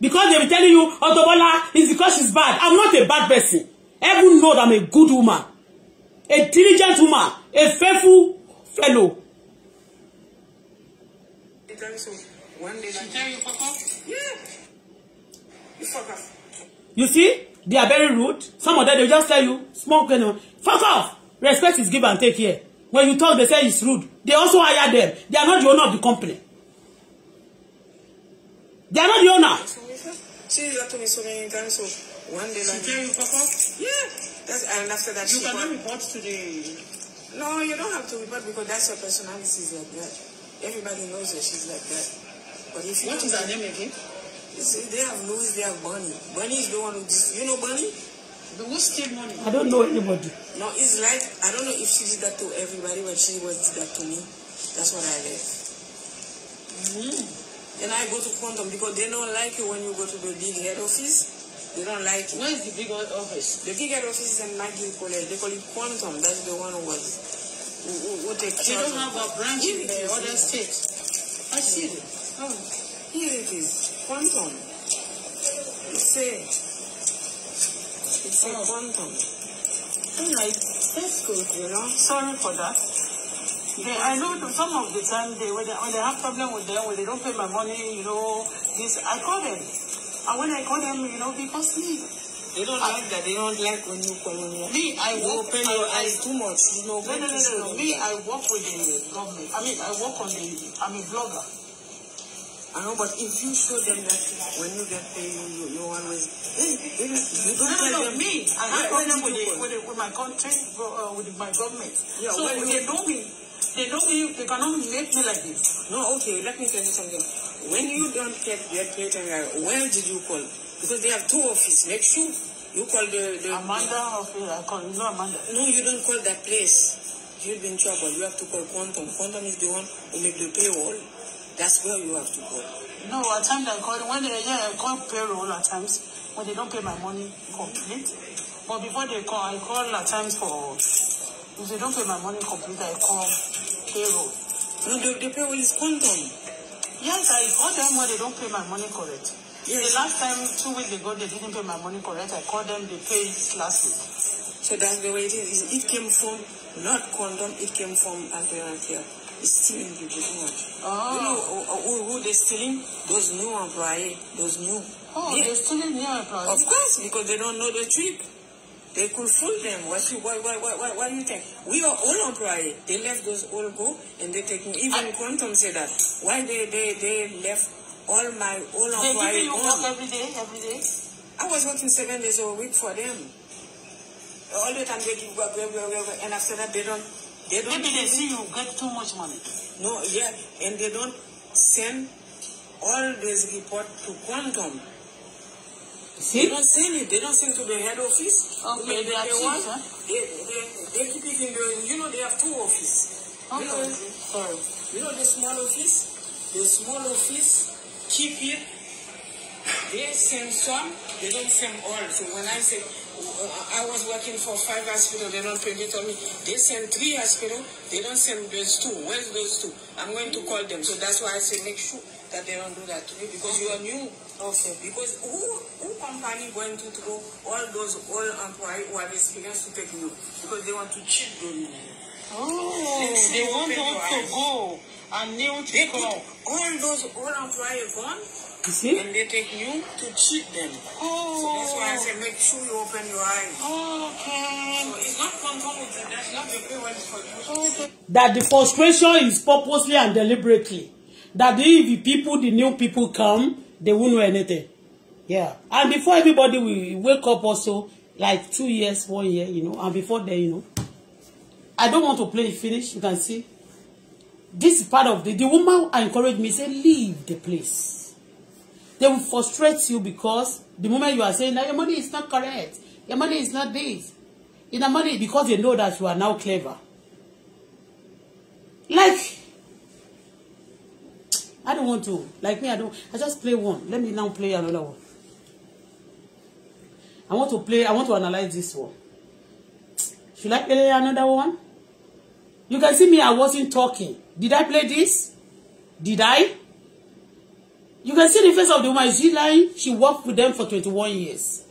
because they be telling you Auto is because she's bad i'm not a bad person everyone know that i'm a good woman a diligent woman a faithful fellow. you see they are very rude some of them dey just tell you small kind of fuck off respect is give and take here when you talk they say it's rude they also hire them they are not the owner of the company They are not the owner. She lied to me so many times. So one day, like, you yeah. That's, and after that, you she cannot report to the. No, you don't have to report because that's your personality is like that. Everybody knows that she's like that. But if you what is her name again? See, they have Louis, they have Bunny. Bunny is the one who just, you know Bunny. But who steal money? I don't know anybody. No, it's like I don't know if she did that to everybody, but she was did that to me. That's what I did. Mm. Then I go to Quantum because they don't like you when you go to the big head office. They don't like it. Where is the big office? The big head office is in Magill College. They call it Quantum. That's the one who was who, who, who They don't have a branch in the other states. I see it. Oh, here it is. Quantum. It's a it's oh. a quantum. I'm like, that's good, you know. Sorry for that. They, I know some of the time they when, they when they have problem with them, when they don't pay my money, you know, this I call them. And when I call them, you know, people sleep. They don't I, like that. They don't like when you call them. Me, I you work. Open your eyes too much. You know, no, no, no, no. no. Me, I work with the government. I mean, I work on the. I'm a blogger. I know, but if you show them that when you get paid, you, you, you always. You don't no, no, no, me. I have problem with, with, with my country, uh, with my government. Yeah, so when they know me. They don't you they cannot make me like this. No, okay, let me tell you something. When you don't get get paid where did you call? Because they have two offices, make sure you call the, the Amanda office, I call you know Amanda. No, you don't call that place. You'll be in trouble. You have to call Quantum. Quantum is the one who make the payroll. That's where you have to call. No, at times I call when they yeah, I call payroll at times when they don't pay my money complete. But before they call I call at times for If they don't pay my money computer, I call payroll. No, the, the payroll is quantum. Yes, I call them when they don't pay my money correct. Yes. The last time, two weeks ago, they didn't pay my money correct. I called them, they paid last week. So that's the way it is. It came from not quantum, it came from Adveratia. It's still one. Oh. You know who, who they're stealing? Those new employees, those new. Oh, yeah. they're stealing new employees. Of course, because they don't know the trick. They could fool them. What you, what, what, what, what, do you think? We are all employee. They left those all go and they take even I, Quantum said that. Why they, they, they left all my all on employee. They give you work every day, every day? I was working seven days a week for them. All the time they give work, work, work, work, and after that they don't they don't Maybe they see you get too much money. No, yeah, and they don't send all this report to quantum. See? They don't send it. They don't send to the head office. Okay, they, they, want, huh? they, they, they keep it in the, you know, they have two offices. Okay. You know, Sorry. You know the small office? The small office keep it. They send some, they don't send all. So when I say, uh, I was working for five hospitals, they don't pay me. They send three hospitals, they don't send those two. Where's those two? I'm going to call them. So that's why I say make sure that they don't do that to me because you are new also because who who company going to throw all those old employees who have experience to take you because they want to cheat them. Oh, so they want them to go and new to they come. All those old employees gone. And they take you to cheat them. Oh. So that's why I oh. say make sure you open your eyes. Oh, okay. So it's not confirmed with that. That's not the way when it's for you. Okay. That the frustration is purposely and deliberately. That if the people, the new people come, they won't know anything. Yeah. And before everybody will wake up also, like two years, one year, you know, and before then, you know. I don't want to play finish, you can see. This part of the, the woman encouraged me, say, leave the place. They will frustrate you because the moment you are saying that your money is not correct, your money is not this, your money, because they know that you are now clever. Like, I don't want to. Like me, I don't. I just play one. Let me now play another one. I want to play. I want to analyze this one. Should I play another one? You can see me. I wasn't talking. Did I play this? Did I? You can see the face of the woman. Is she lying? She worked with them for 21 years.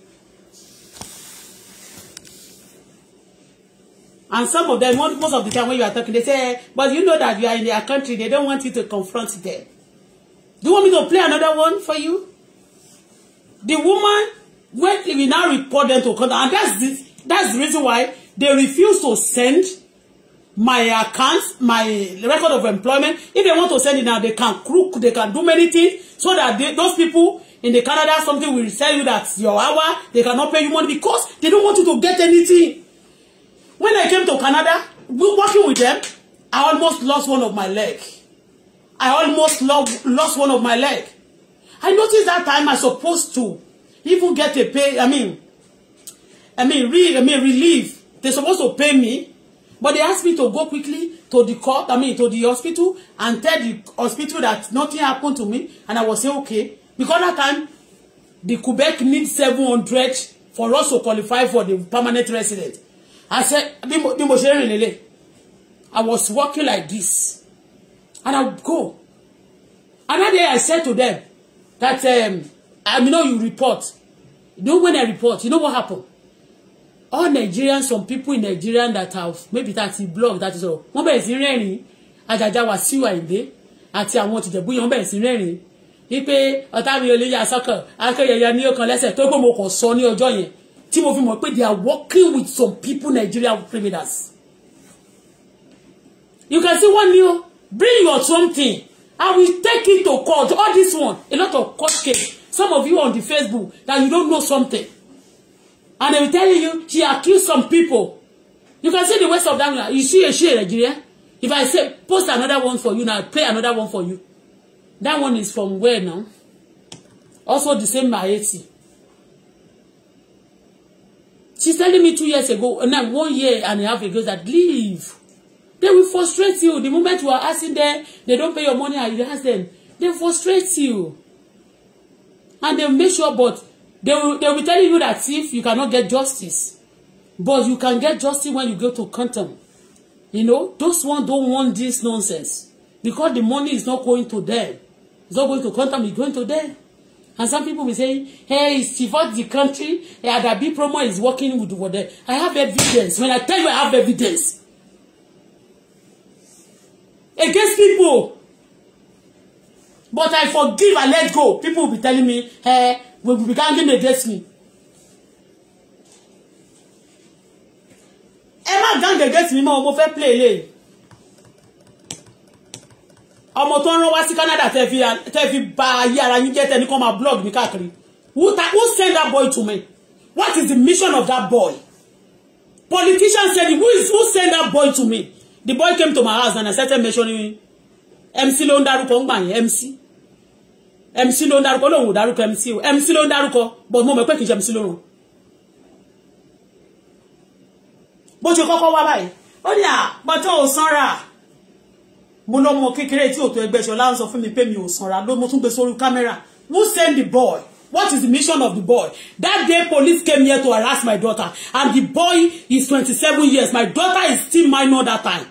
And some of them, most of the time when you are talking, they say, but you know that you are in their country, they don't want you to confront them. Do you want me to play another one for you? The woman, went. we now report them to court, and that's the, that's the reason why they refuse to send my accounts, my record of employment. If they want to send it now, they can crook, they can do many things, so that they, those people in the Canada, something will tell you that your hour, they cannot pay you money because they don't want you to get anything. When I came to Canada, working with them, I almost lost one of my legs. I almost love, lost one of my leg. I noticed that time I supposed to even get a pay, I mean, I mean, re, I mean relief. They're supposed to pay me, but they asked me to go quickly to the court, I mean, to the hospital and tell the hospital that nothing happened to me. And I was saying, okay, because that time, the Quebec needs 700 for us to qualify for the permanent resident. I said, I was walking like this and I go. Another day I said to them that um, I know you report. You know when I report, you know what happened? All Nigerians, some people in Nigeria that have maybe that is blog, that is all. Wọ́n bẹ̀rẹ̀ sí rẹ́rìn-ín, Àjàjà Wàsíù you àti àwọn tìjẹ̀bú yẹn wọ́n bẹ̀rẹ̀ sí rẹ́rìn-ín. Wípé ọ̀tá mi ò lè yà sọ́kàn, akẹ́yẹyẹ ní ọkàn lẹ́sẹ̀ tó pé mo kàn sọ ní ọjọ́ yẹn tí mo fi mọ̀ pé they are working with some people Nigeria criminals. You can see one new Bring your something. I will take it to court. All this one, a lot of court case. Some of you on the Facebook that you don't know something. And I'm telling you, she accused some people. You can see the words of that. You see a share Nigeria. If I say, post another one for you, now I play another one for you. That one is from where now? Also the same Maeti. She's telling me two years ago, and uh, now one year and a half ago that leave. They will frustrate you. The moment you are asking them, they don't pay your money and you ask them, they frustrate you. And they make sure, but they will, they will telling you that if you cannot get justice, but you can get justice when you go to quantum. You know, those ones don't want this nonsense because the money is not going to them. It's not going to quantum, it's going to them. And some people be saying, hey, it's for the country, hey, eh, Adabi promo is working with what they. I have evidence. When I tell you I have evidence, against people. But I forgive, and let go. People be telling me, hey, eh, we will be ganging against me. Ẹ má gang against me mọ́, mo fẹ́ play eléyìí. Ọmọ tó ń rán wá sí Canada tẹ́ fi tẹ́ fi ba ayé ara yín jẹ́ tẹ́ ní kó máa blog mi káàkiri. Who, who send that boy to me? What is the mission of that boy? Politician said, who, is, who send that boy to me? the boy came to my house and I started mentioning MC ló ń dárúkọ MC MC ló ń dárúkọ lòun ò dárúkọ MC o MC ló ń but mo mọ̀ pé kì í MC ló ràn bó ṣe kọ́kọ́ wá báyìí ó ní but ò sanra mo lọ́mọ kékeré tí òtò ẹgbẹ́ ṣọlá ń sọ fún mi pé mi ò sanra ló mo tún gbé sórí camera. who send the boy What is the mission of the boy? That day police came here to harass my daughter and the boy is 27 years. My daughter is still minor that time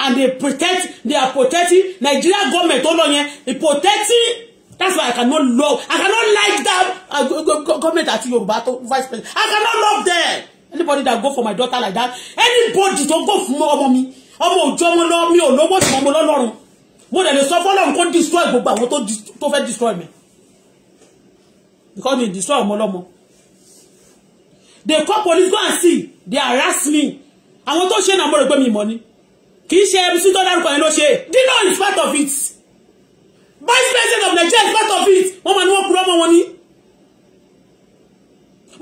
and they protect they are protecting Nigeria government tó lọ yẹn protecting that's why I cannot love I cannot like that uh, government àti Yorùbá tó vice president I cannot love them anybody that go for my daughter like that anybody tó go fún ọmọ mi ọmọ òjò ọmọ lọ mi ò lówó tí ọmọ lọ́lọ́run mo dẹ̀ lè sọ fọ́lọ́run kó destroy gbogbo àwọn tó fẹ́ destroy mi because they destroy ọmọ lọ́mọ they call police go and see they harass me àwọn tó ṣe náà mo rò pé mi mọ̀ ni kì í ṣe mc tó dárúkọ yẹn ló ṣe Dino is part of it vice president of Nigeria is part of it wọ́n máa ní wọ́n kúrọ́ mọ́ wọn ní.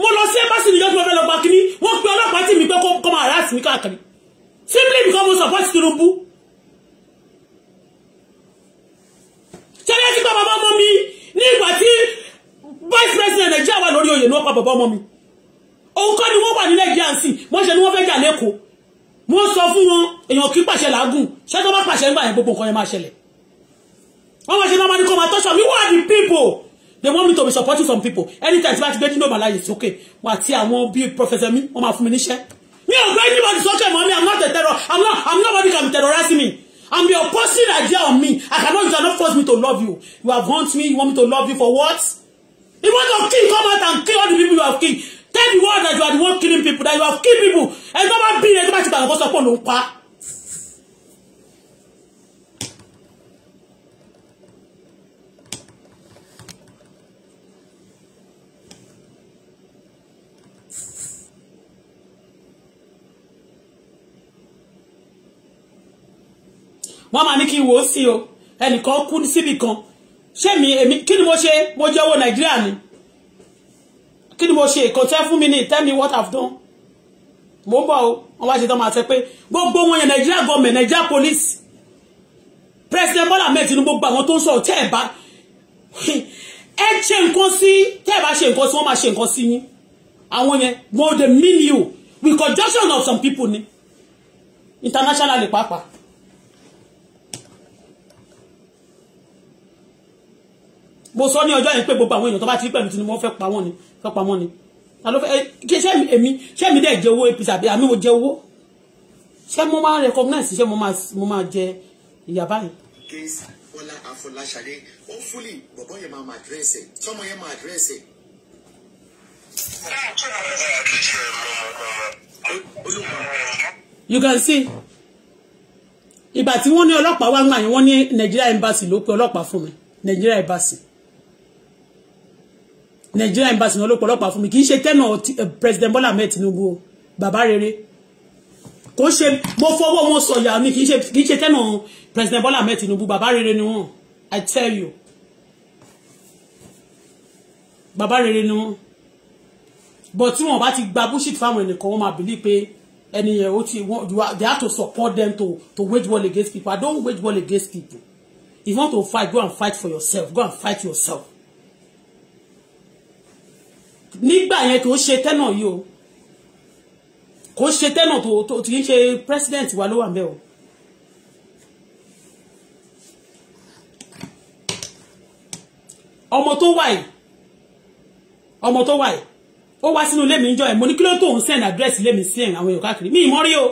mo lọ sí embassy níjọ́ tí mo fẹ́ lọ pa kínní wọ́n pe ọlọ́pàá tì mí pé kó máa rà mi káàkiri simply because mo support Tinubu. ṣẹlẹ̀ ti pa bàbá ọmọ mi ní ìgbà tí vice president Nigeria wà lórí oyè ní wọ́n pa bàbá ọmọ mi òun kọ́ ni wọ́n wà ní Nigeria sí wọ́n ṣe ni wọ́n fẹ́ jà lẹ́kọ̀ọ́ mo sọ fún wọn èèyàn kì í pàṣẹ làágùn ṣé tó bá pàṣẹ nígbà yẹn gbogbo nǹkan yẹn máa ṣẹlẹ̀ wọ́n máa ṣe náà máa ní kó máa tọ́ṣọ̀ mi wà ní people they want me to be supporting some people anytime tí bá ti gbé nínú ọ̀bàlá yìí sókè wà tí àwọn bíi professor mi wọ́n máa fún mi níṣẹ́ mi ò gbé anybody sókè mọ́ mi i'm not a terror i'm not i'm nobody can terrorize me I'm be opposing idea on me i cannot you cannot force me to love you you have want me you want me to love you for what you want to kill come out and kill all the people you have killed tell the world that you are the one killing people that you have killed people and tó bá bí ẹni tó bá ti bàbá kó sọ pé òun pa. wọ́n máa ní kí n wò ó sí o ẹnìkan kú síbì kan ṣé mi kí ni mo ṣe mo jẹ́ owó nàìjíríà ni kí ni mo ṣe kò tẹ́ fún mi ní tell me what I've done mo ń bọ̀ o wọ́n wá ṣe tán máa ṣe pé gbogbo wọn yẹn Nigeria government Nigeria police President Bola Ahmed Tinubu gba àwọn tó ń sọ̀rọ̀ tẹ́ ẹ̀ bá ẹ ṣe nǹkan sí tẹ́ ẹ̀ bá ṣe nǹkan sí wọ́n máa ṣe nǹkan sí yín àwọn yẹn wọ́n dey mean you with conjunction of some people ni internationally pàápàá. mo sọ ní ọjọ́ yẹn pé gbogbo àwọn èèyàn tó bá ti pẹ̀lú Tinubu wọ́n fẹ́ pa wọ́n ni tọpamọ́ ni ta ló dẹ̀ jẹ owó apc àbí àmì mo owó ṣé mo máa recognize ṣé mo máa jẹ ìyà báyìí. Bọ́lá Afọláṣadé ó fúlì bọ̀bọ́ yẹn máa máa dírẹ́sẹ̀ tọ́mọ yẹn máa dírẹ́sẹ̀. You can see ìgbà tí wọ́n ní ọlọ́pàá wá ń gbà yín wọ́n ní Nigeria embassy ló pe ọlọ́pàá fún mi Nigeria embassy Nigeria embassy náà ló pọ̀lọ́pàá fún mi kì í ṣe tẹ́nà eh, President Bola Ahmed Tinubu o bàbá rere kò ṣe mo fọwọ́ mo sọ̀yà mi kì í ṣe tẹ́nà President Bola Ahmed Tinubu bàbá rere ni wọ́n I tell you bàbá rere ni wọ́n but tí wọ́n bá ti gba bullshit fáwọn ẹnìkan wọ́n máa believe pé ẹni yẹn ó ti wọ́n they have to support them to to wage war against people I don't wage war against people if you want to fight go and fight for yourself go and fight yourself nígbà yẹn kò ṣe tẹ́nà yìí o kò ṣe tẹ́nà tó kì í ṣe president wa ló wà ńbẹ̀ o. ọmọ tó wà yìí ọmọ tó wà yìí ó wá sínú ilé mi jọ ẹ̀ mo ní kí ló tó ń send address ilé mi sí ẹ̀yìn àwọn èèyàn káàkiri mi ìmọ̀ rí o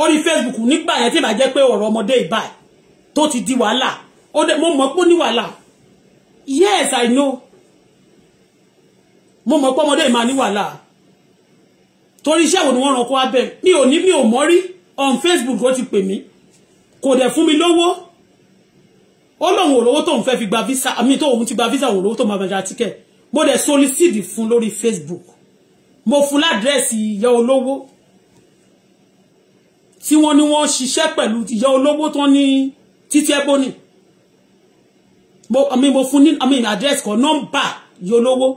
orí Facebook nígbà yẹn tí ìbá jẹ́ pé ọ̀rọ̀ ọmọdé ìbá tó ti di wàhálà mo mọ̀ pé ó ní wàhálà yes I know mo mọ̀ pé ọmọdé máa ní wàhálà torí iṣẹ́ wo ni wọ́n ràn kó abẹ́ mi ò ní mi ò mọ́ rí on Facebook ó ti pè mí kò dẹ̀ fún mi lówó ó lóun ò lówó tóun fẹ́ fi gba visa àmì tóun ti gba visa òun lówó tóun máa bàjá tíkẹ̀ mo dẹ̀ solicit fún lórí Facebook mo fún ládírẹ́sì ìyá olówó tí wọ́n ní wọ́n ṣiṣẹ́ pẹ̀lú ìyá olówó tán ní títí ẹbónì mo fún ní àmì àdírẹ́sì kan nọ́mbà ìyá olówó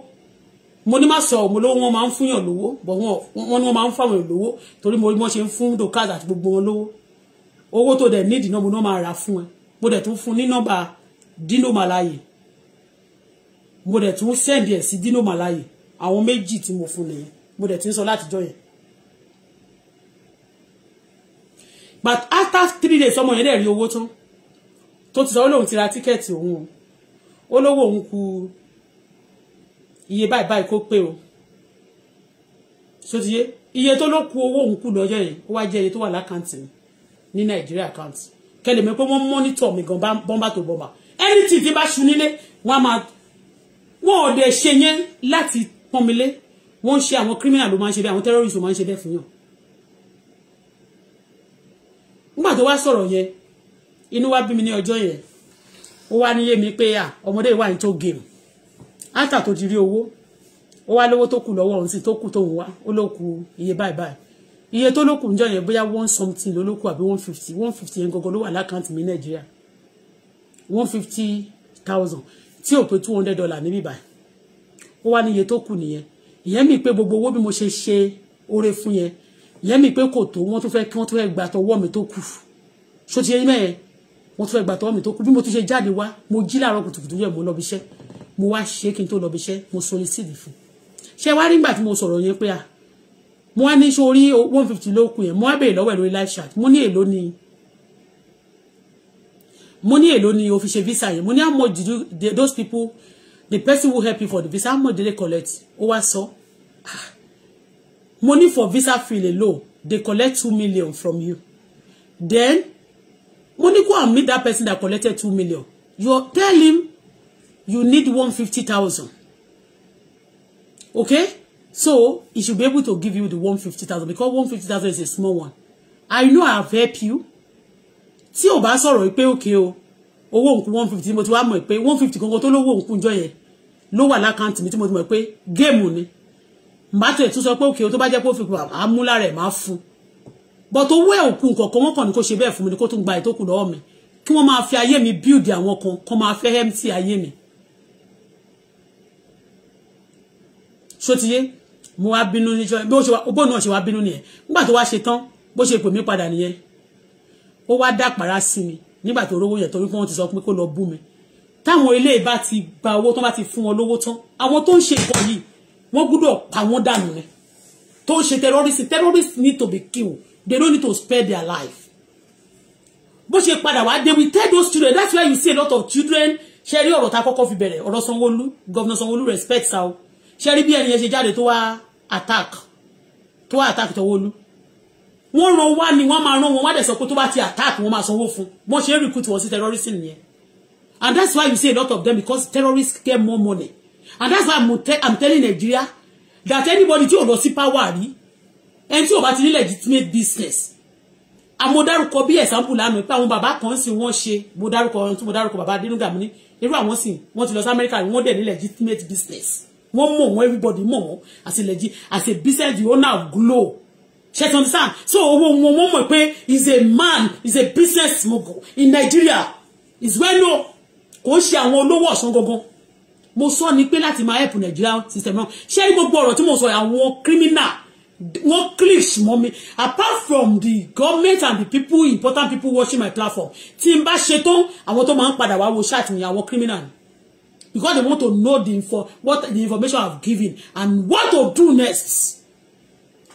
mo ní má sọ mo lówó wọn máa ń fúnyàn lówó bọ̀ wọn ni wọn máa ń fáwọn èèyàn lówó torí mo rí wọn ṣe ń fún dokas àti gbogbo wọn lówó owó tó dẹ̀ nídìí náà mo náà máa rà fún ẹ mo dẹ̀ tún fún ní nọ́mbà Dino Malaye mo dẹ̀ tún sẹ́ndì ẹ̀ sí Dino àwọn méjì tí mo fún nìyẹn mo dẹ̀ ti ń sọ látijọ́ yẹn but after three days ọmọ yẹn dẹ̀ rí owó tán tó ti sọ ó lóun ti ra tíkẹ́ẹ̀tì òun o ó lówó òun kù iye báyìí báyìí kó pé o so ti yé iye tó ló ku owó òun kù lọ́jọ́ yẹn ó wá jẹ́ iye tó wà lákàntì ní nàìjíríà account kẹlẹ̀ mi pé wọ́n mọ́nítọ̀ mi gan bọ́mbà tó bọ́mbà anything tí bá ṣu nílé wọ́n á máa wọ́n ò dẹ̀ ṣe yẹn láti pọ́n mi lé wọ́n ń ṣe àwọn criminal ló máa ń ṣe bẹ́ẹ̀ àwọn terrorist ló máa ń ṣe bẹ́ẹ̀ fún yàn nígbà tó wá sọ̀rọ̀ yẹn inú wa bí mi ní ọjọ́ yẹn ó wá níyé mi pé ọmọdé wà ní tó game átà tó ti rí owó ó wá lówó tó kù lọ́wọ́ òun sì tó kù tóun wá ó ló kù iye báyìí báyìí iye tó ló kù níjọ́ yẹn bóyá one something ló ló kù àbí one fifty one fifty yẹn gangan ló wà lákàntì mi nàìjíríà one fifty thousand tí ò pé two hundred dollar níbí báyìí ó wá ní iye tó kù nìyẹn ìyẹn mi pé gbogbo owó bí mo ṣe ṣe oore fún yẹn ìyẹn mi pé kò tó wọ́n tún fẹ́ kí wọ́n tún fẹ́ gbà tọwọ́ mi tó kù ṣó ti yẹn mẹ́yẹn wọ́n tún fẹ́ gbà tọwọ́ mi tó kù bí mo tún ṣe jáde wá mo jí láàárọ̀ kùtùkùtù yẹn mo lọ bí iṣẹ́ mo wá ṣe kí n tó lọ iṣẹ́ mo solicit fún ṣé wá rí nígbà tí mo sọ̀rọ̀ yẹn pé à ah, mo wá ní sórí one fifty ló kù yẹn mo wá béèrè lọ́wọ́ ẹ̀ lórí live chat mo ní èló ni mo ní èló ni o fi ṣe visa yẹn mo ní how much did you the, those people the person who help you for the visa how much did they collect ó wá sọ ah, mo ní for visa fee le low they collect two million from you then mo ní go and meet that person that collected two million you tell him you need 150,000. Okay? So, he should be able to give you the 150,000 because 150,000 is a small one. I know I have helped you. Tí o bá sọ̀rọ̀ pé okay o. Owó nkun 150 mo ti wá mọ̀ pé 150 gangan tó lówó nkun jọ yẹn. Ló wà l'account mi tí mo ti mọ̀ pé game ni. Màá tẹ̀ so sọ pé okay o tó bá jẹ́ pé ó fi pa mú lára ẹ̀ máa fún. But owó ẹ̀ òkun kọ̀ọ̀kan wọ́n kàn ní kó ṣe bẹ́ẹ̀ fún mi ni kó tún gba ìtókù lọ́wọ́ mi. Kí wọ́n máa fi ayé mi build àwọn kan, kó máa fẹ́ empty ayé mi. ṣó ti yé mo wá bínú níjọ́ bí ó ṣe wá bó náà ṣe wá bínú nìyẹn nígbà tó wá ṣe tán bó ṣe pè mí padà nìyẹn ó wá dàpàrà sí mi nígbà tó rówó yẹn torí pé wọ́n ti sọ pé kó lọ bú mi táwọn ilé ìbá ti gba owó tán bá ti fún wọn lówó tán àwọn tó ń ṣe nǹkan yìí wọ́n pa wọ́n dànù ni tó ń ṣe terrorist need to be killed they don't need to spare their life bó ṣe padà wá they will tell those children that's why you see a lot of children ṣe rí ọ̀rọ̀ tá a kọ́kọ́ fi bẹ̀rẹ̀ ọ̀rọ̀ Sanwó-Olú governor Sanwó-Olú respect sa ṣe rí bí ẹni yẹn ṣe jáde tó attack tó wá attack Tówólú wọ́n ràn wá ni wọ́n máa ràn wọ́n wá dẹ̀ sọ pé tó bá ti attack wọ́n máa sanwó fún wọ́n ṣe recruit wọn sí terrorism yẹn and that's why you see a lot of them because terrorists get more money and that's why I'm, te I'm telling Nigeria that anybody tí ò lọ sí power rí ẹni tí ò bá ti ní legitimate business àmọ́ dárúkọ bí example lánàá pé àwọn bàbá kan sì wọ́n ṣe mo dárúkọ ohun tí mo dárúkọ bàbá adínúgàmù ní irú àwọn sì wọ́n ti lọ America. Amẹ́ríkà wọ́n dẹ̀ legitimate business wọ́n mọ̀ wọ́n everybody mọ̀ wọ́n as a legit as a business the owner of Glo Check tí wọ́n so owó wọn wọ́n mọ̀ pé is a man is a business mogul in Nigeria is well known kò ṣe àwọn olówó ọ̀sán gangan mo sọ ni pé láti máa help Nigeria system náà ṣé gbogbo ọ̀rọ̀ tí mo sọ àwọn criminal wọ́n clips mọ́ mi apart from the government and the people important people watching my platform tí n bá ṣe tán àwọn tó máa ń padà wá wo ṣáàtì mi àwọn criminal ni because they want to know the info what the information I've given and what to do next.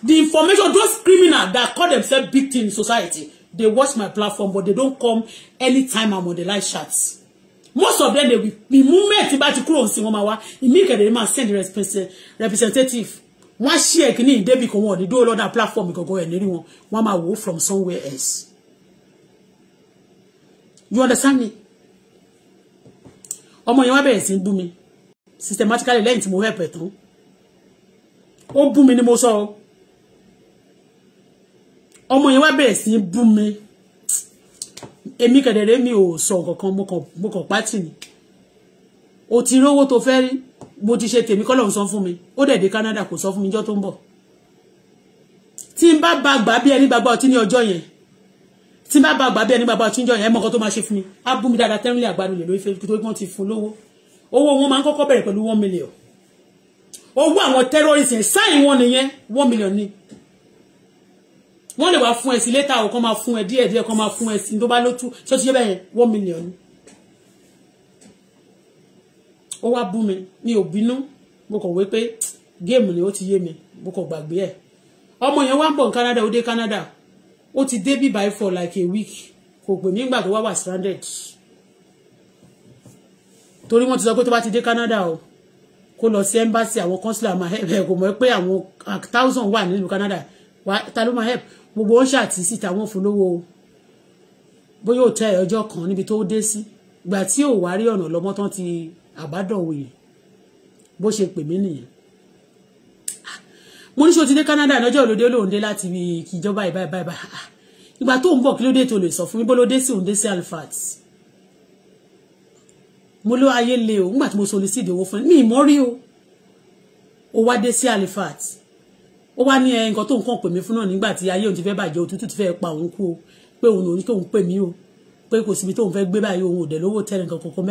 The information those criminals that call themselves victims in society they watch my platform but they don't come anytime I'm on the live chats. Most of them they will the moment bá ti kúrò sí wọn máa wá immediately they máa send representative wọ́n ṣe ẹ̀kíní ìdébì kan wọn ò ní dúró lọ́dà platform You ẹ̀ go anywhere. One máa wò from somewhere else. You understand me? ọmọ yẹn wá bẹ̀rẹ̀ sí bú mi systematically lẹ́yìn tí mo help ẹ̀ tán ó bú mi ni mo sọ ọmọ yẹn wá bẹ̀rẹ̀ sí bú mi èmi kẹ̀dẹ̀rẹ́ mi ò sọ kankan mo kàn pátì ni o ti rówó tó fẹ́ rí mo ti ṣe tèmi kọ́lọ̀ ń sọ fún mi ó dẹ̀ dé Canada kò sọ fún mi jọ́ tó ń bọ̀ tí n bá ba gbà bí ẹni gbàgbọ́ ọtí ní ọjọ́ yẹn tí bá bá gbà bí ẹni bàbá tí ń jọ yẹn mọ̀kọ́ tó máa ṣe fún mi á bú mi dáadáa tẹ́rìnlẹ̀ àgbàdo lè lórí Facebook torí wọ́n ti fún lówó owó wọn máa ń kọ́kọ́ bẹ̀rẹ̀ pẹ̀lú one million owó àwọn terrorist yẹn sáyìn wọn nìyẹn one million ni wọ́n lè wá fún ẹ sí létà ò kàn máa fún ẹ díẹ̀ díẹ̀ kàn máa fún ẹ sí tó bá lótú ṣé ṣe bẹ́ẹ̀ yẹn one million ni ó wá bú mi mi ò mo kàn wé pé géèmù ni ó ti yé mi mo kàn gbàgbé ẹ̀ ọmọ yẹn wá ń bọ̀ ní Canada ó dé Canada ó ti dé bíbá ẹ for like a week kò pè mí nígbà tó wà stranded torí wọ́n ti sọ pé tó bá ti dé Canada o kó lọ sí embassy àwọn consular máa help ẹ kò mọ̀ pé àwọn thousand wà nílùú Canada wà ta ló máa help gbogbo ó ṣàtì síta wọ́n fún lówó bóyá ò tẹ ọjọ́ kan níbi tó dé sí gbà tí ò wá rí ọ̀nà lọ́mọ́ tán ti àbádọ̀wò yìí bó ṣe pè mí nìyẹn mo ní ṣe o ti dé Canada lọ́jọ́ òlòdé lòun dé láti ìjọba ìbá ìbá ìbá ìgbà tó ń bọ̀ kí ló dé tó lè sọ fún mi bó ló dé sí òun dé sí alfat mo ló ayé le o nígbà tí mo sọlẹ̀ sí ìdíwọ́ fún mi ìmọ̀ rí o ó wá dé sí alfat ó wá ní nǹkan tó nǹkan pè mí fún náà nígbà tí ayé òun ti fẹ́ bàjẹ́ òtútù ti fẹ́ pa òun kú o pé òun òun tóun pè mí o pé kò síbi tóun fẹ́ gbé báyìí òun ò dẹ̀ lówó tẹ́lẹ̀ nǹkan kọ̀ọ̀kan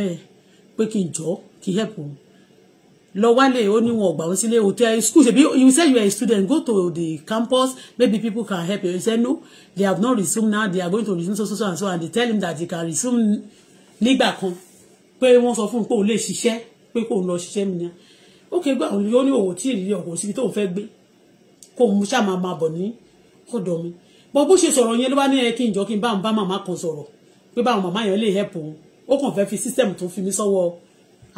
pé kí n jọ́ kí help òun lọ wálé ó ní wọn ọgbà ó sílé hotel school ṣe bí you say you are a student go to the campus maybe people can help you he say no they have not resumed now they are going to resume so so so and so and they tell him that they can resume nígbà kan pé wọ́n sọ fún un pé òun lè ṣiṣẹ́ pé kóun lọ ṣiṣẹ́ mi náà ó ké gbà òun yóò ní òwò tí ìrírí ọkọ̀ síbi tóun fẹ́ gbé kóun mú ṣáà máa máa bọ̀ ní ọ̀dọ̀ mi bọ́ bó ṣe sọ̀rọ̀ yẹn ló bá ní ẹ kí n jọ kí n bá òun bá màmá kan sọ̀rọ̀ pé báwọn màmá yẹn lè help òun ó kàn fẹ́ fi system tó fi mí sọ́wọ́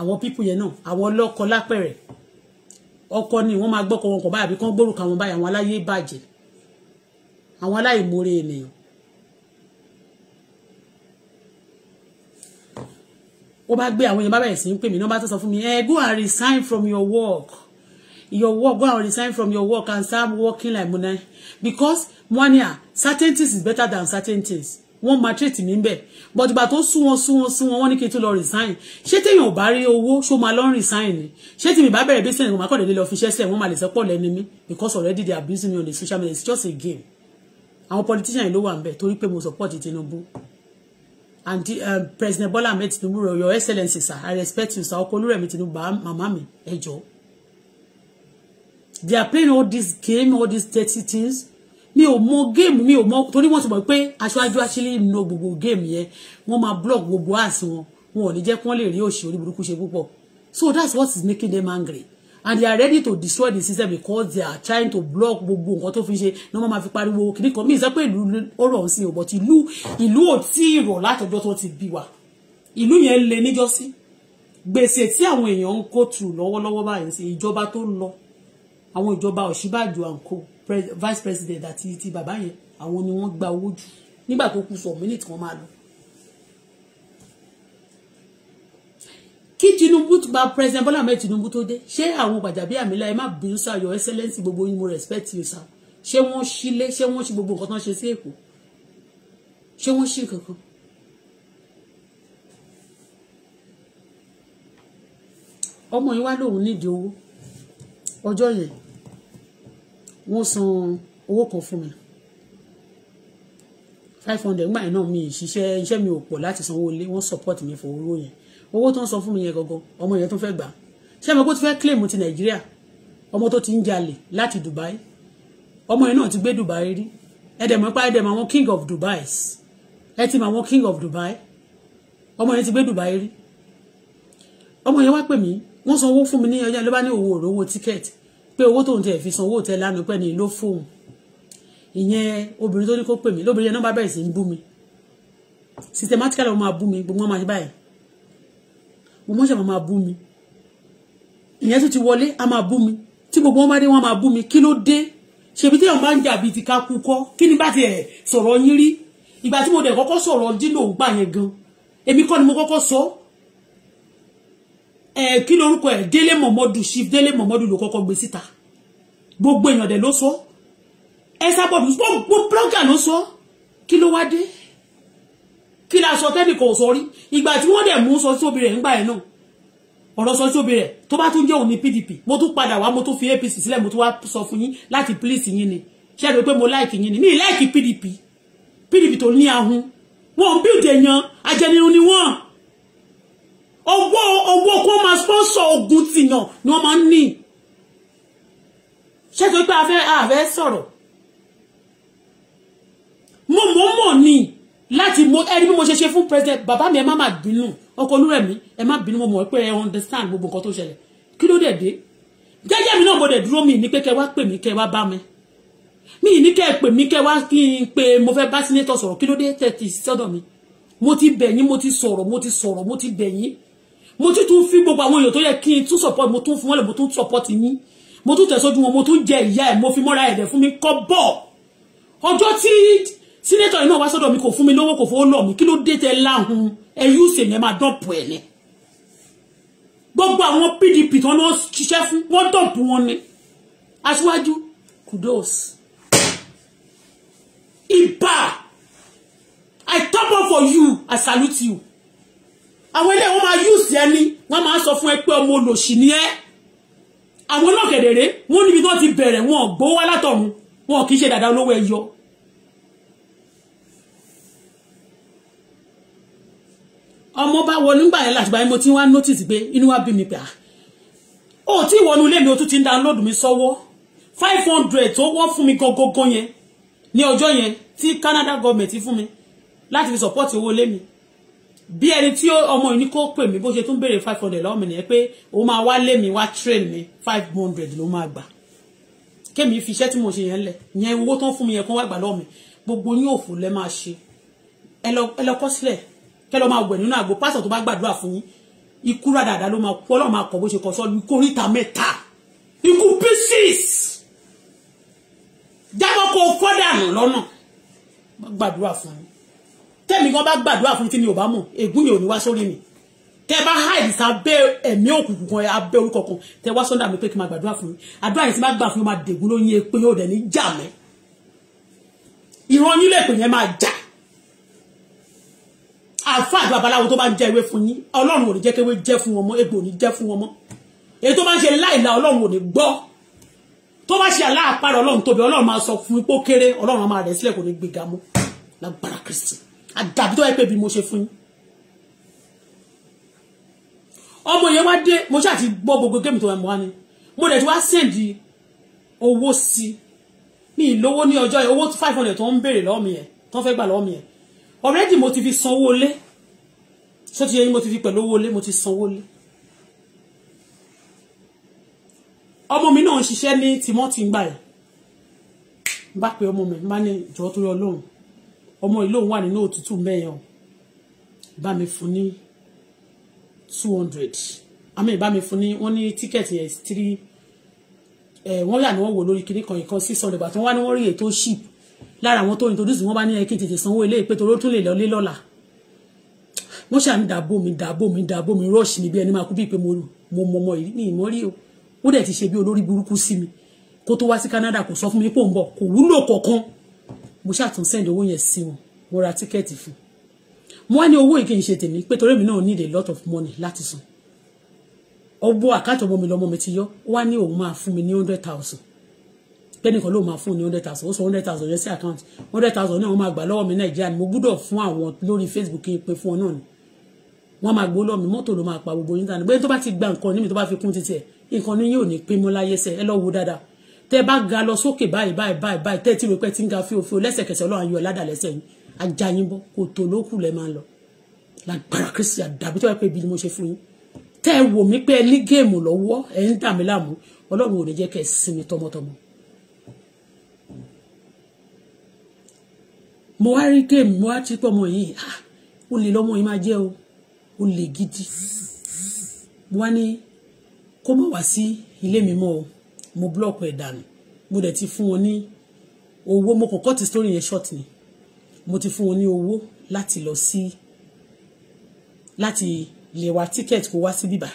àwọn pípù yẹn náà àwọn ọlọ́kọ lápẹ̀rẹ̀ ọkọ ni wọ́n máa gbọ́kọ wọn kọ̀ báyà bí kán gbórúkọ àwọn báyà àwọn aláyé bàjẹ́ àwọn aláìmoore ènìyàn ó bá gbé àwọn èèyàn bá bẹ̀rẹ̀ sí ń pè mí náà bá tó sọ fún mi ẹ eh, go and resign from your work your work go and resign from your work and start working like money because money ah certain things is better than certain things wọ́n máa treat mi bẹ̀ but ìgbà tó sú wọn sú wọn sú wọn wọ́n ní kí n tún lọ resign ṣé téèyàn ò bá rí owó ṣó máa lọ resign ni ṣé tí mi bá bẹ̀rẹ̀ business wọn máa kọ́ lè lọ fi ṣẹ́sẹ̀ wọ́n máa lè sẹ́pọ̀ lẹ́ni mi because already they are busy me on the social media it's just a game àwọn politician yìí ló wà ń bẹ̀ torí pé mo support Tinubu and the, um, uh, President Bola Ahmed Tinubu your excellency sir I respect you sir ọkọ Olúrẹ̀mí Tinubu màmá mi ẹ jọ̀ọ́ they are playing all this game all these dirty things mi o mo game mi o mo torí wọ́n ti mọ̀ pé aṣáájú aṣílẹ̀ no lo gbogbo géèmù yẹn wọ́n máa block gbogbo àṣì wọn wọn ò ní jẹ́ kí wọ́n lè rí òṣì orí so that's what is making them angry and they are ready to destroy the system because they are trying to block gbogbo nǹkan tó fi ṣe ní wọ́n máa fi pariwo kìíní kan mí ìsọ pé ìlú ọ̀rọ̀ ọ̀hún sí ọ̀bọ̀ tí ìlú ìlú ò tí ì rọ̀ látọjọ́ tó ti bí wa ìlú yẹn le níjọ́sí gbèsè tí àwọn èèyàn ń kó tù lọ́wọ́lọ́wọ́ báyìí sí ìjọba tó ń lọ àwọn ìjọba Ọ̀ṣínbàjò àǹkó vice president àti ti bàbá yẹn àwọn ni wọ́n gba owó jù nígbà tó kù sọ mínítì wọ́n máa lọ. kí Tinubu bá president Bọ́lá Ahmed Tinubu tó dé ṣé àwọn Gbajabiamila ẹ má bínú sá your excellence gbogbo yín mo respect you sá ṣé wọ́n ṣílé ṣé wọ́n ṣe gbogbo nǹkan tó ń ṣe sí Èkó ṣé wọ́n ṣí nǹkan kan. ọmọ yìí wá lóun nídìí owó ọjọ́ yẹn wọ́n san owó kan fún mi five hundred nígbà yẹn náà mi ìṣiṣẹ́ iṣẹ́ mi ò pọ̀ láti sanwó ilé wọ́n support mi fún owó yẹn owó tó ń san fún mi yẹn gangan ọmọ yẹn tó fẹ́ gbà ṣé mo kó ti fẹ́ claim ti nàìjíríà ọmọ tó ti ń jalè láti dubai ọmọ yẹn náà ti gbé dubai rí ẹ̀dẹ̀mọ̀ pa ẹ̀dẹ̀mọ̀ àwọn king of dubai ẹ ti mọ àwọn king of dubai ọmọ yẹn ti gbé dubai rí ọmọ yẹn wá pè mí wọ́n san owó fún mi ní ọjà ló bá ní owó òrówó tíkẹ́ẹ̀tì pé owó tóun tẹ̀ fi san owó tẹ̀ lánàá pẹ́ ni ló fóun ìyẹn obìnrin tó ní kó pè mí lóbìnrin yẹn náà bẹ̀rẹ̀ sí ń bú mi systematically wọ́n máa bú mi gbogbo wọn máa ṣe báyìí mo mọ̀ ṣe máa bú mi ìyẹn tó ti wọlé a máa bú mi tí gbogbo wọn bá dé wọn máa bú mi kí ló dé ṣèbí tí wọn bá ń jà bíi ti ká kú kọ́ kí ni bá ti ẹ̀ sọ̀rọ̀ yín rí ìgbà tí mo dẹ̀ kọ́kọ́ sọ̀rọ̀ dínà ògbà yẹn gan èmi kọ́ ni mo kọ́kọ́ sọ ẹ eh, kí lorúkọ ẹ délé mọ̀mọ́dù chief délé mọ̀mọ́dù ló kọ́kọ́ gbé síta gbogbo èèyàn dẹ̀ ló sọ ẹ sábọ̀ gbogbo blogger ló sọ kí ló wá dé kí la sọ tẹ́nìkan ò sọ rí ìgbà tí wọ́n dẹ̀ mú sọ sí obìnrin ńgbà ẹ̀ náà ọ̀rọ̀ sọ sí obìnrin ẹ̀ tó bá tún jẹ́ òun ní PDP mo tún padà wá mo tún fi APC sílẹ̀ mo tún wá sọ fún yín láti please yín ni ṣé ẹ rò pé mo like yín ni mi like PDP PDP tó ní ahun wọn build èèyàn ajẹnirun ni wọn owó owó kó máa sponsor ogun tìnà ni wọ́n máa ń ní ṣé tó pé afẹ́ àfẹ́ sọ̀rọ̀ mo mọ̀ mọ̀ ni láti mo ẹni bí mo ṣe ṣe fún president bàbá mi ẹ má má bínú ọkọ olúrẹ̀mí ẹ má bínú mo mọ̀ pé ẹ understand gbogbo nǹkan tó ṣẹlẹ̀ kí ló dẹ̀ dé jẹ́jẹ́ mi náà mo dẹ̀ dúró mi ní pé kẹ wá pè mí kẹ wá bá mi mi ní kẹ́ ẹ pè mí kẹ́ wá kí n pé mo fẹ́ bá sínétọ̀ sọ̀rọ̀ kí ló dé tẹ̀tì sọ́dọ̀ mi mo ti bẹ̀ yín mo ti sọ̀rọ̀ mo ti sọ̀rọ̀ mo ti bẹ̀ yín mo tún tún fi gbogbo àwọn èèyàn tó yẹ kí n tún support mo tún fún wọn lè mo tún support yín mo tún tẹ̀sọ́jú wọn mo tún jẹ ìyá ẹ̀ mo fi mọ́ra ẹ̀dẹ̀ fún mi kọ́ bọ̀ ọjọ́ tí sínétọ̀ iná wá sọ́dọ̀ mi kò fún mi lówó kò fowó lọ mi kí ló dé tẹ láhùn ẹ yóò ṣe ní ẹ máa dọ̀pù ẹ̀ ni gbogbo àwọn PDP tán lọ ṣiṣẹ́ fún wọ́n dọ̀pù wọn ni aṣíwájú kudos ibà I top up for you I salute you àwọn ilé wọn máa use ẹni wọn máa sọ fún ẹ pé ọmọ olòṣì ni ẹ àwọn náà kẹ̀dẹ̀rẹ́ wọn níbi wọn ti bẹ̀rẹ̀ wọn gbówó wá látọ̀run wọn kì í ṣe dàda olówó ẹyọ ọmọ bá wọ nígbà yẹn láti báyìí mo ti wá notice pé inú wa bí mi pé ó ah, tí ìwọnú ilé mi ó tún ti ń download mi sọ́wọ́ five hundred tó wọ́n fún mi gangan yẹn ní ọjọ́ yẹn tí Canada government fún mi láti fi support owó ilé mi bí ẹni tí ọmọ yìí ní kó pè mí bó ṣe tún béèrè five hundred lọ́wọ́ mi nìyẹn pé òun máa wá lé mi wá train mi five hundred ló máa gbà kémi fi iṣẹ́ tí mo ṣe yẹn lẹ̀ yẹn owó tó ń fún mi yẹn kó wá gbà lọ́wọ́ mi gbogbo yín òfò lẹ máa ṣe ẹ lọ kọ́ sílẹ̀ kẹ́ lọ máa wẹ̀ nínú àgbo pásítọ̀ tó bá gbàdúrà fún yín ikú rádàdà ló máa kú ọlọ́run máa kọ̀ bó ṣe kọ̀ sọ́ ikú oríta mẹ́ta ikú pieces jábọ̀ kó o lọ́nà gbàdúrà fún yín tẹ́mi gan bá gbàdúrà fún tí mi ò bá mọ̀ ègún mi ò ní wá sórí mi tẹ́ bá hide sábẹ́ ẹ̀mí òkùnkùn kan abẹ́ orúkọ kan tẹ́ wá sọ́ndà mi pé kí n máa gbàdúrà fún mi àdúrà yìí tí máa gbà fún mi máa dègún ló yẹ pé yóò dẹ̀ ní jà mẹ́ ìran yín lẹ́pẹ̀ yẹn máa jà àfáà babaláwo tó bá ń jẹ ewé fún yín ọlọ́run ò ní jẹ́ kéwé jẹ́ fún wọn mọ́ egbò ò ní jẹ́ fún wọn mọ́ èyí tó bá ń ṣe láìla ọlọ́run ò ní gbọ́ tó bá ṣe aláàpárọ̀ ọlọ́run tóbi ọlọ́run máa sọ fún ipò kéré ọlọ́run máa rẹ̀ sílẹ̀ kò ní gbéga mú lágbára kristi àdàbí tó wáyé pé bí mo ṣe fún yín ọmọ yẹn wá dé mo ṣáà ti gbọ́ gbogbo géèmù tó wà mọ́ ni mo dẹ̀ ti wá sẹ́ǹdì owó sí ní ìlówó ní ọjọ́ owó five hundred tó ń béèrè lọ́wọ́ mi yẹn tó ń fẹ́ gbà lọ́wọ́ mi yẹn already mo ti fi sanwó lé so ti yẹ yín mo ti fi pẹ̀lú owó lé mo ti sanwó lé ọmọ mi náà ń ṣiṣẹ́ ní tìmọ́tì ń gbà yẹn bá pe ọmọ mi má ní ìjọ tó yọ lóhùn ọmọ yìí lòun wà nínú òtútù mẹ́yàn bá mi fún ní two hundred àmì ìbá mi fún ní wọ́n ní tíkẹ́ẹ̀tì yẹn three wọ́n yà ni wọ́n wò lórí kinní kan ìkan six hundred bàtí wọ́n wá ní wọ́n rí ètò ship lára àwọn tó introduce wọ́n bá ní ẹ̀kí tètè sanwó ilé ìpètò ló tún lè lọ lé lọ́la wọ́n ṣàmì dàbò mi dàbò mi dàbò mi rush mi bí ẹni máa kú bí pé mo mọ ọmọ yìí ní ìmọ̀ o ó dẹ̀ ti ṣe bí olórí burúkú sí mi kó tó wá sí Canada kò sọ fún mi pò ń bọ̀ kò wúlò kọ̀ọ̀kan mo ṣàtún send owó yẹn sí wọn mo ra tíkẹ́ẹ̀tì fún mo wá ní owó yìí kì í ṣe tèmi pé torí mi náà need a lot of money láti san ọgbọ́ àkáàtọ̀ ọmọ mi lọ́mọ mi ti yọ wá ní òun máa fún mi ní hundred thousand pẹ́nìkan ló máa fún ní hundred thousand ó sọ hundred thousand yẹn sí account hundred thousand náà wọ́n máa gbà lọ́wọ́ mi nàìjíríà ni mo gbúdọ̀ fún àwọn lórí facebook kí n pe fún ọ náà ni wọ́n máa gbó lọ́ọ̀mí mọ́tò ló máa pa gbogbo yín tán ni pé tó bá ti gba nǹkan ní tó bá fi kún títí ẹ̀ nǹkan ní yóò ní pín láyé sẹ́ ẹ lọ́ọ́ dáadáa tẹ́ bá ga lọ sókè báyìí báyìí báyìí báyìí tẹ́ tí ròpẹ́ tí ń ga fíofío lẹ́sẹ̀kẹsẹ̀ ọlọ́run ayọ̀ ládàá lẹ́sẹ̀ yín ajá yín bọ́ kò tó lókù lẹ́ máa lọ lágbára kristi àdàbí tó wáyé pé ibi ni mo ṣe fún yín tẹ́ ẹ wò mí pé ẹ ní géèmù lọ́wọ́ ẹ ń dà mí láàmú ọlọ́run ò ní jẹ́ kẹ́ ẹ sinmi tọmọtọmọ. mo wá rí géèmù mo wá ti pọ̀ ọmọ yìí ó ah, lè lọ́mọ yìí máa jẹ́ o ó lè gidi mo wá ní kó má wá sí ilé mi mọ́ o mo block ẹ̀ dànù mo dẹ̀ ti fún wọn ní owó mo kàn cut story yẹn short ni mo ti fún wọn ní owó láti lọ sí láti lè wa ticket kó wá sí bíbà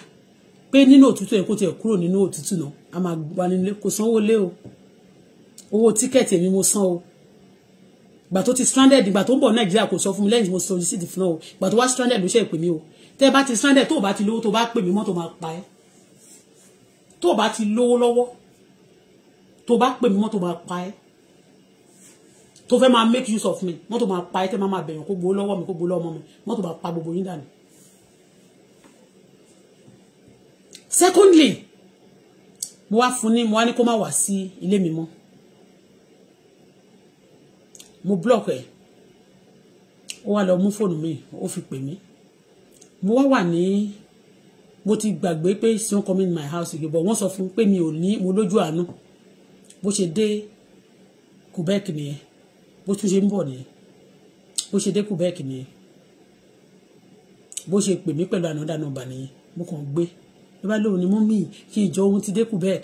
pé nínú òtútù yẹn kó tiẹ̀ kúrò nínú òtútù náà a máa gba nílé kò sanwó lé o owó ticket èmi mo san o gbà tó ti stranded gbà tó ń bọ̀ nàìjíríà kò sọ fún mi lẹ́yìn tí mo sọ̀rọ̀ sí ti fún ọ gbà tó wá stranded ló ṣe ìpè mí o tẹ́ bá ti stranded tó o bá ti lówó tó o bá pè mí mọ́tò máa pa ẹ́ tó o bá ti lówó lọ́wọ́ tó bá pè mí mọ́tò máa pa ẹ́ tó fẹ́ máa make use of me mọ́tò máa pa ẹ́ tẹ́ máa máa bẹ̀yàn kó gbowó lọ́wọ́ mi kó gbowó lọ́mọ mi mọ́tò máa pa gbogbo yín dànù. secondly mo wá fún ní mo wá ní kó má wá sí ilé mi mọ́ mo block ẹ̀ ó wá lọ mú fóònù mi ó fi pè mí mo wá wà ní mo ti gbàgbé pé she don come in my house again but wọ́n sọ fún pé mi ò ní mo lójú àánú bó ṣe dé Quebec nìyẹn bó tún ṣe ń bọ̀ nìyẹn bó ṣe dé Quebec nìyẹn bó ṣe pè mí pẹ̀lú ànádà nọmbà nìyẹn mo kàn gbé ló bá lóun ni mú mi kí ìjọ ohun ti dé Quebec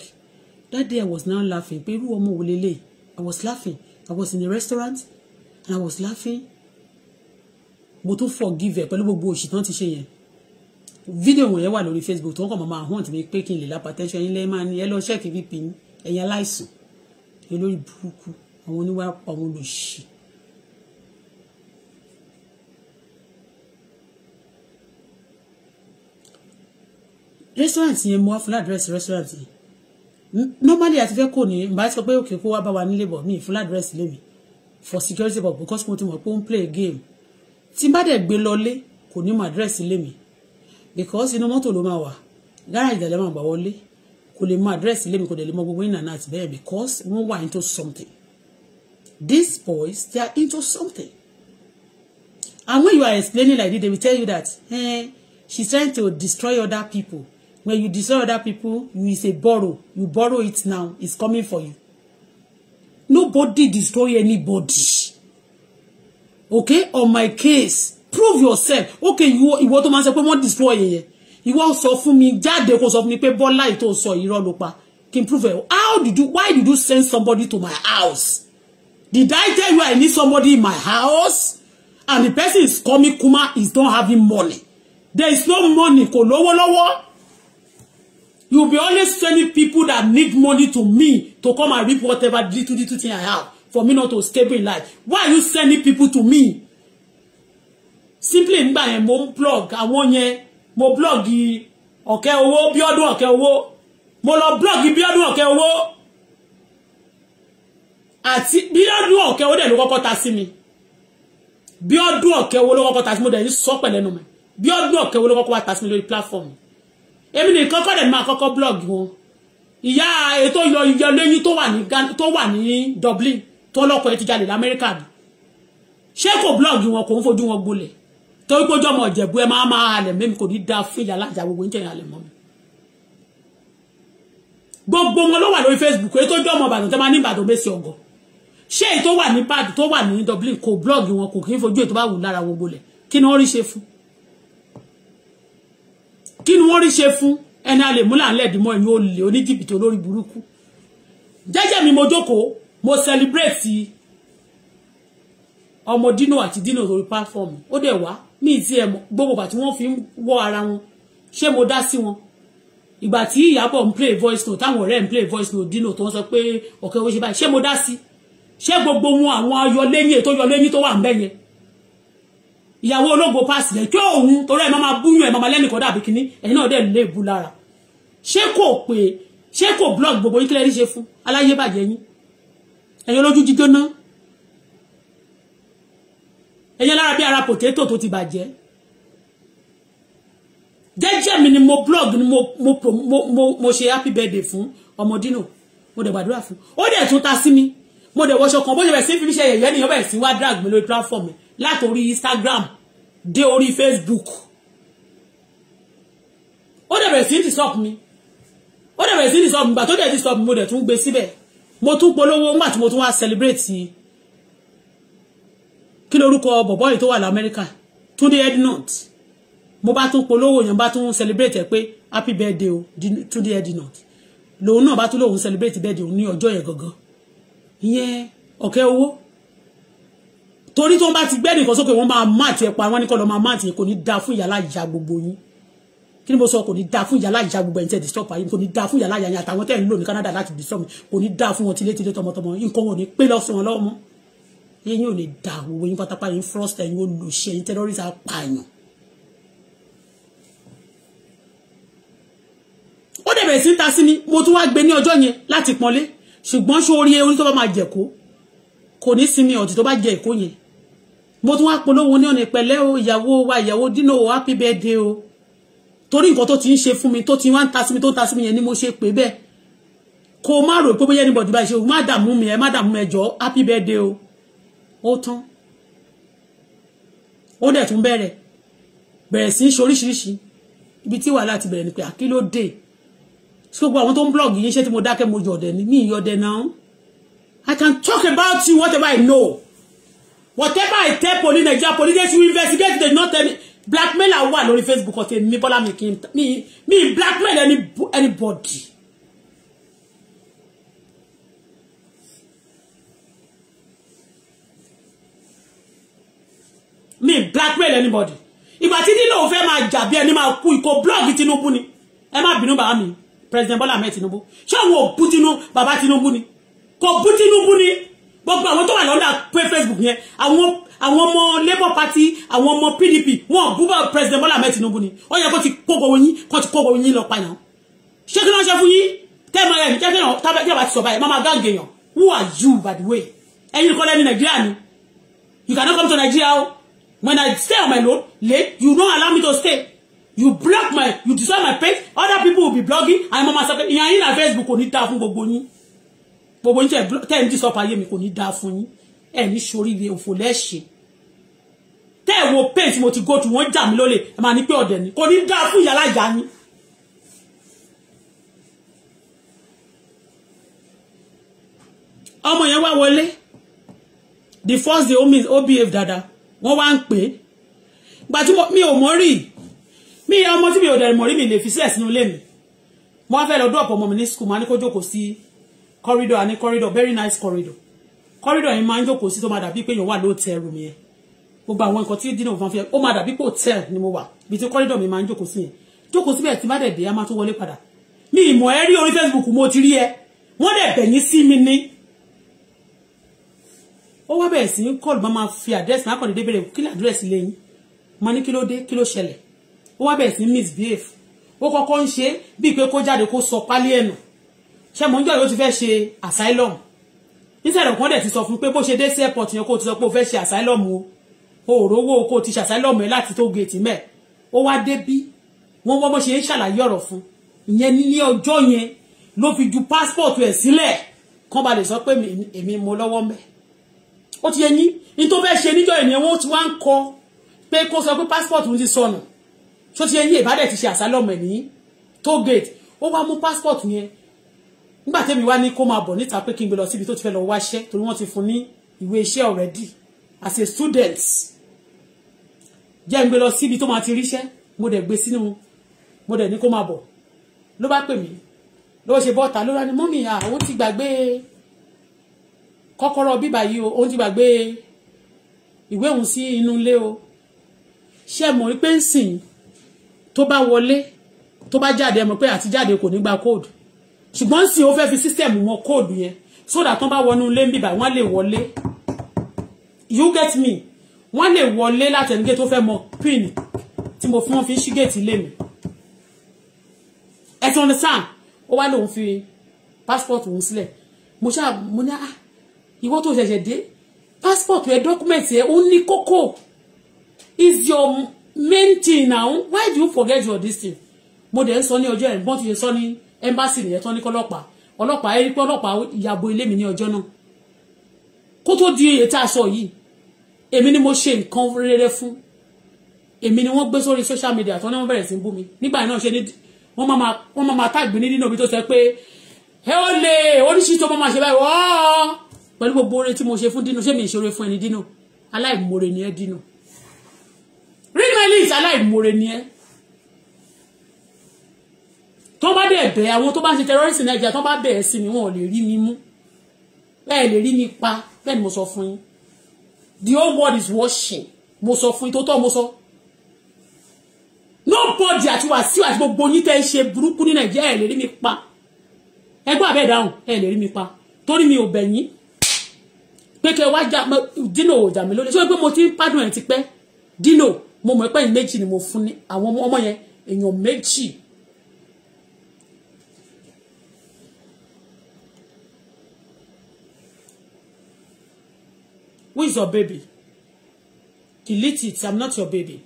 that day I was now laughing pé irú ọmọ wo lélẹ̀ I was laughing I was in a restaurant and I was laughing mo tún forgive ẹ pẹ̀lú gbogbo òṣì tán ti ṣe yẹn fídíò wọ̀nyẹn wà lórí Facebook tó ń kàn máa hàn tí mi pé kí n lè lápá tẹ́ṣọ́ yín lẹ́ẹ̀ máa ní ẹ lọ ṣẹ́ẹ̀kì vp ẹ̀yin aláìsàn olórí burúkú àwọn oníwà pa olùṣì. restaurant yẹn mo wá fún àdírẹ́sì restaurant normally àti fẹ́ kò ní bá sọ pé òkè kó wá bá wa nílé bọ̀ mí fún àdírẹ́sì lèmi for security but because mo ti mọ̀ pé ó ń play game tí bá dẹ̀ gbé lọlé kò ní mọ àdírẹ́sì lèmi because inú mọ́tò ló máa wà gáàjì ìdàlẹ́ máa gbà wọlé kò lè mọ àdírẹ́sì ilé mi kò lè mọ gbogbo ìnànà àti bẹ́ẹ̀ because wọ́n wà into something these boys they are into something and when you are explaining like this they will tell you that eh, she's trying to destroy other people when you destroy other people you say borrow you borrow it now it's coming for you nobody destroy anybody okay on my case prove yourself okay you ìwọ tó máa ń sọ pé wọ́n destroy yẹn ìwọ sọ fún mi jáde kó sọ fún mi pé Bọ́lá yìí tó sọ irọ́ ló pa kí n prove it how did you why did you send somebody to my house did I tell you I need somebody in my house and the person is coming kuma is not having money there is no money kò lówó lọ́wọ́ you be always sending people that need money to me to come and reap whatever little little thing I have for me not to stable in life why are you sending people to me simply nígbà yẹn mo ń plug àwọn yẹn mo blọ́ọ̀gì ọ̀kẹ́ owó bíọ́dún ọ̀kẹ́ owó mo lọ blọ́ọ̀gì bíọ́dún ọ̀kẹ́ owó àti bíọ́dún ọ̀kẹ́ owó dẹ̀ ló kọ́kọ́ ta sí mi bíọ́dún ọ̀kẹ́ owó ló kọ́kọ́ ta sí mi mo dẹ̀ ń sọ pẹ̀lẹ́nu mi bíọ́dún ọ̀kẹ́ owó ló kọ́kọ́ wá ta sí mi lórí platform èmi nìkan kọ́ dẹ̀ máa kọ́kọ́ blọ́ọ̀gì wọn ìyá ètò yọ ìyọ tó wà ní tó wà ní Dublin tó lọ́kọ̀ ẹ ti jalè lamẹ́ríkà ni ṣé kò blọ́ọ̀gì wọn kò ń fojú wọn gbolẹ̀ torí pé ojú ọmọ ìjẹ̀bú ẹ máa máa halẹ̀ mẹ́mi kò ní da fún ìyá alájà gbogbo níjẹ̀ halẹ̀ mọ́ mi gbogbo wọn ló wà lórí Facebook èyí tó jọ ọmọ ìbàdàn tó máa ní ìbàdàn mẹ́sì ọ̀gọ̀ ṣé èyí tó wà ní pad tó wà ní Dublin kò blog wọn kò kí ń fojú ètò bá wù lára gbogbo lẹ̀ kí ni wọ́n rí ṣe fún kí ni wọ́n rí ṣe fún ẹni a lè mú láńlẹ̀ dìmọ́ ẹ̀yìn olè oníjìbìtì olórí burúkú jẹ́jẹ́ mi mo jókòó mo celebrate ọmọ dino àti dino lórí platform ó dẹ̀ wá mi ti ẹ̀ gbogbo ìgbà tí wọ́n fi ń wọ́ ara wọn ṣé mo dá sí wọn ìgbà tí Ìyábọ̀ ń play voice note táwọn ọ̀rẹ́ ń play voice note dínà tó ń sọ pé ọ̀kẹ́ owó ṣe báyìí mo dá sí ṣé gbogbo wọn àwọn ayọ̀lẹ́yìn ètò yọlẹ́yìn tó wà ń bẹ̀ yẹn ìyàwó ológo pass rẹ̀ kí òun torí ẹ̀ mama máa búyàn ẹ̀ máa máa lẹ́nìkan dàbí kínní ẹ̀yin náà dẹ̀ lè bu lára ṣé kò pé ṣé kò blog gbogbo yín kílẹ̀ rí ṣe fún aláyébàjẹ́ yín ẹ̀yin olójú jíjóná ẹ̀yẹ lára bí ara potato tó ti bàjẹ́ jẹ́jẹ́ mi ni mo blog ni mo mo mo mo ṣe happy birthday fún ọmọ Dino mo dẹ̀ gbàdúrà fún ó dẹ̀ tún ta sí mi mo dẹ̀ wọṣọ kan bó ṣe bẹ̀ sí fífi ṣe yẹ̀yẹ́ nìyẹn bẹ̀ sí wá drag mi lórí platform mi látòrí Instagram dé orí Facebook ó dẹ̀ bẹ̀rẹ̀ sí ní sọ́ọ̀pù mi ó dẹ̀ bẹ̀rẹ̀ sí ní sọ́ọ̀pù mi gbà tó dẹ̀ ti sọ́ọ̀pù mi mo dẹ̀ tún gbé síbẹ̀ mo tún polówó ńgbà tí mo tún wá celebrate kí lorúkọ bọ̀bọ́ yìí tó wà lamẹ́ríkà túndé ednut mo bá tún polówó yẹn bá tún celebrate ẹ pé happy birthday o túndé ednut lòun náà bá tún lòun celebrate birthday òun ní ọjọ́ yẹn gangan ìyẹn ọ̀kẹ́ owó torí tó ń bá ti gbẹ́ nìkan sókè wọ́n máa má tiẹ̀ pa wọ́n ní kọ́ lọ́ máa má tiẹ̀ kò ní da fún ìyàlá ìyá gbogbo yín kí ni mo sọ kò ní da fún ìyàlá ìyá gbogbo ẹ̀yin tẹ́ disturb ayé kò ní da fún ìyàlá ìyá yẹn àtàwọn tẹ́ ń lò ní Canada láti disturb kò ní da fún wọn tilétilé tọmọtọmọ nǹkan wọn ò ní pé lọ́sùn wọn lọ́wọ́ mọ́ yé yín ò ní dà gbogbo yín pátápátá yín frost ẹ̀yin olùṣe ẹ̀yin terrorist apààyàn. ó dẹ̀ bẹ̀rẹ̀ sí ń ta sí mi mo tún wá gbé ní ọjọ́ yẹn láti pọ́nlé ṣùgbọ́n sórí orí tó bá máa jẹ̀kó kò ní sinmi ọ̀tí tó bá jẹ èkó yẹn mo tún wá polówó ní ọ̀nà ìpẹ̀lẹ́ o ìyàwó wa ìyàwó dínà o happy birthday o torí nǹkan tó ti ń ṣe fún mi tó ti wá ń ta sí mi tó ń ta sí mi yẹn ni mo ṣe pé bẹ́ẹ̀ kó o má rò pé bóyá anybody bá ṣe o má dààmú mi ẹ má dààmú mi ẹ jọ happy birthday o ó tán ó dẹ̀ tún bẹ̀rẹ̀ bẹ̀rẹ̀ sí í ibi tí wàhálà ti bẹ̀rẹ̀ ni pé àkílódé tí gbogbo àwọn tó ń blog yìí ṣé tí mo dákẹ́ mo jọ̀dẹ̀ ni mí ìyọ̀dẹ̀ náà I can talk about you whatever I know whatever I tell police Nigeria police they should investigate they not tell me blackmailer wà lórí Facebook ọ̀tẹ̀ mi bọ́lá mi kì í mi mi blackmail anybody. blame anybody ìgbà tí nílò òun my máa jà bí ẹni máa kú ikọ̀ blọọgì Tinubu ni ẹ má bínú bàbá mi president Bọ́lá Ahmed Tinubu ṣé àwọn òbú Tinubu bàbá Tinubu ni kò bú Tinubu ni gbogbo àwọn tó wà lọ́dà pé Facebook yẹn I want ọmọ Labour Party I want ọmọ PDP wọn bú bá president Bọ́lá Ahmed Tinubu ni ó yẹ kó ti kógo yín kó ti kógo yín lọ padà ṣé kí wọ́n ṣe fún yín Tell me, tell me. Tell me. a bá ti sọ báyìí máma gáǹgì èèyàn who are you by the way ẹ̀yin kọ́lẹ́ ní Nàìjíríà ni you cannot come to Nigeria o. When I stay on my load, late, you don't allow me to stay. You block my, you destroy my page. Other people will be blogging. I'm on my subject. in yín Facebook Facebook kò ní dáa fún gbogbo yín. Gbogbo tell tẹ̀ ń disturb ayé mi kò ní dáa fún yín. Ẹ ní ṣoríire òfò lẹ́ṣẹ̀. Tẹ́ ẹ̀ wo paint mo ti go to one jam mí lólè. Ẹ máa ní pé ọ̀dẹ̀ ni. Kò ní dáa fún ìyá alájà yín. Ọmọ The first day, OBF dada wọ́n wá ń pè é ìgbà tí mi ò mọ̀ rí mi ọmọ tí mi ò dẹ̀rẹ̀ mọ̀ rí mi lè fi sílẹ̀ sínú ilé mi mo wá fẹ́ lọ dọ́ọ̀pọ̀ ọmọ mi ní skul mo ní kó jókòó sí corridor àní corridor very nice corridor corridor yẹn máa ń jókòó sí tó máa dàbí pé èèyàn wà lóòótẹ́ rùm yẹn gbogbo àwọn nǹkan tí dínà òfin fi ó máa dàbí pé hotel ni mo wà ibi tí corridor mi máa ń jókòó sí yẹn jókòó síbẹ̀ tí má dẹ̀ dé a máa tó wọlé padà mi ìmọ̀ ẹ rí orí Facebook mo ti rí ẹ wọ́n dẹ̀ bẹ̀yìn sí mi ní ó wá bẹ̀rẹ̀ sí ń kọ́ọ̀lù máa máa fi àdírẹ́sì máa kàn déédéé bẹ̀rẹ̀ kí ni àdírẹ́sì lẹ́yìn mo ní kí ló dé kí ló ṣẹlẹ̀ ó wá bẹ̀rẹ̀ sí misbehave ó kọ́kọ́ ń ṣe bíi pé kó jáde kó sọ pálí ẹ̀nà ṣé mò ń jọ yóò ti fẹ́ ṣe asylum nísàlẹ̀ ọ̀kan dẹ̀ ti sọ fún pé bó ṣe dé sí airport yẹn kó ti sọ pé ó fẹ́ ṣe asylum o o ò rówó kó ti ṣe asylum ẹ̀ láti tó gèètì mẹ́ẹ̀ ó wá débí wọ́n wọ́n bó ṣe ń ṣàlàyé ọ̀rọ̀ fún ìyẹn ní ọjọ́ yẹn ló fi ju passport ẹ̀ sílẹ̀ kán ba lè sọ pé èmi mo lọ́wọ́ mẹ́ẹ̀ ó ti yẹ yín ní tó fẹ́ ṣe níjọ́ ìní wọn ti wá ń kọ pé kó sọ pé passport ń ti sọnù tó ti yẹ yín ìbádẹ́ ti ṣe asylum ẹ̀ ní toll gate ó wá mú passport yẹn nígbà tẹ́mi wá ní kó máa bọ̀ níta pé kí n gbé lọ síbi tó ti fẹ́ lọ wáṣẹ́ torí wọ́n ti fún ní ìwé iṣẹ́ already as a student jẹ́ n gbé lọ síbi tó máa ti ríṣẹ́ mo dẹ̀ gbé sínú mo dẹ̀ ní kó máa bọ̀ ló bá pè mí ló ṣe bọ́ta ló rá ní àwọn ti gbàgbé kọ́kọ́rọ́ bíbà yìí o òun ti gbàgbé ìwé òun sí inú ilé o ṣé mọ̀ wípé ń sìn tó bá wọlé tó bá jáde ẹ mọ̀ pé àti jáde kò ní gba kóòdù ṣùgbọ́n ń sìn ó fẹ́ fi sísẹ̀mù mọ kóòdù yẹn sódà tán bá wọnú ilé ń bíbà wọ́n lè wọlé you get me wọ́n lè wọlé látẹnugé tó fẹ́ mọ pin tí mo fún wọn fi ń ṣí géètì ilé mi ẹ ti understand ó wá lòun fi passport òun sílẹ̀ mo ṣáà mo ní ah ìwọ tó ṣẹ̀ṣẹ̀ dé passport rẹ document rẹ ó ní kókó is your main thing now why do you forget your this thing mo dẹ̀ ń sọ ní ọjọ́ ẹ̀ bọ́n ti sọ ní embassy nìyẹn tán ní kọ́lọ́pàá ọlọ́pàá ẹ̀rí pé ọlọ́pàá ìyàbò ilé mi ní ọjọ́ náà kó tó di èyí tá a sọ yìí èmi ni mo ṣe nǹkan rere fún èmi ni wọ́n gbé sórí social media tán ní wọ́n bẹ̀rẹ̀ sí bú mi nígbà náà ṣe ní wọ́n máa wọ́n máa tàgbé ní nínú ibi tó sọ pé ẹ ó lè oníṣìí tó máa ṣe báyìí wọ́ọ́ pẹ̀lú gbogbo oore tí mo ṣe fún dino ṣé mi ìṣòro fún ẹni dino aláìmoore ni ẹ dino read my lips aláìmoore ni ẹ tó bá dẹ̀ bẹ̀ àwọn tó bá ń ṣe terrorism nàìjíríà tó bá bẹ̀ ẹ́ sí mi wọn ò lè rí mi mú bẹ́ẹ̀ lè rí mi pa bẹ́ẹ̀ ni mo sọ fún yín the whole world is watching mo sọ fún yín tó tọ́ mo sọ nobody àti wàsíù àti gbogbo yín tẹ́ ń ṣe burúkú ní nàìjíríà ẹ̀ lè rí mi pa ẹgbọ́n àbẹ́ ìdáhùn ẹ̀ lè rí mi pa torí mi ò bẹ̀ pé kẹ wá já dino ò jà mí lólè pé mo ti ń pádùn ẹ̀ ti dino mo mọ̀ pé ẹ̀yìn méjì ni mo fún ní àwọn ọmọ yẹn èèyàn méjì Who is your baby? Delete it. I'm not your baby.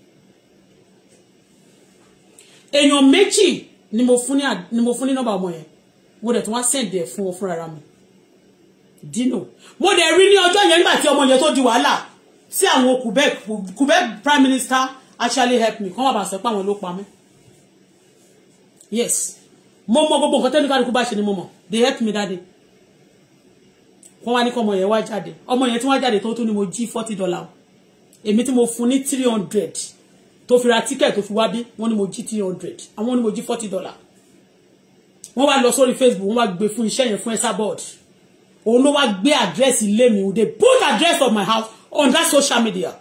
Èèyàn méjì ni mo fún ní nọ́mbà ọmọ yẹn. Mo dẹ̀ tún wá send ẹ̀ fún ọ fúnra mi. Dino mo dẹ̀ rí ní ọjọ́ yẹn nígbà tí ọmọ yẹn tó di wàhálà sí àwọn Quebec Quebec Prime Minister actually help me kán wà bá sọ pé àwọn ló pa mí yes mo mọ gbogbo nǹkan tẹ́nu kálukú bá ṣe ni mo mọ̀ they help me that day wọ́n wá ní kọ́ ọmọ yẹn wá jáde ọmọ yẹn tí wọ́n jáde tó tún ni mo jí forty dollar èmi tí mo fún ní three hundred tó fi ra ticket tó fi wá bí wọ́n ní mo jí three hundred àwọn ní mo jí forty dollar wọ́n wá lọ sórí Facebook wọ́n wá gbé fún iṣẹ́ yẹn fún ẹ́sà board òun ló wá gbé àdírẹ́sì ilé mi they put address of my house on that social media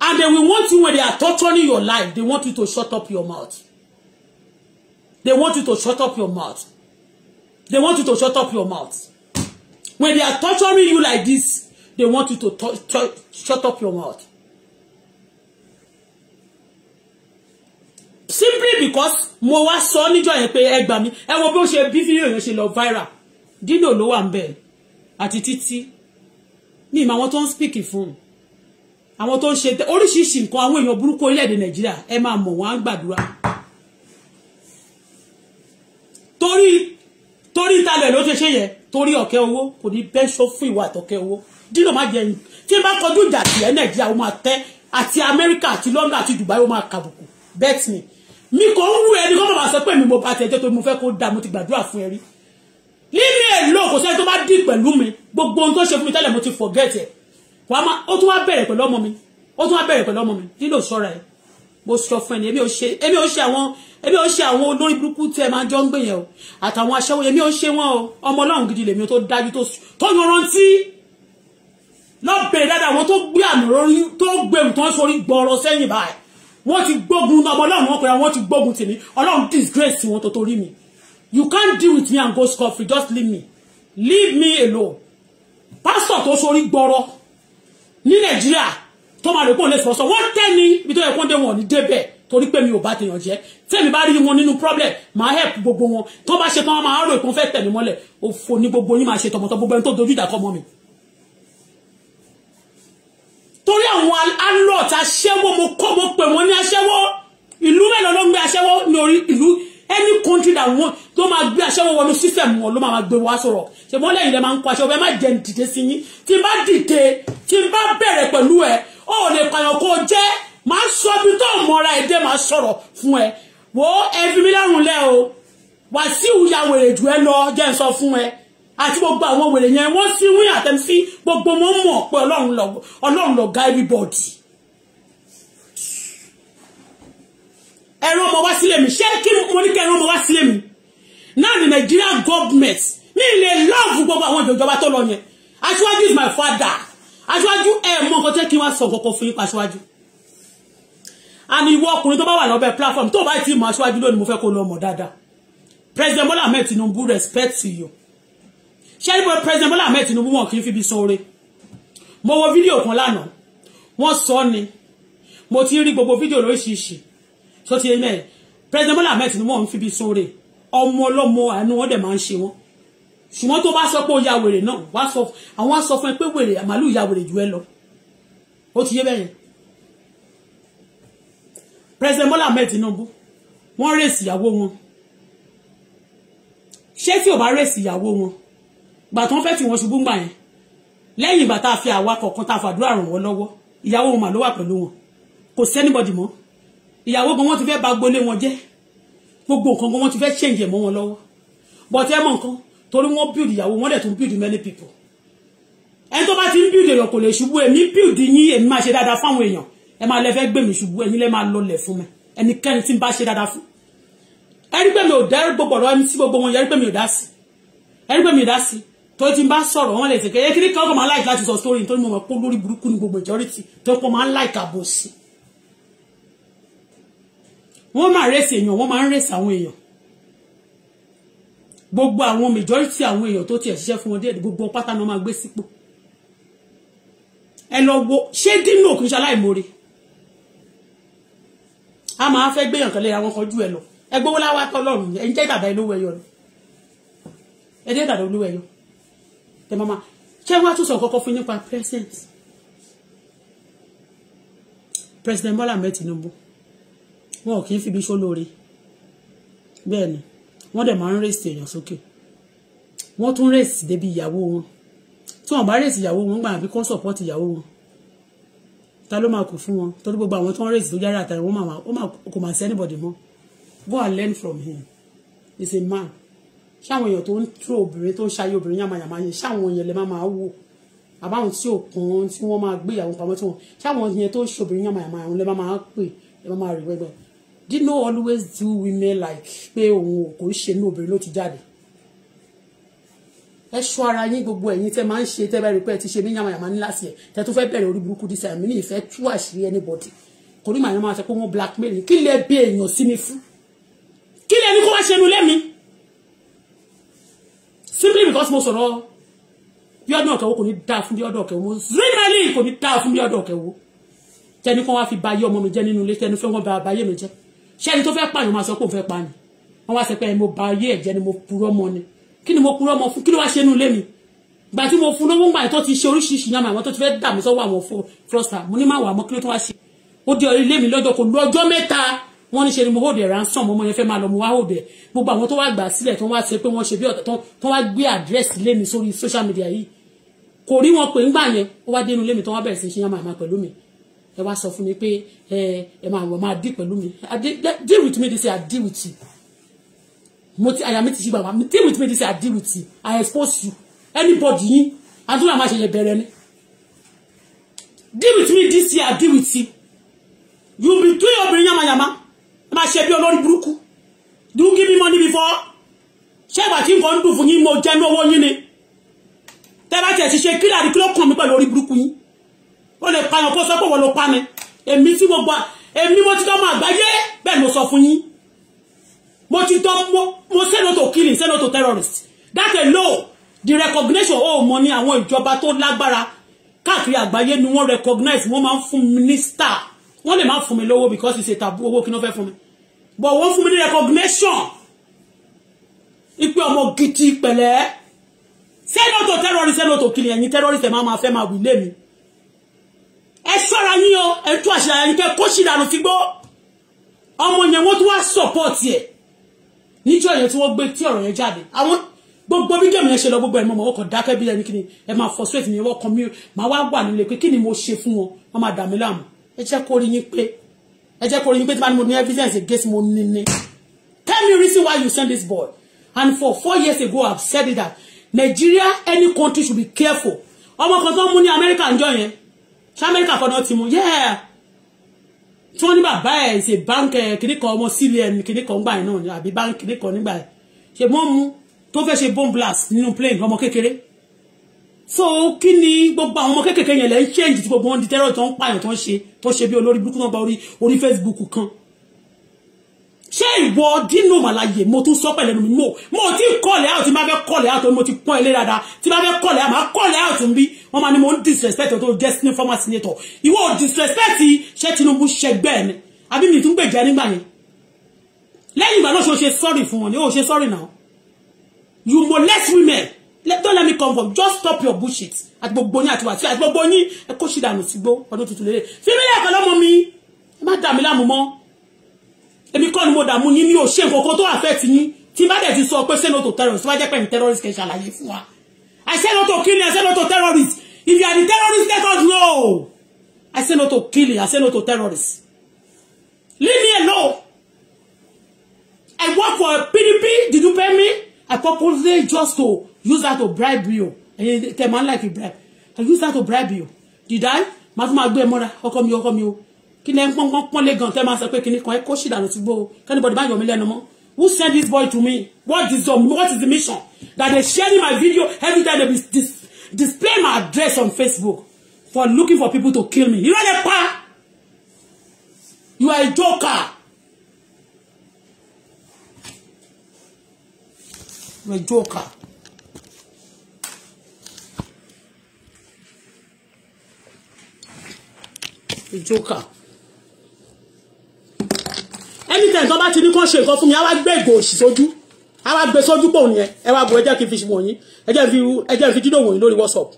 and they will want you when they are torturing your life they want you to shut up your mouth they want you to shut up your mouth they want you to shut up your mouth when they are torturing you like this they want you to shut up your mouth simply because mo wá sọ níjọ́ yẹn pé ẹ gbà mí e wo bí ó ṣe bí fídíò yẹn ṣe lọ viral Dino ló wà ń bẹ̀ àti títí ní ìmọ̀ àwọn speak fún àwọn tó ń ṣe oríṣiríṣi nǹkan àwọn èèyàn burúkú orílẹ̀-èdè Nàìjíríà ẹ máa mọ̀ wọ́n Tori gbàdúrà torí torí ìtalẹ̀ ló ṣe ṣe yẹn torí ọ̀kẹ́ owó kò ní bẹ́ẹ̀ ṣó fún ìwà àtọ̀kẹ́ owó Dino má jẹun tí n bá kọjú ìjà sí ẹ Nàìjíríà ó máa tẹ́ àti Amẹ́ríkà àti London ati Dubai ó máa kàbùkù bẹ́ẹ̀ tì mi kò ń wú ẹni kọ́ bàbá sọ pé mi mo bá tiẹ̀ jẹ́ pé mo fẹ́ kó dáa mo ti gbàdúrà fún ẹ rí nínú èlò kò sẹ́ni tó bá dì pẹ̀lú mi gbogbo ohun tó ṣe fún mi tẹ́lẹ̀ mo ti forget ẹ̀ wàá má ó tún wá bẹ̀rẹ̀ pẹ̀lú ọmọ mi ó tún wá bẹ̀rẹ̀ pẹ̀lú ọmọ mi nílò ṣọ́ra ẹ̀ mo sọ fún ẹni èmi ò ṣe èmi ò ṣe àwọn èmi ò ṣe àwọn olórí burúkú tí ẹ máa jọ ń gbè yẹn o àtàwọn aṣẹ́wó èmi ò ṣe wọn o ọmọ ọlọ́run gidi lèmi tó dájú tó yanrantí lọ́bẹ̀rẹ̀ dáadáa àwọn tó gbé àmì tó gbé nǹkan sórí gbọ́ọ̀rọ̀ sẹ́yìn báyìí wọ́n ti gbógun ọmọ ọlọ́run wọn pé àwọn ti gbógun tèmi ọlọ́run disgrace wọn tó torí mi you can't deal with me and go scot free just leave me leave me alone pásítọ̀ tó sorí gbọ́rọ̀ ní nàìjíríà tó máa lè pọ̀ lè sọ̀sọ̀ wọ́n tẹ́ ni ibi tó yẹ kó dé wọn ní débẹ̀ torí pé mi ò bá tèèyàn jẹ́ tẹ́mi bá rí wọn nínú problem máa help gbogbo wọn tó bá ṣe tán wọn máa rò ìpọ́nfẹ́ tẹ̀mí mọ́lẹ̀ òfò ni gbogbo yín máa ṣe tọmọtọ gbogbo ẹni tó dojú ìjà mọ́ mi torí àwọn alọ́ọ̀tì aṣẹ́wó mo kọ́ mo pè wọ́n ní aṣẹ́wó ìlú mélòó ló ń gbé aṣẹ́wó ní orí ìlú any country that wọ́n tó máa gbé aṣẹ́wó wọnú system wọn ló máa gbé wá sọ̀rọ̀ ṣe mọ́lẹ̀ yìí lè máa ń kó aṣẹ́wó ẹ má jẹ́ dìde sí yín tí n bá dìde tí n bá bẹ̀rẹ̀ pẹ̀lú ẹ ó lè pààyàn kó o jẹ́ máa sọ bí tó mọ́ra ẹ dé máa sọ̀rọ̀ fún ẹ wo ẹ fi mí lọ́rùn lẹ́ o Wàsíù ya wèrè jù ẹ lọ jẹ́ n sọ fún ẹ àti gbogbo àwọn wèrè yẹn wọ́n sí wí àtẹ̀sí gbogbo wọn mọ̀ pé ọlọ́run lọ̀gá everybody. ẹ̀rọ ọmọ wá sílé mi ṣé kí mo ní kí ẹ̀rọ ọmọ wá sílé mi náà ní Nigeria government ní ilé love gbogbo àwọn ìjọba tó lọ yẹn aṣíwájú is my father aṣíwájú ẹ̀ mọ nǹkan tẹ́ kí wọ́n sọ kọ̀ọ̀kan fún yín pa aṣíwájú àmì ìwọ ọkùnrin tó bá wà lọ́bẹ̀ platform tó bá ti mọ aṣíwájú lónìí mo fẹ́ kó lọ mọ̀ dáadáa President Bola Ahmed Tinubu respect to you ṣé ní president Bọ́lá Ahmed Tinubu wọn kì í fibi san mo wo fídíò kan lánàá wọ́n sọ ni mo ti rí gbogbo fídíò lóríṣiríṣi So ti mẹ́ẹ̀ president Bọ́lá Ahmed Tinubu wọn fibi san oore ọmọ ọlọ́mọ àánú wọn dẹ̀ máa ń ṣe wọn to tó bá sọ pé ya wèrè náà wá sọ àwọn á sọ fún ẹ amalu ya wèrè jù ẹ lọ ó ti yé bẹ́yẹn president Bọ́lá Ahmed Tinubu wọ́n rèsì ìyàwó wọn ṣé tí ò bá rèsì ìyàwó wọn gbà tó ń fẹ́ tí wọ́n ṣubú gbà yẹn lẹ́yìn ìgbà tá a fi àwa kọ̀ọ̀kan tá a fàdúrà ràn wọ́n lọ́wọ́ ìyàwó wọn mà ló wà pẹ̀lú wọn kò sẹ́nìbọ̀dì mọ́ ìyàwó gan wọ́n ti fẹ́ bà gbolé wọn jẹ́ gbogbo nǹkan gan wọ́n ti fẹ́ change ẹ̀ mọ́ wọn lọ́wọ́ but ẹ mọ̀ nǹkan torí wọ́n build ìyàwó wọ́n dẹ̀ tún build many people ẹni tó bá ti ń build èèyàn kò lè ṣubú èmi build yín èmi máa ṣe dáadáa fáwọn èèyàn ẹ máa lẹ fẹ́ gbé mi ṣubú ẹ̀yin lẹ máa lọlẹ̀ fún mi ẹnikẹ́ni tí ń bá ṣe dáadáa fún ẹ ò dá gbogbo ò dá sí ẹ ò dá sí tó ti bá sọ̀rọ̀ wọ́n lè ṣèké ekiri kan kò máa láìka láti sọ story nítorí mo mọ̀ pé lórí burúkú ni gbogbo majority tó kọ́ máa ń láìka bò sí. wọ́n máa rèsì èèyàn wọ́n máa ń rèsì àwọn èèyàn gbogbo àwọn majority àwọn èèyàn tó tiẹ̀ ṣiṣẹ́ fún wọn díẹ̀ gbogbo pátá ni wọ́n máa gbé sípò. ẹ lọ wo ṣé dínú òkú ṣe aláìmoore a máa fẹ́ gbéyàn kan léra wọn kan ju ẹ lọ ẹ gbowó láwá tọ́lọ́run ẹ ń jẹ́ dàda olówó ẹyọ ẹ jẹ́ dàda olówó ẹyọ ẹ mama, check what you á go sọ kọ́kọ́ fún nípa president Bọ́lá Ahmed Tinubu wọn ò kì fi ibi ṣó lóore bẹ́ẹ̀ ni wọ́n dẹ̀ máa ń rèsì èèyàn sókè wọ́n tún rèsì débi ìyàwó wọn tí wọ́n bá rèsì ìyàwó wọn gbà àbí kọ́ sọ̀pọ́tì ìyàwó wọn ta ló máa kù fún wọn torí gbogbo àwọn tí wọ́n rèsì tó jáde àtàrí wọn kò máa sí anybody mọ́ go and learn from him He's a man ṣáwọn èèyàn tó ń tró obìnrin tó ń ṣayé obìnrin yàmàyàmà yẹn ṣáwọn yẹn lè má máa wò àbáwọn tí ò kàn tí wọ́n máa gbé ìyàwó tí wọ́n ṣáwọn yẹn tó ń ṣe obìnrin yàmàyàmà yẹn lè má máa pè lè má máa rí wẹ́gbẹ́ Dino always do women like pé òun ò kò ṣe inú obìnrin ló ti jáde ẹ ṣọ́ ara yín gbogbo ẹ̀yin tẹ́ máa ń ṣe tẹ́ bá rí pé ẹ ti ṣe mí yàmàyàmà ní láti ẹ̀ tẹ́ tó fẹ́ bẹ̀rẹ̀ orí burúkú dísẹ̀ àmì ní ìfẹ́ tú àṣírí anybody kò ní màá yẹn máa sọ pé wọ́n blackmail kí lè bẹ èèyàn sí mi fún kí lè ní kó wá ṣe nu lẹ́mìí simply because mo sọ̀rọ̀ bí ọdún ọ̀kẹ́wò kò ní dáa fún bí ọdún ọ̀kẹ́wò really kò ní dáa fún bí ọdún ọ̀kẹ́wò tẹni kan wá fi ba ayé ọmọ mi jẹ́ nínú ilé tẹni fẹ́ wọ́n ba àbáyé mi jẹ́ ṣé to tó fẹ́ pààyàn máa sọ pé òun fẹ́ pààyàn wọ́n wá sọ pé mo ba ayé ẹ̀jẹ̀ ni mo purọ́ mọ́ ni kí ni mo purọ́ mọ́ fún kí ló wá ṣe inú ilé mi gbà tí mo fún lówó gbà tó ti ṣe oríṣiríṣi náà àwọn to ti fẹ́ dà mí sọ́wọ́ àwọn frosta mo ní má wà mọ́ kí ló tó wá ṣe ó di ilé mi lọ́jọ́ kò lọ́jọ́ mẹ́ta wọ́n ní ṣe ni mo hold ẹ̀ ransom ọmọ yẹn fẹ́ máa lọ mo wá hold ẹ̀ gbogbo àwọn tó wá gbà sílẹ̀ tó wá ṣe pé wọ́n ṣe bí ọ̀tá tó wá gbé àdírẹ́sì lé mi sórí social media yìí kò rí wọn pé ńgbà yẹn ó wá dénú lé mi tó wá bẹ̀rẹ̀ sí ṣe yàn máa pẹ̀lú mi ẹ wá sọ fún mi pé ẹ ẹ máa wọ̀ máa dí pẹ̀lú mi deal with me they say I deal with you mo ti àyà mi ti ṣe bàbá deal with me they say I deal with you I expose you anybody yín àdúrà máa ṣẹlẹ̀ bẹ̀rẹ̀ ni deal with me this year I deal with you you be doing obìnrin yamayama máa ṣe bí olórí burúkú do give me money before ṣé ìgbà tí nǹkan ń dùn fún yín mo jẹ́ lọ́wọ́ yín ni tẹ́ bá tiẹ̀ ti ṣe kí láàrin kí ló kàn mí pẹ̀lú orí burúkú yín ó lè pa yàn kó sọ pé wọ́n ló pa mi èmi tí mo gba èmi mo ti dán mọ àgbáyé bẹ́ẹ̀ mo sọ fún yín mo ti dán mo sẹ́nu tó killing sẹ́nu tó terrorist that alone the recognition ó oh, mọ ní àwọn ìjọba tó lágbára káàkiri àgbáyé ni wọ́n recognize wọ́n máa ń fún minister wọ́n lè má fún mi lówó because it's a taboo owó kí ló fẹ́ fún mi but wọ́n fún mi ní recognition ipe ọmọ gidi pẹ̀lẹ́ say no to terrorist say no to killing ẹ̀yin terrorist ẹ̀ máa máa fẹ́ máa wù ilé mi ẹ ṣọ́ra yín o ẹ tún àṣà ẹ̀yin kẹ́ kó ṣìdànù fi gbó ọmọ yẹn wọ́n tún wá support ẹ̀ níjọ́ yẹn tí wọ́n gbé tí ọ̀rọ̀ yẹn jáde àwọn gbogbo bí gẹ̀mù yẹn ṣe lọ gbogbo ẹ̀ mọ́ mọ́ ọkọ̀ dákẹ́ bí ẹni kíni ẹ máa frustrate mi wọ́n kan mi máa wá wà nílé pé kí ni mo ṣe fún wọn wọ́n máa dà mí láàmú ẹ jẹ́ kó rí yín pé ẹ jẹ́ rí i pé tí bá ní mo ní evidence against mo ní ní tell me reason why you send this boy and for four years ago i said it that nigeria any country should be careful ọmọ kan tó ń mú ní america njọ yẹn ṣé america kan náà ti mú yeah tí wọ́n ní bàbá ẹ̀ ṣe báńkì kìnnìkan ọmọ cbn kìnnìkan gbà yẹn náà àbí báńkì kìnnìkan nígbà yẹn ṣe mọ́ mu tó fẹ́ ṣe bomb blast nínú plane ọmọ kékeré so kí ni gbogbo àwọn ọmọ kékèké yẹn lẹ́ ń change tí gbogbo wọn di terror tó ń pààyàn tó ń ṣe tó ṣe bí olórí burúkú náà gba orí orí Facebook kan ṣé ìwọ dínú màláyè mo tún sọ pẹ̀lẹ́nu mi mo mo ti kọ́ọ̀lẹ̀ out máa fẹ́ kọ́ọ̀lẹ̀ out mo ti pọ́n ilé dáadáa tí máa fẹ́ kọ́ọ̀lẹ̀ out máa kọ́ọ̀lẹ̀ out ń bí wọ́n máa ní mo ń disrespect tó jẹ́ sínú former senator ìwọ ò disrespect ṣé Tinubu ṣẹgbẹ́ ẹ̀ ni àbí mi tún gbèjà nígbà yẹn lẹ́yìn ìgbà náà ṣe o ṣe sorry fún wọn ni o ṣe sorry now you molest women don't let me come from just stop your bullshit àti gbogbo yín àti wàtí àti gbogbo yín ẹ kó ṣì dànù sígbó ọdún tuntun lélẹ̀ fífi lẹ́ẹ̀kan lọ́mọ mi ẹ má dà mí láàmú mọ́ èmi kọ́ ni mo dààmú yín mi ò ṣe nǹkan kan to affect yín tí bá dẹ̀ ti sọ pé say no to terrorist wá jẹ́ pé ní terrorist kẹ́ ṣàlàyé fún wa I say no to killing I say no to terrorist if you are the terrorist let us know I say no to killing I say no to terrorist leave me alone I work for PDP did you pay me I purposely just to use that to bribe you ẹ̀yin tẹ̀ máa ń like bribe I use that to bribe you did I máa tún máa gbé ẹ mọ́ra come you? ọkọ come you? kí lẹ́ ń pọ́n pọ́n pọ́n lé gan tẹ́ máa sọ pé kíní kan ẹ kó ṣì dànù sígbó anybody buy your million? mí lẹ́nu who send this boy to me what is the what is the mission that they sharing my video every time they be dis display my address on Facebook for looking for people to kill me You irọ́ lẹ pa you are a joker you are a joker. ìjókà anytime tó bá ti ní kó ṣe nǹkan fún mi á wá gbé ìgò òṣì sójú á wá gbé sójú pò yẹn ẹ wá bu ẹ jẹ́ kí n fi ṣùgbọ́n yín ẹ jẹ́ fi ẹ jẹ́ fi dídò wòyìn lórí WhatsApp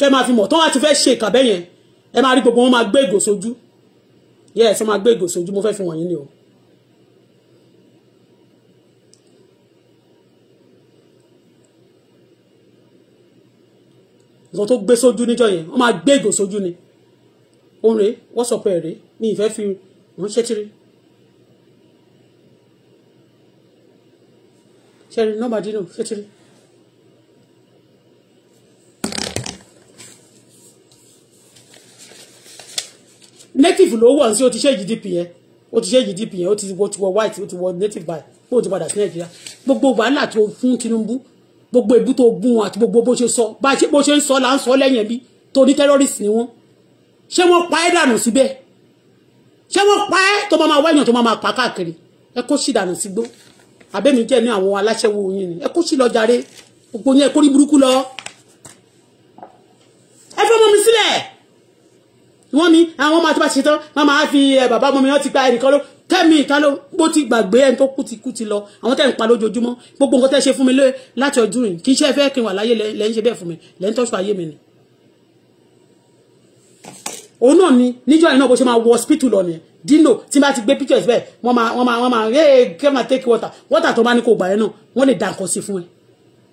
kẹ́ máa fi mọ̀ tó wá ti fẹ́ ṣe ìkàbẹ́ yẹn ẹ máa rí gbogbo wọn máa gbé ìgò sójú yes wọn máa gbé ìgò sójú mo fẹ́ fi wọ̀nyí ni o. nǹkan tó gbé sójú níjọ́ yẹn wọ́n máa gbé ìgò sójú ni ó rèé WhatsApp ẹ̀ rèé mi ìfẹ́ fi ránṣẹ́ tiri. ṣẹ́ni nọ́mbà dínú ṣé tiri. native ló wọ̀ sí o ti ṣe GDP yẹn o ti ṣe GDP yẹn o ti wọ ti wọ white o ti wọ native buy o ti padà sí Nàìjíríà gbogbo wàhálà tó fún Tinubu gbogbo èbú tó bú wọn àti gbogbo bó ṣe sọ bó ṣe ń sọ là ń sọ lẹ́yìn ẹbí tó ní terrorist ni wọ́n ṣé wọ́n pa ẹ́ dànù síbẹ̀ ṣé wọ́n pa ẹ́ tó máa wá èèyàn tó máa pa káàkiri ẹ kó sì dànù sígbó àbẹ́mi jẹ́ ní àwọn aláṣẹ́wó yín ni ẹ kó sì lọ jàre gbogbo yín ẹ kó rí burúkú lọ ẹ fẹ́ mọ́ mi sílẹ̀ wọ́n ní àwọn ọmọ àti bá ṣe tán wọ́n máa fi eh, bàbá ọmọ mi wọ́n ti gba ẹnìkan ló tẹ́mi ìta ló bó ti gbàgbé ẹni tó kú ti kú ti lọ àwọn tẹ́ ń pa lójoojúmọ́ gbogbo nǹkan tẹ́ ṣe fún mi láti ọdún yìí kì í ṣe fẹ́ kí n wà láyé lẹ́ ṣe bẹ́ẹ̀ fún mi lẹ́ ń ayé mi ni òun náà ni níjọ́ yìí náà bó ṣe máa wọ hospital lọ nìyẹn dino tí n bá ti gbé pictures bẹ́ẹ̀ wọ́n máa wọ́n máa wọ́n máa hey kẹ́ máa take water water tó bá ní kò gbà yẹn náà wọ́n lè dà nǹkan sí fún ẹ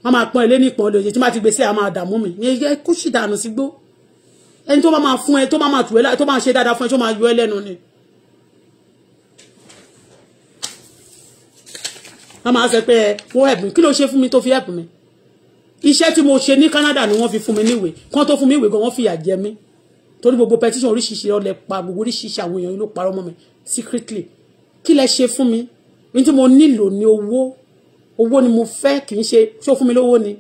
wọ́n máa pọ́n ilé ní ìpọ́n lóye tí n bá ti gbé sí àwọn àdàmú mi yẹ kó sì dànù sí gbó ẹni tó bá máa fún ẹ tó bá máa tù ẹ láì tó máa ṣe dáadáa fún ẹ tó máa yọ ẹ lẹ́nu ni. wọ́n máa sọ pé wọ́n help mi kí ló ṣe fún mi tó fi help mi iṣẹ́ tí mo ṣe ní Canada ni wọ́n fi fún mi níwèé kán tó fún mi ìwé gan wọ́n fìyà jẹ mí torí gbogbo petition oríṣiríṣi ọlẹ pa gbogbo oríṣiríṣi àwọn èèyàn ló parọ́ mọ́ mi secretly kí lẹ ṣe fún mi ní tí mo nílò ní owó owó ni mo fẹ́ kì í ṣe ṣó fún mi lówó ni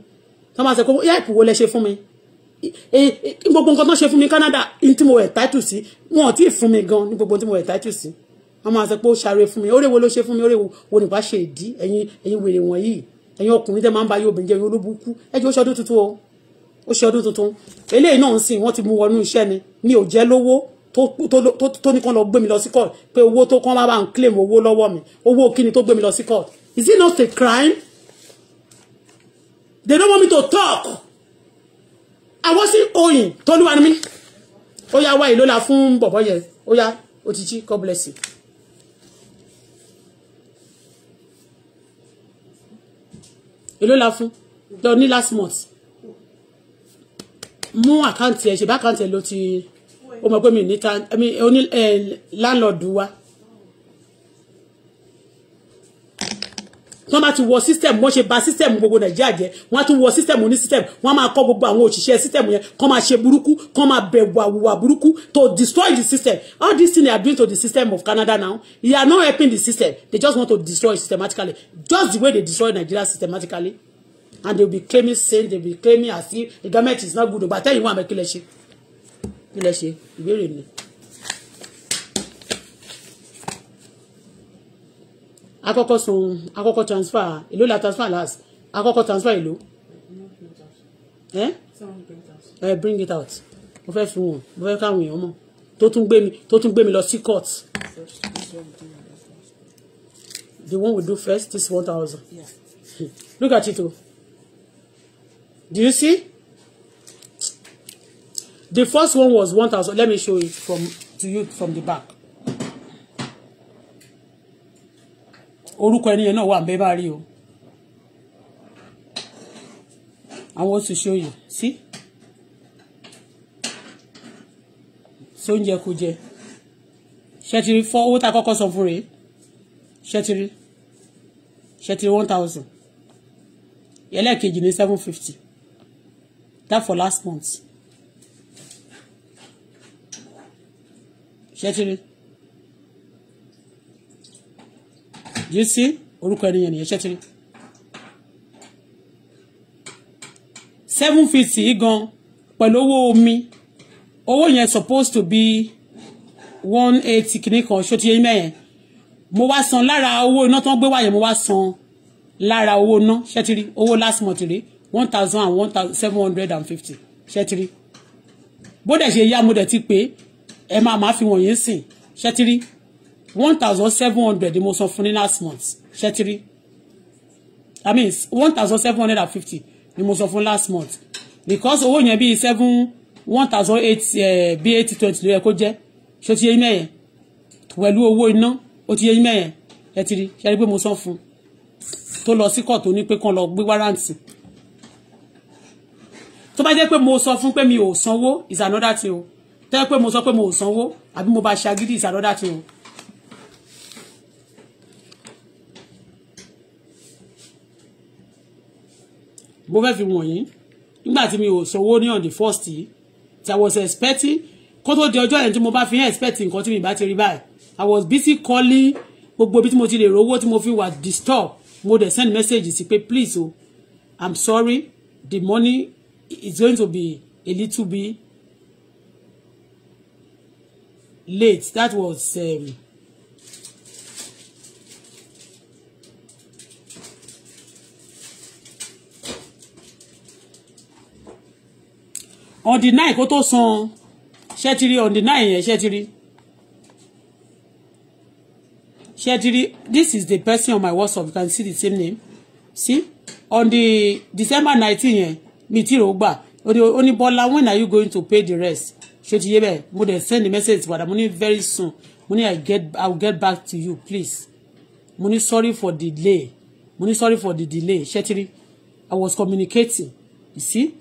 tí wọ́n máa sọ pé yá ìpòwò lẹ ṣe fún mi gbogbo nǹkan tó ṣe fún mi Canada ní tí mo wẹ̀ title sí wọn ò tí ì fún mi gan ní gbogbo tí mo wẹ̀ title sí wọ́n máa sọ pé ó ṣàre fún mi ó rèwo ló ṣe fún mi ó rèwo wo nípa ṣe ìdí ẹ̀yin ẹ̀yin wèrè wọ̀nyí ẹ̀yin ọkùnrin tẹ́ máa ń ba yóò bẹ̀jẹ̀ yóò ló bukú ẹjọ́ ṣọdún tuntun o ó ṣe ọdún tuntun eléyìí náà ń sìn wọ́n ti mú wọnú iṣẹ́ ni mi ò jẹ́ lówó tó ní kán lọ gbé mi lọ sí court pé owó tó kán bá ń claim owó lọ́wọ́ mi owó kíni tó gbé mi lọ sí court is it not a crime they don't want me to talk I wasn't owing tolúwa ni mí ó yá wáyé ló la fún bọ̀bọ̀ yẹn ó yá òtítí God bless you. èló la fún lọ ní last month mú àkáǹtì ẹ̀ ṣe bá àkáǹtì ẹ̀ ló ti ó mọ̀ pé mi níta mi oní ẹ̀ láńlọ́ọ̀dù wa. tán bá ti wọ system wọ́n ṣe ba system gbogbo nàìjíríà jẹ́ wọ́n á tún wọ system oní system wọ́n á máa kọ́ gbogbo àwọn òṣìṣẹ́ system yẹn kán máa ṣe burúkú kán máa bẹ̀wò àwùwà burúkú to destroy the system all these things are doing to the system of Canada now they are not helping the system they just want to destroy systematically just the way they destroy Nigeria systematically and they'll be claiming saying they'll be claiming as if the government is not good but tell you wọn àbẹ kí lẹ ṣe kí lẹ ṣe ìbéèrè ni. àkọ́kọ́ sun àkọ́kọ́ transfer èló la transfer last àkọ́kọ́ transfer èló. Eh? Eh, bring it out mo fẹ́ fi wọn mo fẹ́ káwọn èèyàn mọ̀ tó tún gbé mi tó tún gbé mi lọ sí court the one we do first this one thousand yeah. look at it o. Do you see? The first one was 1,000. Let me show it from to you from the back. Orúkọ ẹni yẹn náà wà ńbẹ̀ I want to show you. See? Sóúnjẹ kò jẹ. Ṣẹ́tìrí four owó tá a kọ́kọ́ sọ fún rèé. Ṣẹ́tìrí. Ṣẹ́tìrí one thousand. Ẹlẹ́ẹ̀kejì ní seven fifty that for last month do you see orúkọ ẹni yẹn nìyẹn ṣẹ́tìrì seven fifty gan pẹ̀lú owó omi owó yẹn supposed to be one eighty kìíní kan ṣó ti yẹ mẹ́yẹn mo wá san lára owó iná tó ń gbé wáyé mo wá san lára owó iná ṣẹ́tìrì owó last month rèé one thousand and one thousand seven hundred and fifty ṣẹ́tìrí bó dẹ̀ ṣe yá mo dẹ̀ ti pé ẹ máa máa fi wọ̀nyí sìn ṣẹ́tìrí one thousand seven hundred ni mo san fún ní last month ṣẹ́tìrí That means one thousand seven hundred and fifty ni mo san fún last month because owó yẹn bíi seven one thousand eight eh, bíi eight twenty ló yẹ kó jẹ́ ṣé ti yẹ yín mẹ́yẹn pẹ̀lú owó iná ó ti yẹ yín mẹ́yẹn ẹ ti rí ṣe é pé mo san fún tó lọ sí kọ̀ tó ní pé kàn lọ gbé wárántì tó bá jẹ́ pé mo sọ fún pé mi ò sanwó is another thing o tó jẹ́ pé mo sọ pé mo ò sanwó àbí mo bá ṣagídí is another thing o. mo fẹ́ fi wọ̀nyí nígbà tí mi ò sanwó ní on the first yìí I was expecting kó tó di ọjọ́ yẹn tí mo bá fi expecting, expect nǹkan tí mi bá ti rí báyìí I was busy calling gbogbo ibi tí mo ti lè rówó tí mo fi wà disturb mo dẹ̀ send message sí pé please o oh, I'm sorry the money it's going to be a little bit late that was um, on the nine kó tó san on the nine yẹn ṣẹ́tìrí this is the person on my WhatsApp you can see the same name see on the December nineteen yẹn mi tí ro gbà ó ní Bọ́lá when are you going to pay the rest ṣé ti yé bẹ́ẹ̀ mo dẹ̀ send the message padà mo ní very soon mo ní i get i will get back to you please mo ní sorry for the delay mo ní sorry for the delay ṣé ti rí i was communicating you see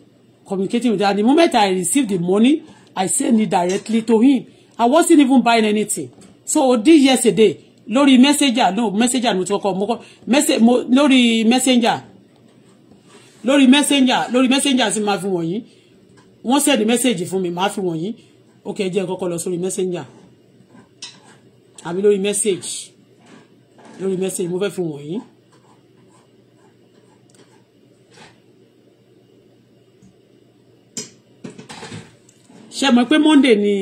communicating with her and the moment i received the money i send it directly to him i wasn't even buying anything so this yesterday lórí messenger no messenger mo ti kọ́kọ́ mo kọ lórí messenger lórí messenger lórí messenger sì máa fi wọ̀nyí wọ́n send message fún mi máa fi wọ̀nyí ok jẹ́ kọ́kọ́ lọ sórí messenger àbí lórí message lórí message mo fẹ́ fi wọ̀nyí. ṣe mọ̀ pé monday ni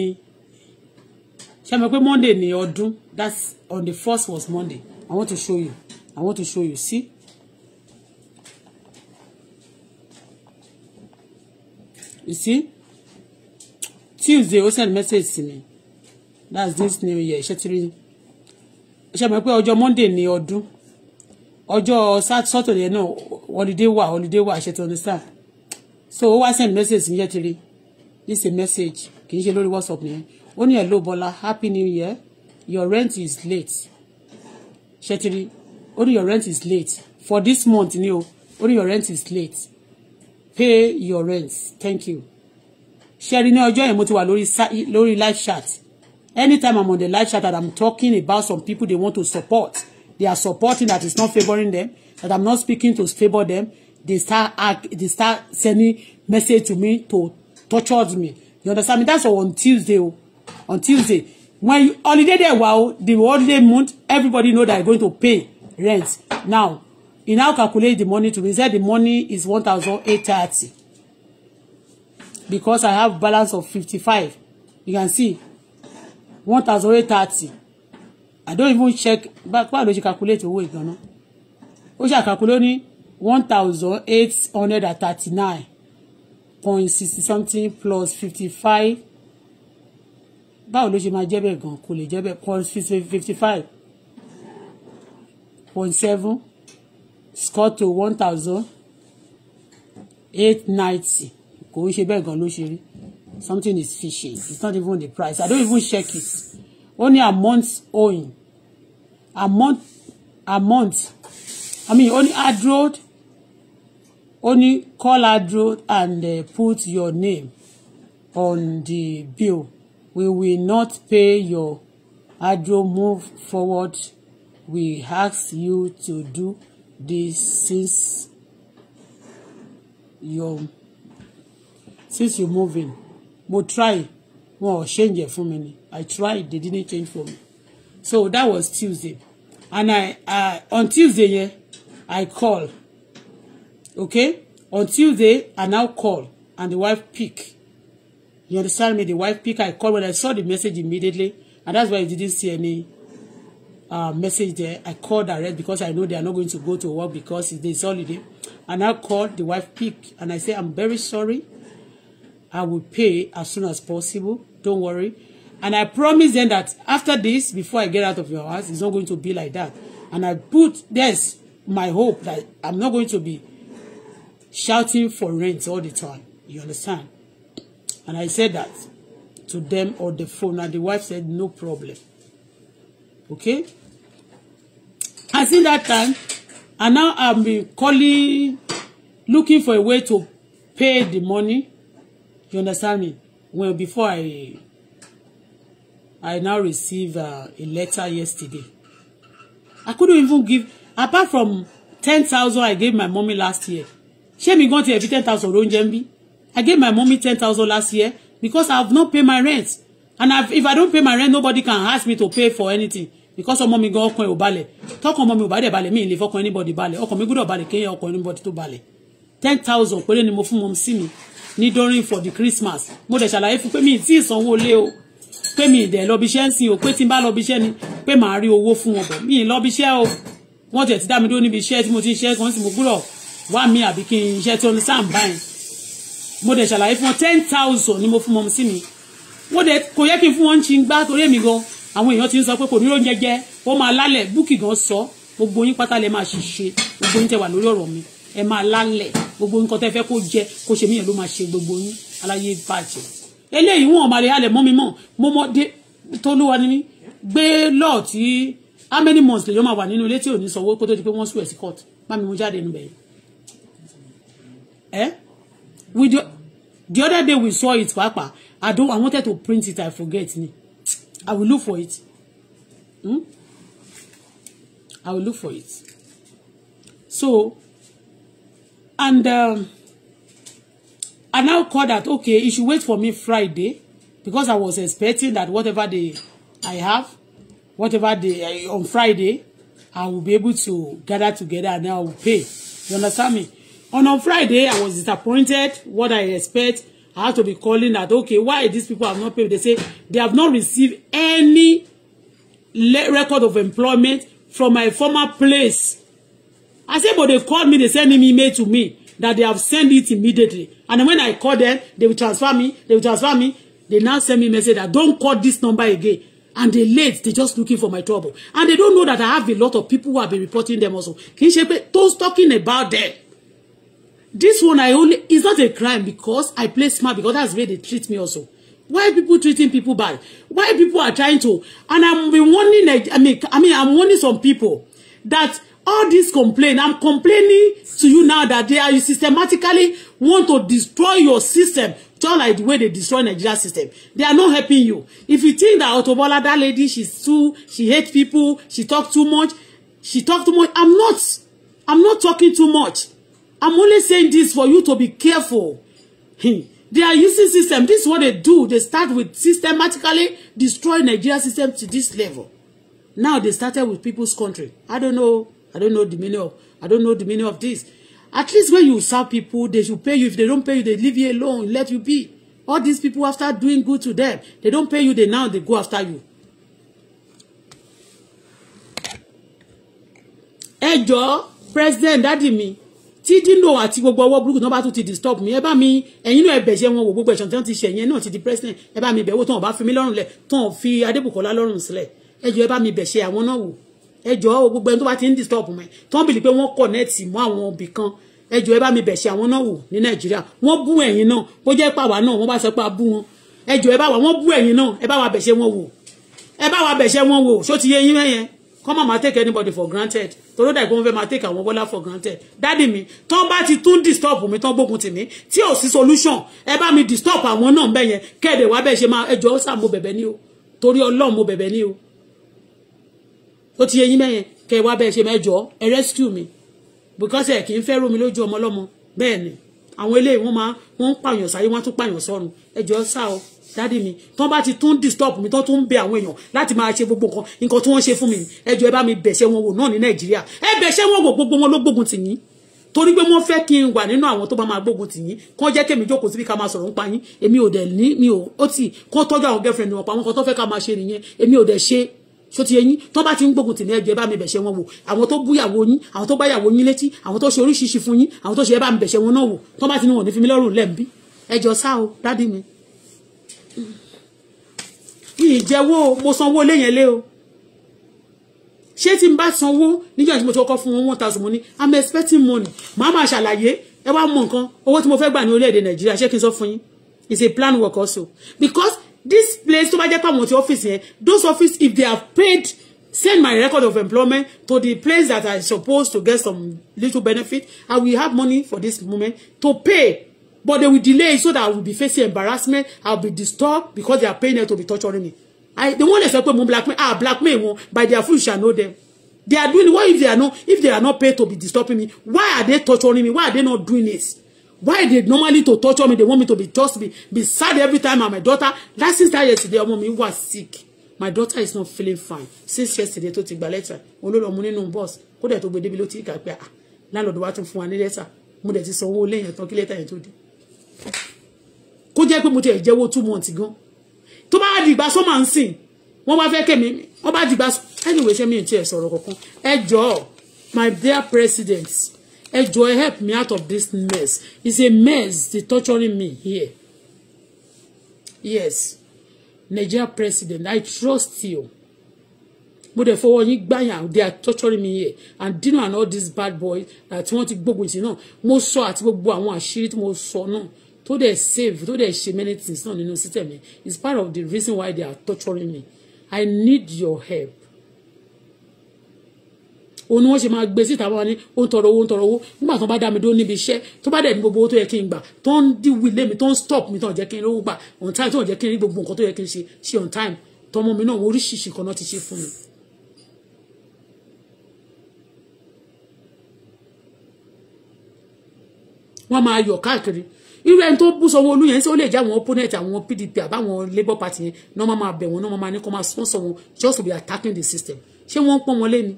ṣe mọ̀ pé monday ni ọdún that's on the first was monday i want to show you i want to show you see you see tuesday ó send message sí mi that's this new year ṣe ti rí ṣe mọ̀ pé ọjọ́ monday ni ọdún ọjọ́ saturday náà holiday Wa holiday Wa ṣe ti understand so ó wá send message sí mi ṣe ti rí this a message kì í ṣe lórí whatsapp nìyẹn ó ní hello Bọ́lá happy new year your rent is late ṣe ti rí ó ní your rent is late for this month ni o ó ní your rent is late pay your rent thank you ṣẹ́rí ní ọjọ́ yẹn mo ti wà lórí lórí live chat anytime i'm on the live chat and i'm talking about some people they want to support they are supporting that is not favouring them that i'm not speaking to favour them they start act they start sending message to me to torture me you understand me that's on tuesday o oh. on tuesday when holiday there wa o the holiday month everybody know that I'm going to pay rent now He now calculate the money to me. He said the money is one thousand eight thirty, because I have balance of fifty five. You can see one thousand thirty. I don't even check. But why don't you calculate owó ìgànná? Ó ṣe àkàkulé ní nine point sixty something plus fifty five báwo ló ṣe máa jẹ́ bẹ́ẹ̀ gan kò lè jẹ́ bẹ́ẹ̀ point fifty five point seven score to one thousand eight ninety kò ń ṣe bẹ́ẹ̀ gan ló ṣe rí something is fishy it's not even the price I don't even check it Only a month owing a month a month I mean only add road. Only call add road and uh, put your name on the bill we will not pay your add road move forward we ask you to do this since your since you move in mo try wọn ò change ẹ fún mi ni i tried they didn't change for me so that was tuesday and i i on tuesday yẹn i call okay on tuesday i now call and the wife pick you understand me the wife pick i call when i saw the message immediately and that's why I didn't see any uh, message there. I called direct because I know they are not going to go to work because it is holiday. And I called the wife pick and I said, I'm very sorry. I will pay as soon as possible. Don't worry. And I promise them that after this, before I get out of your house, it's not going to be like that. And I put this, my hope that I'm not going to be shouting for rent all the time. You understand? And I said that to them on the phone. And the wife said, no problem. Okay? And since that time, and now I'm be calling, looking for a way to pay the money. You understand me? Well, before I, I now received uh, a letter yesterday. I couldn't even give, apart from ten thousand, I gave my mommy last year. Ṣé me gan ti ẹ̀bí ten thousand ń jẹ́ ń I gave my mommy thousand last year because I have not paid my rent. And I've, if I don't pay my rent, nobody can ask me to pay for anything because ọmọ mi gan ọkàn ẹ̀ ò balẹ̀ tọkàn ọmọ mi ò bá dẹ̀ balẹ̀ mi ì lè fọkàn anybody balẹ̀ ọkàn mi gbọ́dọ̀ balẹ̀ kéèyàn ọkàn anybody tó balẹ̀ ten thousand péré ni mo fún mọ́mí sí mi ní during for the Christmas mo dẹ̀ ṣàlàyé fún pé mi ì tí ì sanwó lé o pé mi ì dẹ̀ lọ́bi iṣẹ́ ń sìn o pé tí n bá lọ́bi iṣẹ́ ni pé màá rí owó fún wọn bọ̀ mi ì lọ́bi iṣẹ́ o wọ́n tẹ̀ ti dá mi dúró níbi iṣẹ́ tí mo ti ń ṣe kan sì mo gbúdọ̀ wá mi àbí kí n iṣẹ́ tí ní sáà báyìí mo dẹ̀ ṣàlàyé fún wọn ten thousand ni mo fún mọ́mí sí mi mo dẹ̀ kò yẹ kí n fún wọn ń ṣe gbá torí èmi gan àwọn èèyàn ti ń sọ pé kò ní oúnjẹ jẹ ó máa lálẹ̀ búkì gan sọ gbogbo yín pátá lẹ máa ṣìṣe gbogbo yín tẹ wà lórí ọ̀rọ̀ mi ẹ máa lálẹ̀ gbogbo nǹkan tẹ fẹ́ kó jẹ kó ṣe míyàn ló máa ṣe gbogbo yín aláyé bàjẹ́ eléyìí wọn ọmọ rẹ halẹ̀ mọ́ mi mọ́ mo mọ dé tólúwa ni gbé lọ́ọ̀ tí how many months lèyàn máa wà nínú ilé tí ò ní sanwó kó tó di pé wọ́n sùn ẹ̀ sí court má mi mú jáde nù bẹ́ẹ̀ ẹ́ we do the other day we saw it pàápàá I don't I wanted to print it I forget ni. I will look for it. Hmm? I will look for it. So, and um, I now call that, okay, you should wait for me Friday because I was expecting that whatever day I have, whatever day uh, on Friday, I will be able to gather together and then I will pay. You understand me? On on Friday, I was disappointed what I expect I have to be calling that, okay, why these people have not paid? They say they have not received any record of employment from my former place. I said, but they called me, they sent an email to me that they have sent it immediately. And when I call them, they will transfer me, they will transfer me. They now send me a message that don't call this number again. And they late, they just looking for my trouble. And they don't know that I have a lot of people who have been reporting them also. Kì í ṣe those talking about them. This one I only is not a crime because I play smart because that's the way they treat me also. Why people treating people bad? Why people are trying to? And I'm been warning. I mean, I mean, I'm warning some people that all this complaint. I'm complaining to you now that they are systematically want to destroy your system, just like the way they destroy Nigeria system. They are not helping you. If you think that Auto that lady, she's too, she hates people, she talks too much, she talks too much. I'm not. I'm not talking too much. I'm only saying this for you to be careful. Hmm. They are using system. This is what they do. They start with systematically destroying Nigeria system to this level. Now they started with people's country. I don't know. I don't know the meaning of. I don't know the meaning of this. At least when you serve people, they should pay you. If they don't pay you, they leave you alone, let you be. All these people after doing good to them, they don't pay you. They now they go after you. Ẹ jọ̀ọ́, President Daddy me tí dino àti gbogbo ọwọ́ burúkú tí wọ́n bá tún ti disturb mi ẹ bá mi ẹ̀yin náà ẹbẹ̀ ṣe wọn wò gbogbo ẹ̀sán tí wọ́n ti ṣe yẹn náà ti di president ẹ bá mi bẹ̀ wò tán ọba fi mí lọ́rùn lẹ̀ tán fi Adébùkọ́lá lọ́rùn sílẹ̀ ẹ jọ̀ọ́ ẹ bá mi bẹ̀ ṣe àwọn náà wò ẹ jọ̀ọ́ gbogbo ẹni tó bá ti ń disturb mi tán bìlì pé wọ́n connect mọ́ àwọn ibì kan ẹ jọ̀ọ́ ẹ bá mi bẹ̀ ṣe àwọn náà wò ní Nàìjíríà wọ́n bú ẹ̀yin náà bó jẹ́ pàwá náà wọ́n bá sọ pé a bú wọn ẹ ẹ bá wa wọ́n bú ẹ̀yin náà ẹ bá wa bẹ̀ ṣe wọn wò ẹ bá wa bẹ̀ ṣe wọn wò ṣó ti yé yín mẹ́yẹn kọ́ máa ma take anybody for granted torí ó dà pé wọ́n fẹ́ máa take àwọn Bọ́lá for granted dádì mi tó ń bá ti tún disturb mi tó ń gbógun tì mí tí ò sí solution ẹ bá mi disturb àwọn náà bẹ́ẹ̀ yẹn kẹ́ẹ̀dẹ̀ wá bẹ́ẹ̀ ṣe máa ẹjọ́ sà mo bẹ̀bẹ̀ ní o torí Ọlọ́run mo bẹ̀bẹ̀ ní o ó ti yẹ yín mẹ́yẹn kẹ́ ẹ wá bẹ́ẹ̀ ṣe máa ẹjọ́ ẹ rescue mi because ẹ kì í fẹ́ rómi lójú ọmọ ọlọ́mọ bẹ́ẹ̀ ni àwọn eléyìí wọ́n máa wọ́n ń pààyàn sáyé wọ́n tún pààyàn sọ́run ẹjọ́ sá o dáàdì mi tán bá ti tún disturb mi tán tún ń bẹ àwọn èèyàn láti máa ṣe gbogbo nǹkan nǹkan tí wọ́n ṣe fún mi ẹjọ́ ẹ bá mi bẹ̀ṣẹ̀ wọn wò náà ní nàìjíríà ẹ bẹ̀ṣẹ̀ wọn wò gbogbo wọn ló gbógun tì yín torí pé wọ́n fẹ́ kí n wà nínú àwọn tó bá máa gbógun tì yín kán jẹ́ kémi jókòó síbi ká máa sọ̀rọ̀ ń pa yín èmi ò dẹ̀ ní mi ò ó tì kán tọ́jú àwọn girlfriend wọn pa àwọn kan tó fẹ́ ká máa ṣe nìyẹn èmi ò dẹ̀ ṣe so ti yín tó bá ti ń gbógun tì ní ẹjọ́ ẹ bá mi bẹ̀ṣẹ̀ wọn wò àwọn tó búyàwó yín àwọn tó báyàwó yín létí àwọn tó ṣe oríṣiríṣi fún yín àwọn tó ṣe ẹ bá mi bẹ̀ṣẹ̀ wọn náà wò tó bá ti ní wọn ní fi mí lọ́rùn lẹ́ǹbí o dádì mi ìjẹ́wọ́ mo sanwó lé yẹn lé o ṣé tí n bá sanwó níjọ́ tí mo ti kọ́kọ́ fún wọn one thousand mo i'm expecting money màá máa ṣàlàyé ẹ wá mọ nǹkan owó tí mo fẹ́ gbà ní orílẹ̀-èdè nàìjíríà ṣé kí n sọ fún yín it's a plan work also because this place tó bá jẹ́ pé ti ọ́fíìsì yẹn those office if they have paid send my record of employment to the place that i suppose to get some little benefit i will have money for this moment to pay But they will delay so that I will be facing embarrassment. I will be disturbed because they are paying them to be torturing me. I, the one that's black blackmail, ah, black blackmail won, by their food shall know them. They are doing, what if they are not, if they are not paid to be disturbing me, why are they torturing me? Why are they not doing this? Why they normally to torture me, they want me to be just be, be sad every time and my daughter, that since that yesterday, ọmọ mi was sick. My daughter is not feeling fine. Since yesterday, tó ti gba letter, olóòmù nínú bus, kó dẹ̀ tó gbé débi ló ti kà pé, ah, landlord wá tún fún wa ní letter, mother, this is sanwó lẹ́yìn tán kí letter yẹn tó dé kó jẹ́ pé mo tiẹ̀ jẹ́wọ́ two months gan tó bá dìgbà sọ́mà ń sìn wọ́n bá fẹ́ kẹ́mi wọ́n bá dìgbà anyway ṣé mi ò tiẹ̀ sọ̀rọ̀ kankan ẹ jọ̀ọ́ my dear president ẹ jọ̀ọ́ ẹ help me out of this mess it's a mess dey torturing me here yes Nigeria president I trust you mo dẹ̀ fọwọ́ yín gbàyàn they are torturing me here and Dino and all these bad boys àti wọ́n ti gbógun tì náà mo sọ àti gbogbo àwọn àṣírí tí mo sọ náà To dẹ̀ save to dẹ̀ ṣe many things you know, system yẹn it's part of the reason why they are torturing me I need your help òun ni wọ́n ṣe máa gbé síta wọn ni ó ń tọrọ owó ń tọrọ owó nígbà tó bá dá mi dúró níbi iṣẹ́ tó bá dẹ̀ ní gbogbo owó tó yẹ kí n gbà tó ń díwì lé mi tó ń stop mi tó ń jẹ́ kí n rówó gbà on time tó ń jẹ́ kí n rí gbogbo nǹkan tó yẹ kí n ṣe ṣe on time tọmọ mi náà oríṣiríṣi kan náà ti ṣe fún mi. wọ́n máa yọ̀ káàkiri irú ẹni tó bú Sanwó-Olú yẹn sí ó lè jẹ́ àwọn opponent àwọn PDP àbáwọn Labour Party yẹn ní wọ́n máa bẹ̀ wọ́n ní wọ́n máa ní kó máa sponsor wọn just to be attacking the system ṣé wọ́n ń pọ́n wọn lẹ́ni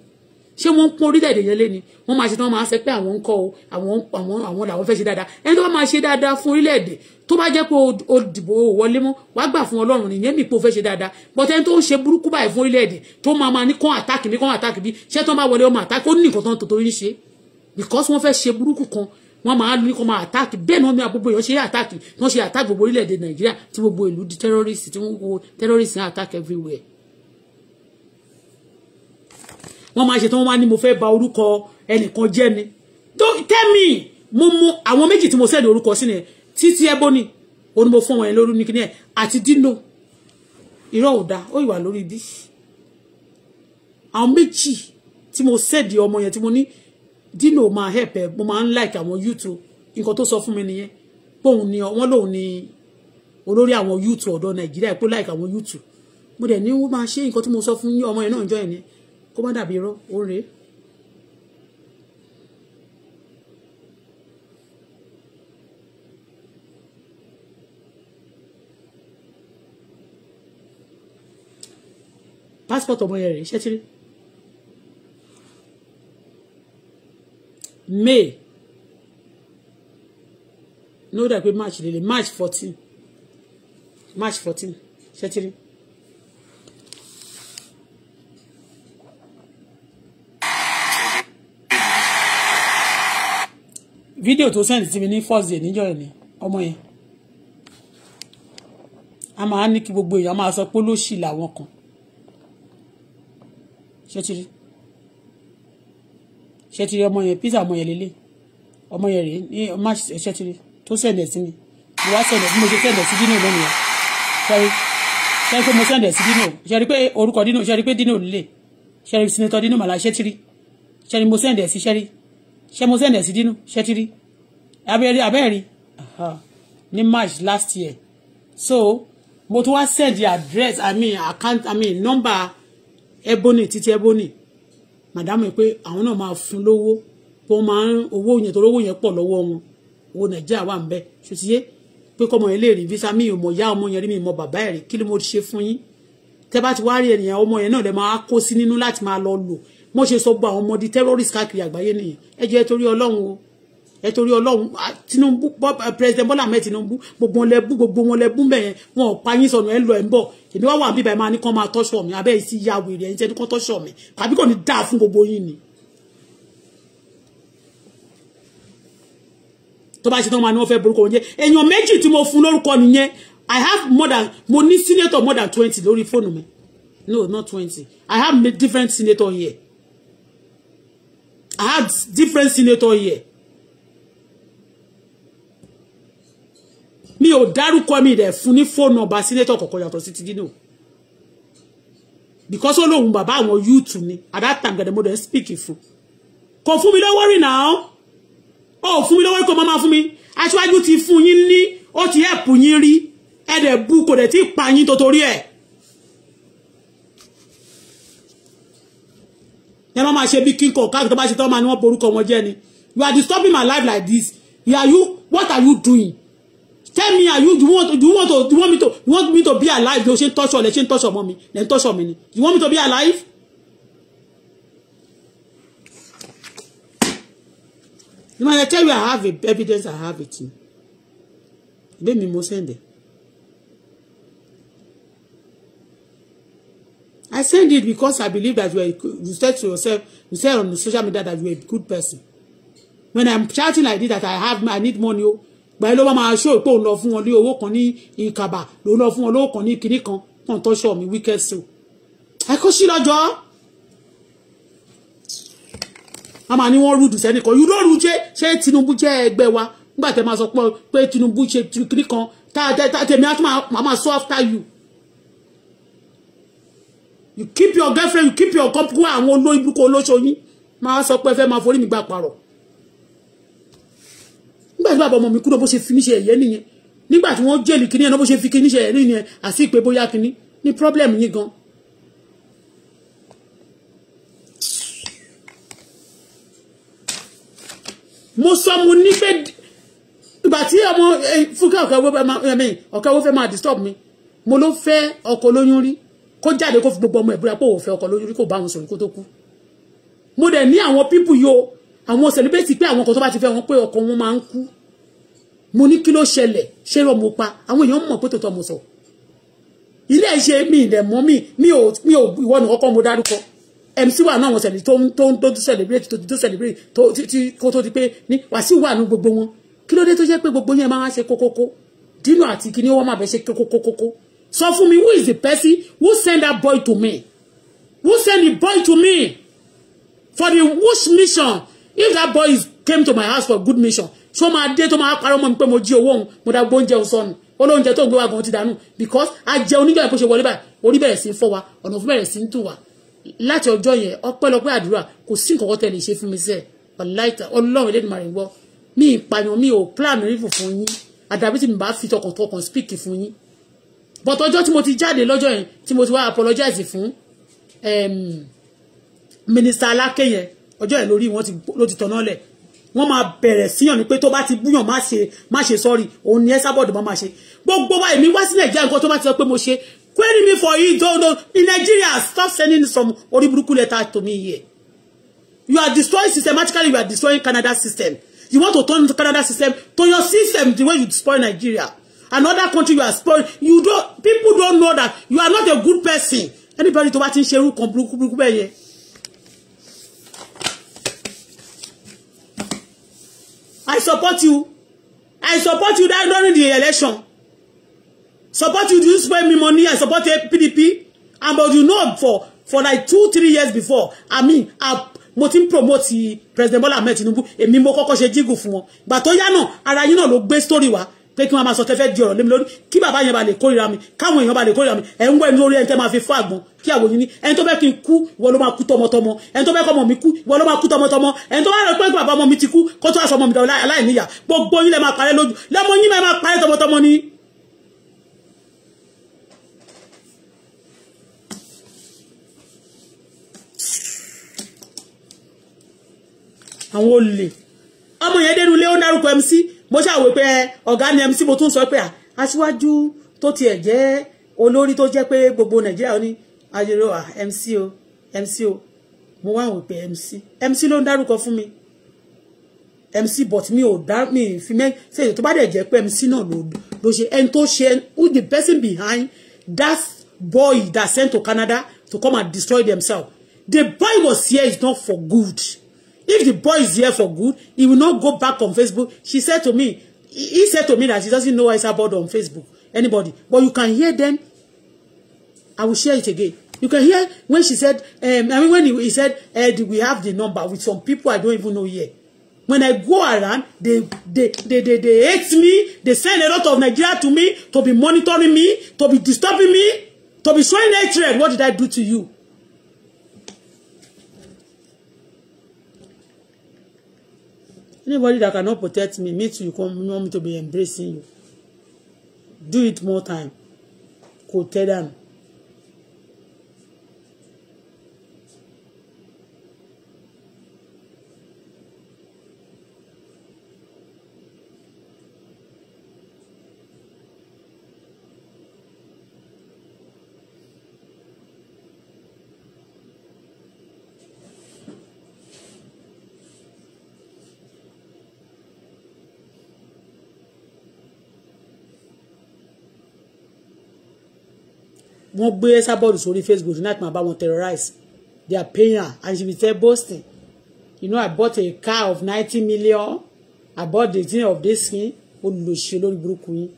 ṣé wọ́n ń pọ́n orílẹ̀-èdè yẹn lẹ́ni wọ́n máa ṣe tí wọ́n máa ṣe pé àwọn ń kọ́ o àwọn àwọn àwọn làwọn fẹ́ ṣe dáadáa ẹni tó bá máa ṣe dáadáa fún orílẹ̀-èdè tó bá jẹ́ pé o dìbò o wọlé mọ́ wàá gbà fún Ọlọ́run nìyẹn mi pé o fẹ́ ṣe dáadáa but ẹni tó ń ṣe burúkú báyìí fún orílẹ̀-èdè tó máa máa ní kán àtàkì mi kán àtàkì bí ṣé tó bá wọlé ọmọ àtàkì ó ní nǹkan tó ń tòtò yín ṣe because wọ́n fẹ́ ṣe burúkú kan wọ́n máa ní kó máa àtáàkì bẹ́ẹ̀ ni wọ́n máa gbogbo èèyàn ṣe àtáàkì wọ́n ṣe àtáàkì gbogbo orílẹ̀-èdè nàìjíríà tí gbogbo ìlú di terrorist tí wọ́n wo terrorist náà attack everywhere. wọ́n máa ṣe tí wọ́n máa ní mo fẹ́ ba orúkọ ẹnìkan jẹ́ ni tó mo mú àwọn méjì tí mo sẹ́ni orúkọ sí ni títí ẹbọ ni òun mo fún wọn yẹn lórí ní kíní ẹ àti dino irọ́ ò da ó ìwà lórí bí àwọn méjì tí mo sẹ́ni ọmọ yẹn tí mo ní Dino máa help ẹ mo máa ń like àwọn YouTube. nǹkan tó sọ fún mi nìyẹn pé òun ni wọ́n lòun ni olórí àwọn youth ọ̀dọ̀ Nàìjíríà pé like àwọn YouTube. mo dẹ̀ ní wọ́n máa ṣe nǹkan tí mo sọ fún ọmọ yẹn náà jọ yẹn ni kó má dàbí irọ́ ó rèé. passport ọmọ yẹn rèé ṣẹ́tìrì. may No, ó dà pé march lele march fourteen march fourteen ṣẹ́tìrì. fídíò tó sẹ́ǹdì sí mi ní first day níjọ́ ẹ̀ ní ọmọ yẹn a máa ní kí gbogbo èèyàn máa sọ pé olóṣì làwọn kan ṣé ti rí ṣẹtiri ọmọ yẹn peter ọmọ yẹn lélẹ̀ ọmọ yẹn rèé ní ọmọ ṣẹtiri tó sẹ̀dẹ̀ sí mi mo wá sẹ̀dẹ̀ bí mo ṣe sẹ̀dẹ̀ sí dino lónìí ṣẹ́rí ṣẹ́rí pé mo sẹ̀dẹ̀ sí dino ṣẹ́rí pé orúkọ dino ṣẹ́rí pé dino lélẹ̀ ṣẹ́rí sinetọ dino màlá ṣẹ́tiri ṣẹ́rí mo sẹ̀dẹ̀ sí ṣẹ́rí ṣẹ́ mo sẹ̀dẹ̀ sí dino ṣẹ́tiri abẹ́rẹ́ abẹ́rẹ́ ní march last year so mo tún wá send the address i mean account i mean number ebony Titi ebony màdámù pé àwọn náà máa fún lówó bó máa ń owó yẹn tó lówó yẹn pọ̀ lọ́wọ́ wọn owó nàìjíríà wà ń bẹ ṣùtì yé pé kọ́mọ yẹn lè rí visa mi ò mọ̀ ìyá ọmọ yẹn rí mi mọ̀ bàbá ẹ̀ rí kí ni mo ṣe fún yín tẹ́ bá ti wá rí ènìyàn ọmọ yẹn náà lè máa kó sí nínú láti máa lọ lò mo ṣe sọ gbọ́ àwọn ọmọ di káàkiri àgbáyé nìyẹn ẹ jẹ́ torí ọlọ́run o ẹ torí ọlọ́run Tinubu eh, president Bọ́lá Ahmed Tinubu gbogbo wọn lẹ́bú gbogbo wọn lẹ́bú mẹ́yẹn wọn ò pa yín sọnù ẹ lọ ẹ ń bọ̀ èmi wá wà níbà ẹ máa ní kán máa tọ́ṣọ̀ mi abẹ́ ìsí ya wèrè ẹ̀yìn tẹ́ni kán tọ́ṣọ̀ mi tàbí kò ní dáa fún gbogbo yín ni. tó bá ṣe tán máa ní wọ́n fẹ́ borúkọ wọn jẹ́ èèyàn méjì tí mo fún lórúkọ nìyẹn I have more than mo ní senator more than twenty lórí fóònù mi no not twenty I have different senator here I had different senator here mi ò dárúkọ mi dẹ̀ fún ní fóònù ọba sínétọ̀ kọ̀ọ̀kan yàtọ̀ sí ti dínà because ó lóun bàbá àwọn yúùtù ni at that time gẹ̀dẹ̀ mo dẹ̀ speak fún kò fún mi lọ́wọ́ rìn náà ó fún mi lọ́wọ́ rí kò máa fún mi aṣíwájú ti fún yín ní ó ti ẹ̀pù yín rí ẹ̀dẹ̀ bu kò dẹ̀ tí ì pa yín tó torí ẹ̀. ẹ má máa ṣe bí kíkọ káàkiri tó bá ṣe tó máa ní wọn borúkọ wọn ni you are disturbing my life like this you are you what are you doing tell me are you do you want do you want to do you want me to you want me to be alive You ṣe touch tọ́ṣọ̀ Let you touch tọ́ṣọ̀ mommy. Then touch ń tọ́ṣọ̀ mi you want me to be alive. you I tell you i have a, evidence i have it ìgbé me mo send it i send it because i believe that you are you said to yourself you said on social media that you are a good person when i'm chatting like this that i have i need money Oh, gbàyẹ ló bá máa ṣó ìpò lọ fún wọn ní owó kan ní ìkàbà ló lọ fún wọn lówó kan ní kinní kan kàn tó ṣọ mi wíkẹ́ sí o ẹkọ sí lọ́jọ́ a máa ní wọ́n rúdù sẹ́nìkan yìí lóru jẹ́ ṣé Tinubu jẹ́ ẹgbẹ́ wa nígbà tẹ́ máa sọ pé Tinubu ṣe kinní kan tèmi á tún máa sọ after you you keep your girlfriend you keep your couple àwọn olóyún olóṣoyún máa sọ pé ẹ fẹ́ máa forí mi gbà parọ́ nígbà tí bàbá ọmọ mi kú náà bó ṣe fi mí ṣe ẹ̀yẹ nìyẹn nígbà tí wọ́n jẹ́lì kíní ẹ̀ bó ṣe fi kíní ṣe ẹ̀yẹ nìyẹn àti ìpè bóyá kíní ní problem yín gan. mo sọ mo ní pé ìgbà tí ọmọ eh, fúnkẹ́ ọ̀kẹ́ owó fẹ́ máa disturb mi mo ló fẹ́ ọkọ lóyún rí kó jáde kó fi gbogbo ọmọ ẹ̀bùrẹ́ pò wò fẹ́ ọkọ lóyún rí kó bá wọn sọ̀rọ̀ kó tó kú mo dẹ̀ ní àwọn people yóò àwọn celebrate pé àwọn kan tó bá ti fẹ́ wọn pé ọkọ wọn máa ń kú mo ní kí ló ṣẹlẹ̀ ṣé rọ mo pa àwọn èèyàn mọ̀ pé tòótọ́ mo sọ ilé ṣe mi ìdẹ̀ mọ́ mi mi ò mi ò ìwọ nìkan kọ́ mo dárúkọ MC wà náà wọn sẹ̀lẹ̀ tó ń tó ń tó celebrate tó tó celebrate tó ti kó tó ti pé ní Wàsíù wà ní gbogbo wọn kí ló dé tó jẹ́ pé gbogbo yẹn máa ń ṣe kókókó dínú àti kí ni wọ́n máa bẹ̀ ṣe kókókókó sọ fún mi who is the person who send that boy to me who send the boy to me for the which mission if that boy is came to my house for good mission so máa dé tó máa parọ́ mọ́ mi pé mo jí owó òun mo dá gbóúnjẹ òun sọnù olóúnjẹ tó ń gbé wa gan ti dànù because a jẹ oníjọ́ ìbò ṣe wọlé báyìí orí bẹ̀rẹ̀ sí fọ́ wa ọ̀nà òfin bẹ̀rẹ̀ sí ń tù wá láti ọjọ́ yẹn ọpẹ́lọpẹ́ àdúrà kò sí nǹkan kan tẹ̀lé ṣe fún mi sẹ́ẹ̀ ọ̀láìta ọlọ́run eléyìí máa rìn wọ́ mi ìpààyàn mi ò plan rìfù fún yín àdàbí tí mi bá fi tọkàntọkàn speak fún yín but Ojo, tí mo ti jáde lọ́jọ́ yẹn tí mo ti wá apologize fún minister alákẹ́yẹn ọjọ́ ẹ̀ lórí wọn ló ti tọ̀nà lẹ̀ wọ́n máa bẹ̀rẹ̀ síyàn ni pé tó bá ti búyàn má ṣe má ṣe sọ́ọ̀rì òun ni ẹ sábọ̀dù má máa ṣe gbogbo wa èmi wá sí nàìjíríà nǹkan tó bá ti sọ pé mo ṣe query me for you don't know in Nigeria stop sending some orí burúkú letter to me here you are destroying systematically you are destroying Canada system you want to turn to Canada system to your system the way you destroy Nigeria another country you are spoiling you don't people don't know that you are not a good person anybody tó bá ti ń ṣerú kan burúkú burúkú bẹ́ẹ̀ yẹn I support you. I support you that during the election. Support you You spend me money. I support PDP. And but you know for for like two three years before I mean I mo ti promote President Bola Ahmed Tinubu èmi mo kọ́kọ́ ṣe jígù fún wọn gbà tó yá náà ara yín náà ló gbé story wa pé kí wọ́n máa sọ tẹ́fẹ́ di ọ̀rọ̀ lémi lórí kí bàbá yẹn bá lè kórìíra mi káwọn èèyàn bá lè kórìíra mi ẹ̀ ń wẹ̀ ní orí ẹni tẹ́ máa fi fún àgbọn kí àwọn yìí ní ẹni tó fẹ́ kí n kú wọ́n ló máa kú tọmọtọmọ ẹni tó fẹ́ kọ́mọ mi kú wọ́n ló máa kú tọmọtọmọ ẹni tó bá rẹ̀ pé bàbá ọmọ mi ti kú kó tó aṣọ ọmọ mi dàrú aláìníyà gbogbo yín lẹ máa parẹ́ lójú lọ́mọ yín lẹ máa parẹ́ tọmọtọmọ ni. àwọn olè ọmọ yẹn dénú ilé ó dárúkọ mc mo ṣàwé pé eh, ọ̀gá ni mc mo tún sọ pé ah, aṣíwájú tó tiẹ̀ jẹ́ olórí tó jẹ́ pé gbogbo nàìjíríà ó ní ayọ̀rọ̀ mc o mc o mo wá wò pé mc mc ló ń dárúkọ fún mi mc but mi ò dá mi fi mẹ́ ṣe èyí tó bá dẹ̀ jẹ́ pé mc náà ló ló ṣe ẹni tó ṣe who the person behind that boy that sent to Canada to come and destroy themselves the boy was here is not for good. If the boy is here for good, he will not go back on Facebook. She said to me, he said to me that she doesn't know it's about on Facebook, anybody. But you can hear them. I will share it again. You can hear when she said, um, I mean, when he, he said, Ed, we have the number with some people I don't even know here. When I go around, they, they, they, they, they hate me. They send a lot of Nigeria to me to be monitoring me, to be disturbing me, to be showing hatred. What did I do to you? Anybody that cannot protect me, me too, you come, want me to be embracing you. Do it more time. Kò tẹ́ dànù. wọ́n gbé Esabod sórí Facebook tonight máa bá wọn terrorize they are paying her and she be tell boasting you know I bought a car of ninety million I bought the thing of this thing olùlòṣe lórí burúkú yín.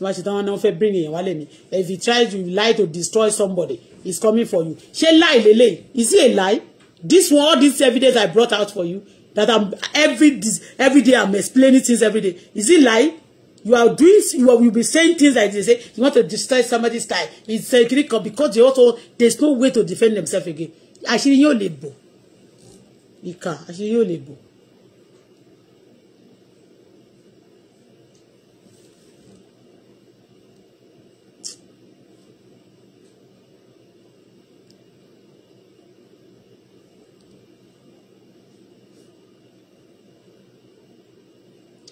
wọ́n ṣe tán wọn náà fẹ́ bring èèyàn wálé mi if you try to lie to destroy somebody it's coming for you ṣé láì lélẹ̀ is he a lie this one all these evidence I brought out for you that I'm every every day I'm explaining things every day. Is it lie? You are doing you will be saying things like they say you want to destroy somebody's style. It's a critical because they also there's no way to defend themselves again. Actually, you're ò lè bò. Ìkà àṣírí yín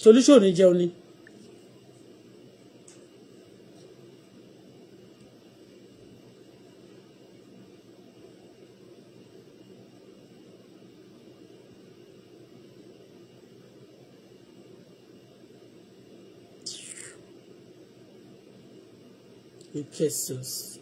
solution ní jẹun ni. with Jesus.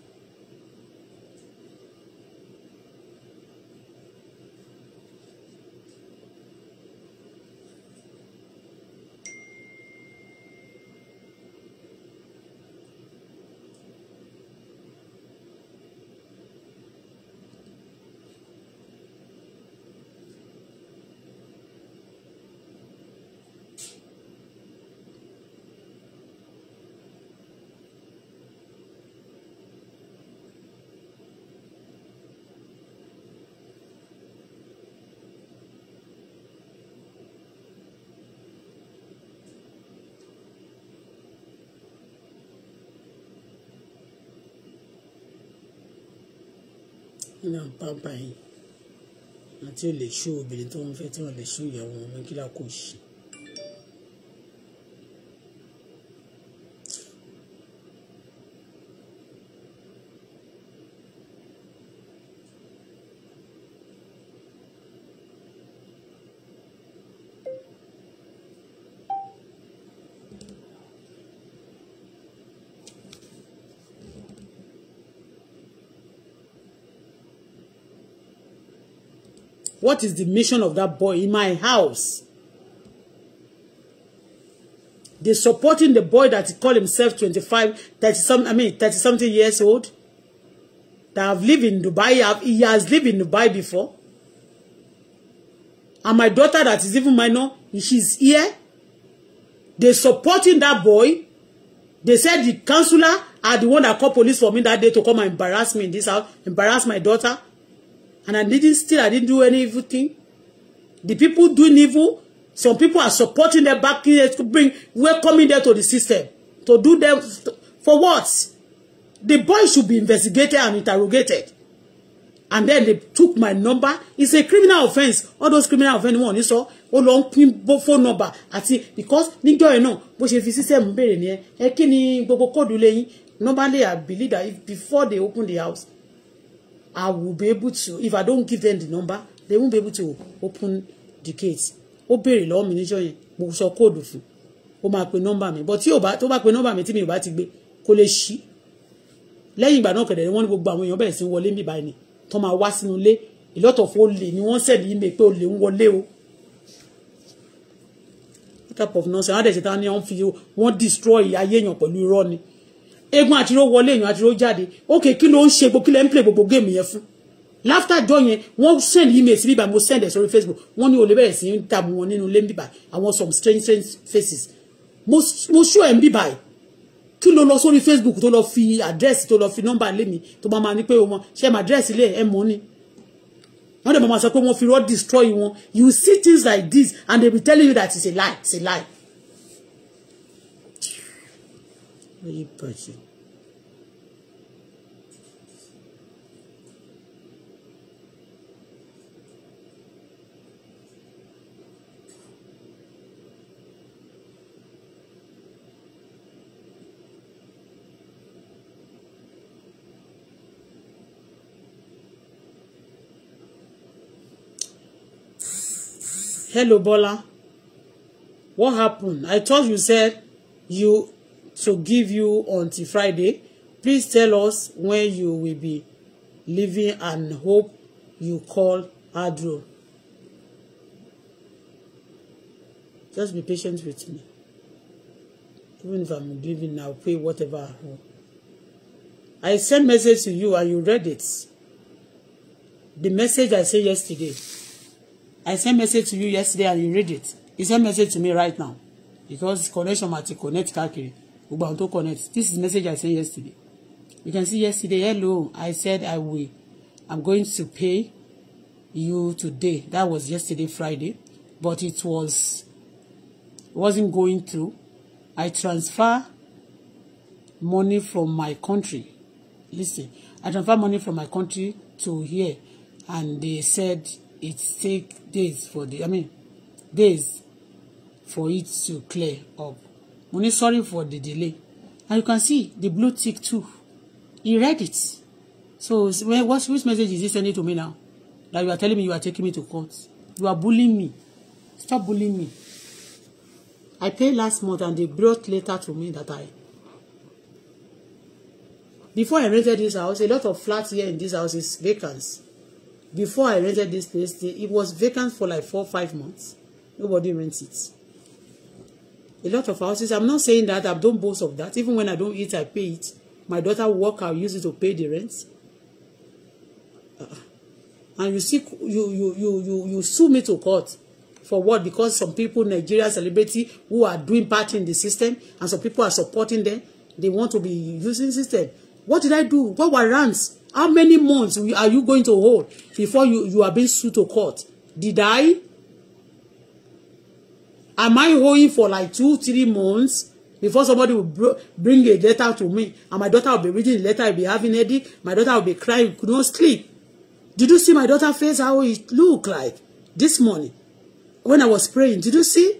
kí là ń bá báyìí àti ò lè ṣó obìnrin tó ń fẹ́ tí wọ́n lè ṣó ìyàwó wọn kí là kò ṣe. What is the mission of that boy in my house? They supporting the boy that he call himself 25, 30 some, I mean 30 something years old. That have lived in Dubai. Have, he has lived in Dubai before. And my daughter that is even minor, she's here. They supporting that boy. They said the counselor are the one that called police for me that day to come and embarrass me in this house, embarrass my daughter and I didn't still I didn't do any evil thing. The people doing evil, some people are supporting them backing them to bring welcoming them to the system to do them for what? The boy should be investigated and interrogated. And then they took my number. It's a criminal offense. All those criminal offense wọn ní sọ ó long phone number I see because níjọ́ ẹ̀ know. But if you see béèrè nìyẹn ẹ kí ni gbogbo kóòdù lẹ́yìn normally I believe that if before they open the house I will be able to if I don't give them the number they won't be able to open the gate ó béèrè lọ́wọ́ mi níjọ́ yẹn mo sọ kóòdù fún ó máa pe nọ́mbà mi but tí ò bá tó bá pe nọ́mbà mi tí mi ò bá ti gbé kó lè ṣí lẹ́yìn ìgbà náà kẹ̀dẹ̀ ni wọ́n ní gbogbo àwọn èèyàn bẹ̀rẹ̀ sí ń wọlé níbàá ni tó máa wá sínú ilé ìlọ́tọ̀ fún olè ni wọ́n sẹ̀ ní pé olè ń wọlé o what type of nonsense àwọn àdẹ̀sẹ̀ táwọn ni wọ́n fi wọ́n destroy ayé èèyàn pẹ̀lú irọ́ ni eégún àtiró wọlé èèyàn àtiró jáde ókè kí ló ń ṣe gbogbo kí lẹ́ ń play gbogbo géèmù yẹn fún láftà jọ yẹn wọ́n send email sí bíbá mo send ẹ̀ sórí Facebook wọ́n ní olè bẹ̀rẹ̀ sí ń tàbí wọn nínú ilé bíbá àwọn some strange strange faces mo ṣó ẹ̀ ń bíbá ẹ̀ kí ló lọ Facebook tó lọ fi àdírẹ́sì tó lọ fi nọ́mbà lé mi tó máa ma ní pé wọn ṣe mà àdírẹ́sì lé ẹ̀ mọ́ ni wọ́n dẹ̀ máa sọ pé wọ́n fi rọ́ destroy wọn you see things like this and they be telling you that it's a lie it's a lie. you Hello, Bola. What happened? I thought you said you to give you until Friday. Please tell us when you will be leaving and hope you call Adro. Just be patient with me. Even if I'm leaving now, pay whatever I owe. I sent message to you and you read it. The message I sent yesterday. I sent message to you yesterday and you read it. You sent message to me right now because connection ma ti connect káàkiri gbogbo connect. This is message I sent yesterday. You can see yesterday, hello, I said I will. I'm going to pay you today. That was yesterday, Friday, but it was wasn't going through. I transfer money from my country. Listen, I transfer money from my country to here, and they said it take days for the I mean days for it to clear up mo ní sorry for the delay and you can see the blue tick too he read it so what which message is he sending to me now that you are telling me you are taking me to court you are bullying me stop bullying me I paid last month and they brought letter to me that I before I rented this house a lot of flats here in this house is vacant before I rented this place, it was vacant for like four, five months. Nobody rents it. A lot of houses, I'm not saying that, I don't boast of that. Even when I don't eat, I pay it. My daughter work, I use it to pay the rent. Uh, and you see, you, you, you, you, you sue me to court. For what? Because some people, Nigeria celebrity, who are doing part in the system, and some people are supporting them, they want to be using system. What did I do? What were warrants? How many months are you going to hold before you, you are being sued to court? Did I? Am I holding for like two, three months before somebody will bring a letter to me and my daughter will be reading the letter, I'll be having headache, my daughter will be crying, could not sleep. Did you see my daughter face how it looked like this morning when I was praying? Did you see?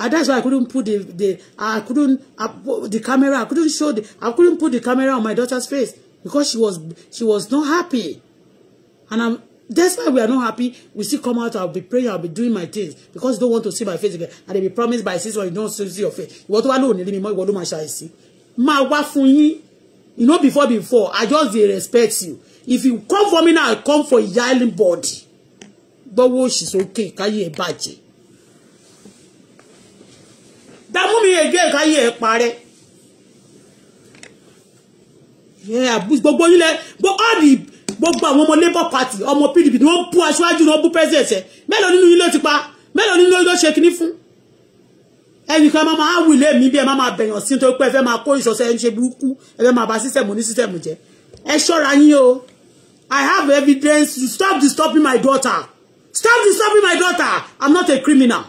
And that's why I couldn't put the, the I couldn't, I, uh, the camera, I couldn't show the, I couldn't put the camera on my daughter's face because she was she was not happy and i'm that's why we are not happy we still come out i'll be praying i'll be doing my things because you don't want to see my face again and they be promised by sister you don't see your face ìwọ do? wá lóòní rí mi mọ́ ìwọ ló My ṣàìsí máa wá fún yín you know before before i just dey respect you if you come for me now i come for ìyáálé body But gbọ́wọ́ òṣì sókè káyé ẹ̀ bàjẹ́ dààmú mi again Can you imagine? gbogbo onílẹ̀ gbogbo àwọn ọmọ labour party ọmọ pdp ni wọ́n bú aṣáájú ni wọ́n bú president ẹ̀ mélòó nínú yín ló ti pa mélòó nínú yín ló ṣe kinní fún ẹnìkan máa máa wù ilé mi bí ẹ máa máa bẹ̀yàn sí nítorí pé ẹ fẹ́ máa kó ìṣọ̀ṣẹ́ ẹ ń ṣe burúkú ẹ fẹ́ máa bà sísẹ̀mù ní sísẹ̀mù jẹ́ ẹ ṣọ́ra yín o I have evidence to stop disturbing my daughter stop disturbing my daughter I'm not a criminal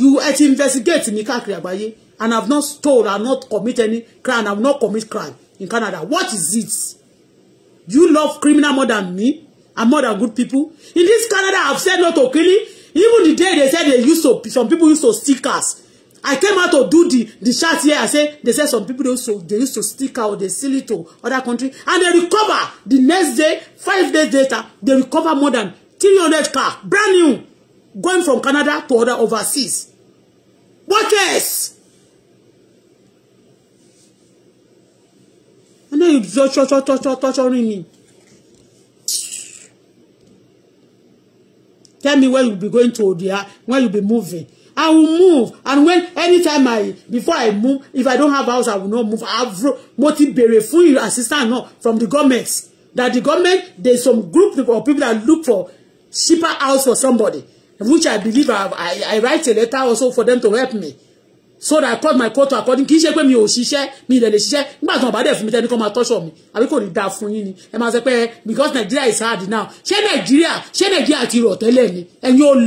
you ẹ ti investigate mi káàkiri àgbáyé and I have not stole I have not commit any crime I have not commit crime in Canada. What is it? You love criminal more than me and more than good people. In this Canada, I've said not to killing. Even the day they said they used to, some people used to stick us. I came out to do the, the chat here. I say they said some people also they used to stick out, they sell it to other country. And they recover the next day, five days later, they recover more than 300 car, brand new, going from Canada to other overseas. What else? you touch, touch, touch, touch, tọ́tọ́tọ́tọ́tọ́rin me. Tell me where you be going to the Where you be moving. I will move and when anytime I before I move if I don't have house I will not move. I have mo ti béèrè Assistant, assistance from the government that the government there's some group of people that look for cheaper house for somebody which I believe I, I, I write a letter also for them to help me so that I cut my court according kì í ṣe pé mi ò ṣiṣẹ́ mi ìdẹ̀ lè ṣiṣẹ́ nígbà tí wọn bá dẹ̀ fún mi tẹ́ni kan máa tọ́ṣọ̀ mi àbí kò ní dáa fún yín ni ẹ máa sọ pé because Nigeria is hard now ṣé Nigeria ṣé Nigeria ti rọ̀ tẹ́lẹ̀ ni ẹ̀yin ó lè ó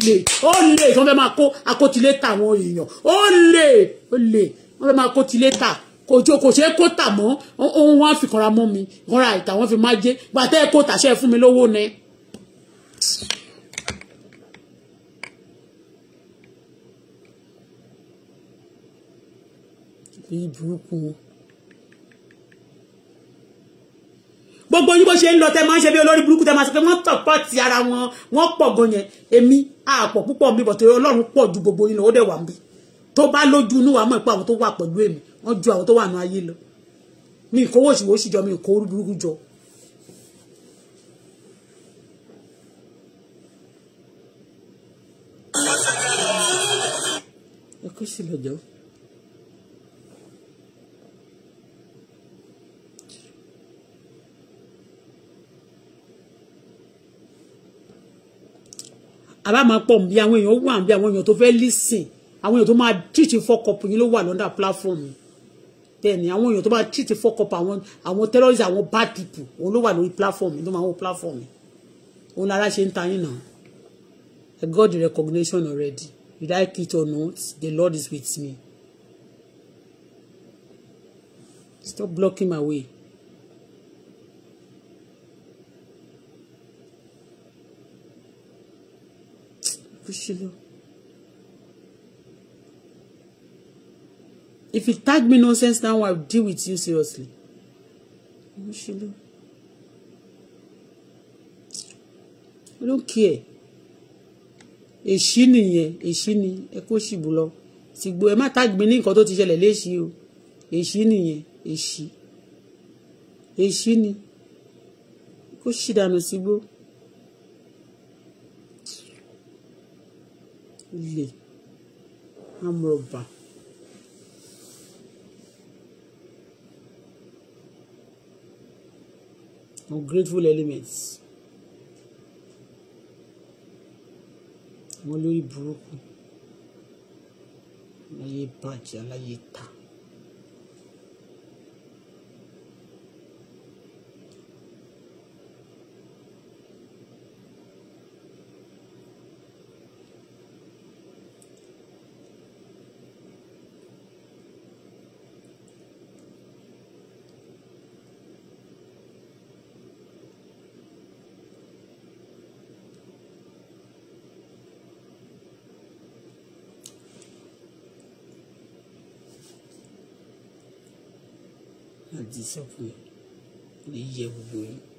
lè tí wọ́n fẹ́ máa kó akótilé ta àwọn èèyàn ó lè ó lè wọ́n fẹ́ máa kótilé ta kòjó kò ṣe é kó tà mọ́ òun wọn fi kanra mọ́ mi kanra ìtà wọn fi má jẹ́ gbàtẹ́ kó tàṣẹ́ fún mi lówó ni. lórí burúkú wọn. gbogbo yín bó ṣe ń lọ tẹ máa ń ṣe bí olórí burúkú tẹ máa ṣe pé wọ́n tọ̀ pọ̀ ti ara wọn wọ́n pọ̀ gan yẹn èmi àpọ̀ púpọ̀ mi bọ̀ torí ọlọ́run pọ̀ ju gbogbo yín lọ ó dẹ̀ wà ń bí tó bá lójú inú wa mọ̀ pé àwọn tó wà pẹ̀lú èmi wọ́n ju àwọn tó wà nù ayé lọ mi ìkówó òṣìwò sì jọ mi ìkó orí burúkú jọ. ẹ kó sì lọ jọ. àbá máa pọ̀ bí àwọn èèyàn wà bí àwọn èèyàn tó fẹ́ lísìn àwọn èèyàn tó máa tìtì fọkọ̀pù yín ló wà lọ́ndà platform bẹ́ẹ̀ ni àwọn èèyàn tó máa tìtì fọkọ̀pù àwọn àwọn terrorists àwọn bad people òun ló wà lórí platform ló máa wọ platform òun lára ṣe ń ta yín náà I got the recognition already you like it or not the Lord is with me stop blocking my way. Priscilla. If you tag me nonsense now, I'll deal with you seriously. Priscilla. I don't care. Èṣí nìyẹn, èṣí ni, ẹ kó ṣìbù lọ. Ṣìgbò ẹ má tag me ní nǹkan tó ti ṣẹlẹ̀ léṣi o. Èṣí nìyẹn, èṣí. Èṣí ni. Kó ṣìdànù sígbó. Si olè amúrọ̀bà. ungrateful elements wọn lórí burúkú láyé bàjẹ́ láyé ta. òdì sí òfin kò yẹ gbogbo yìí.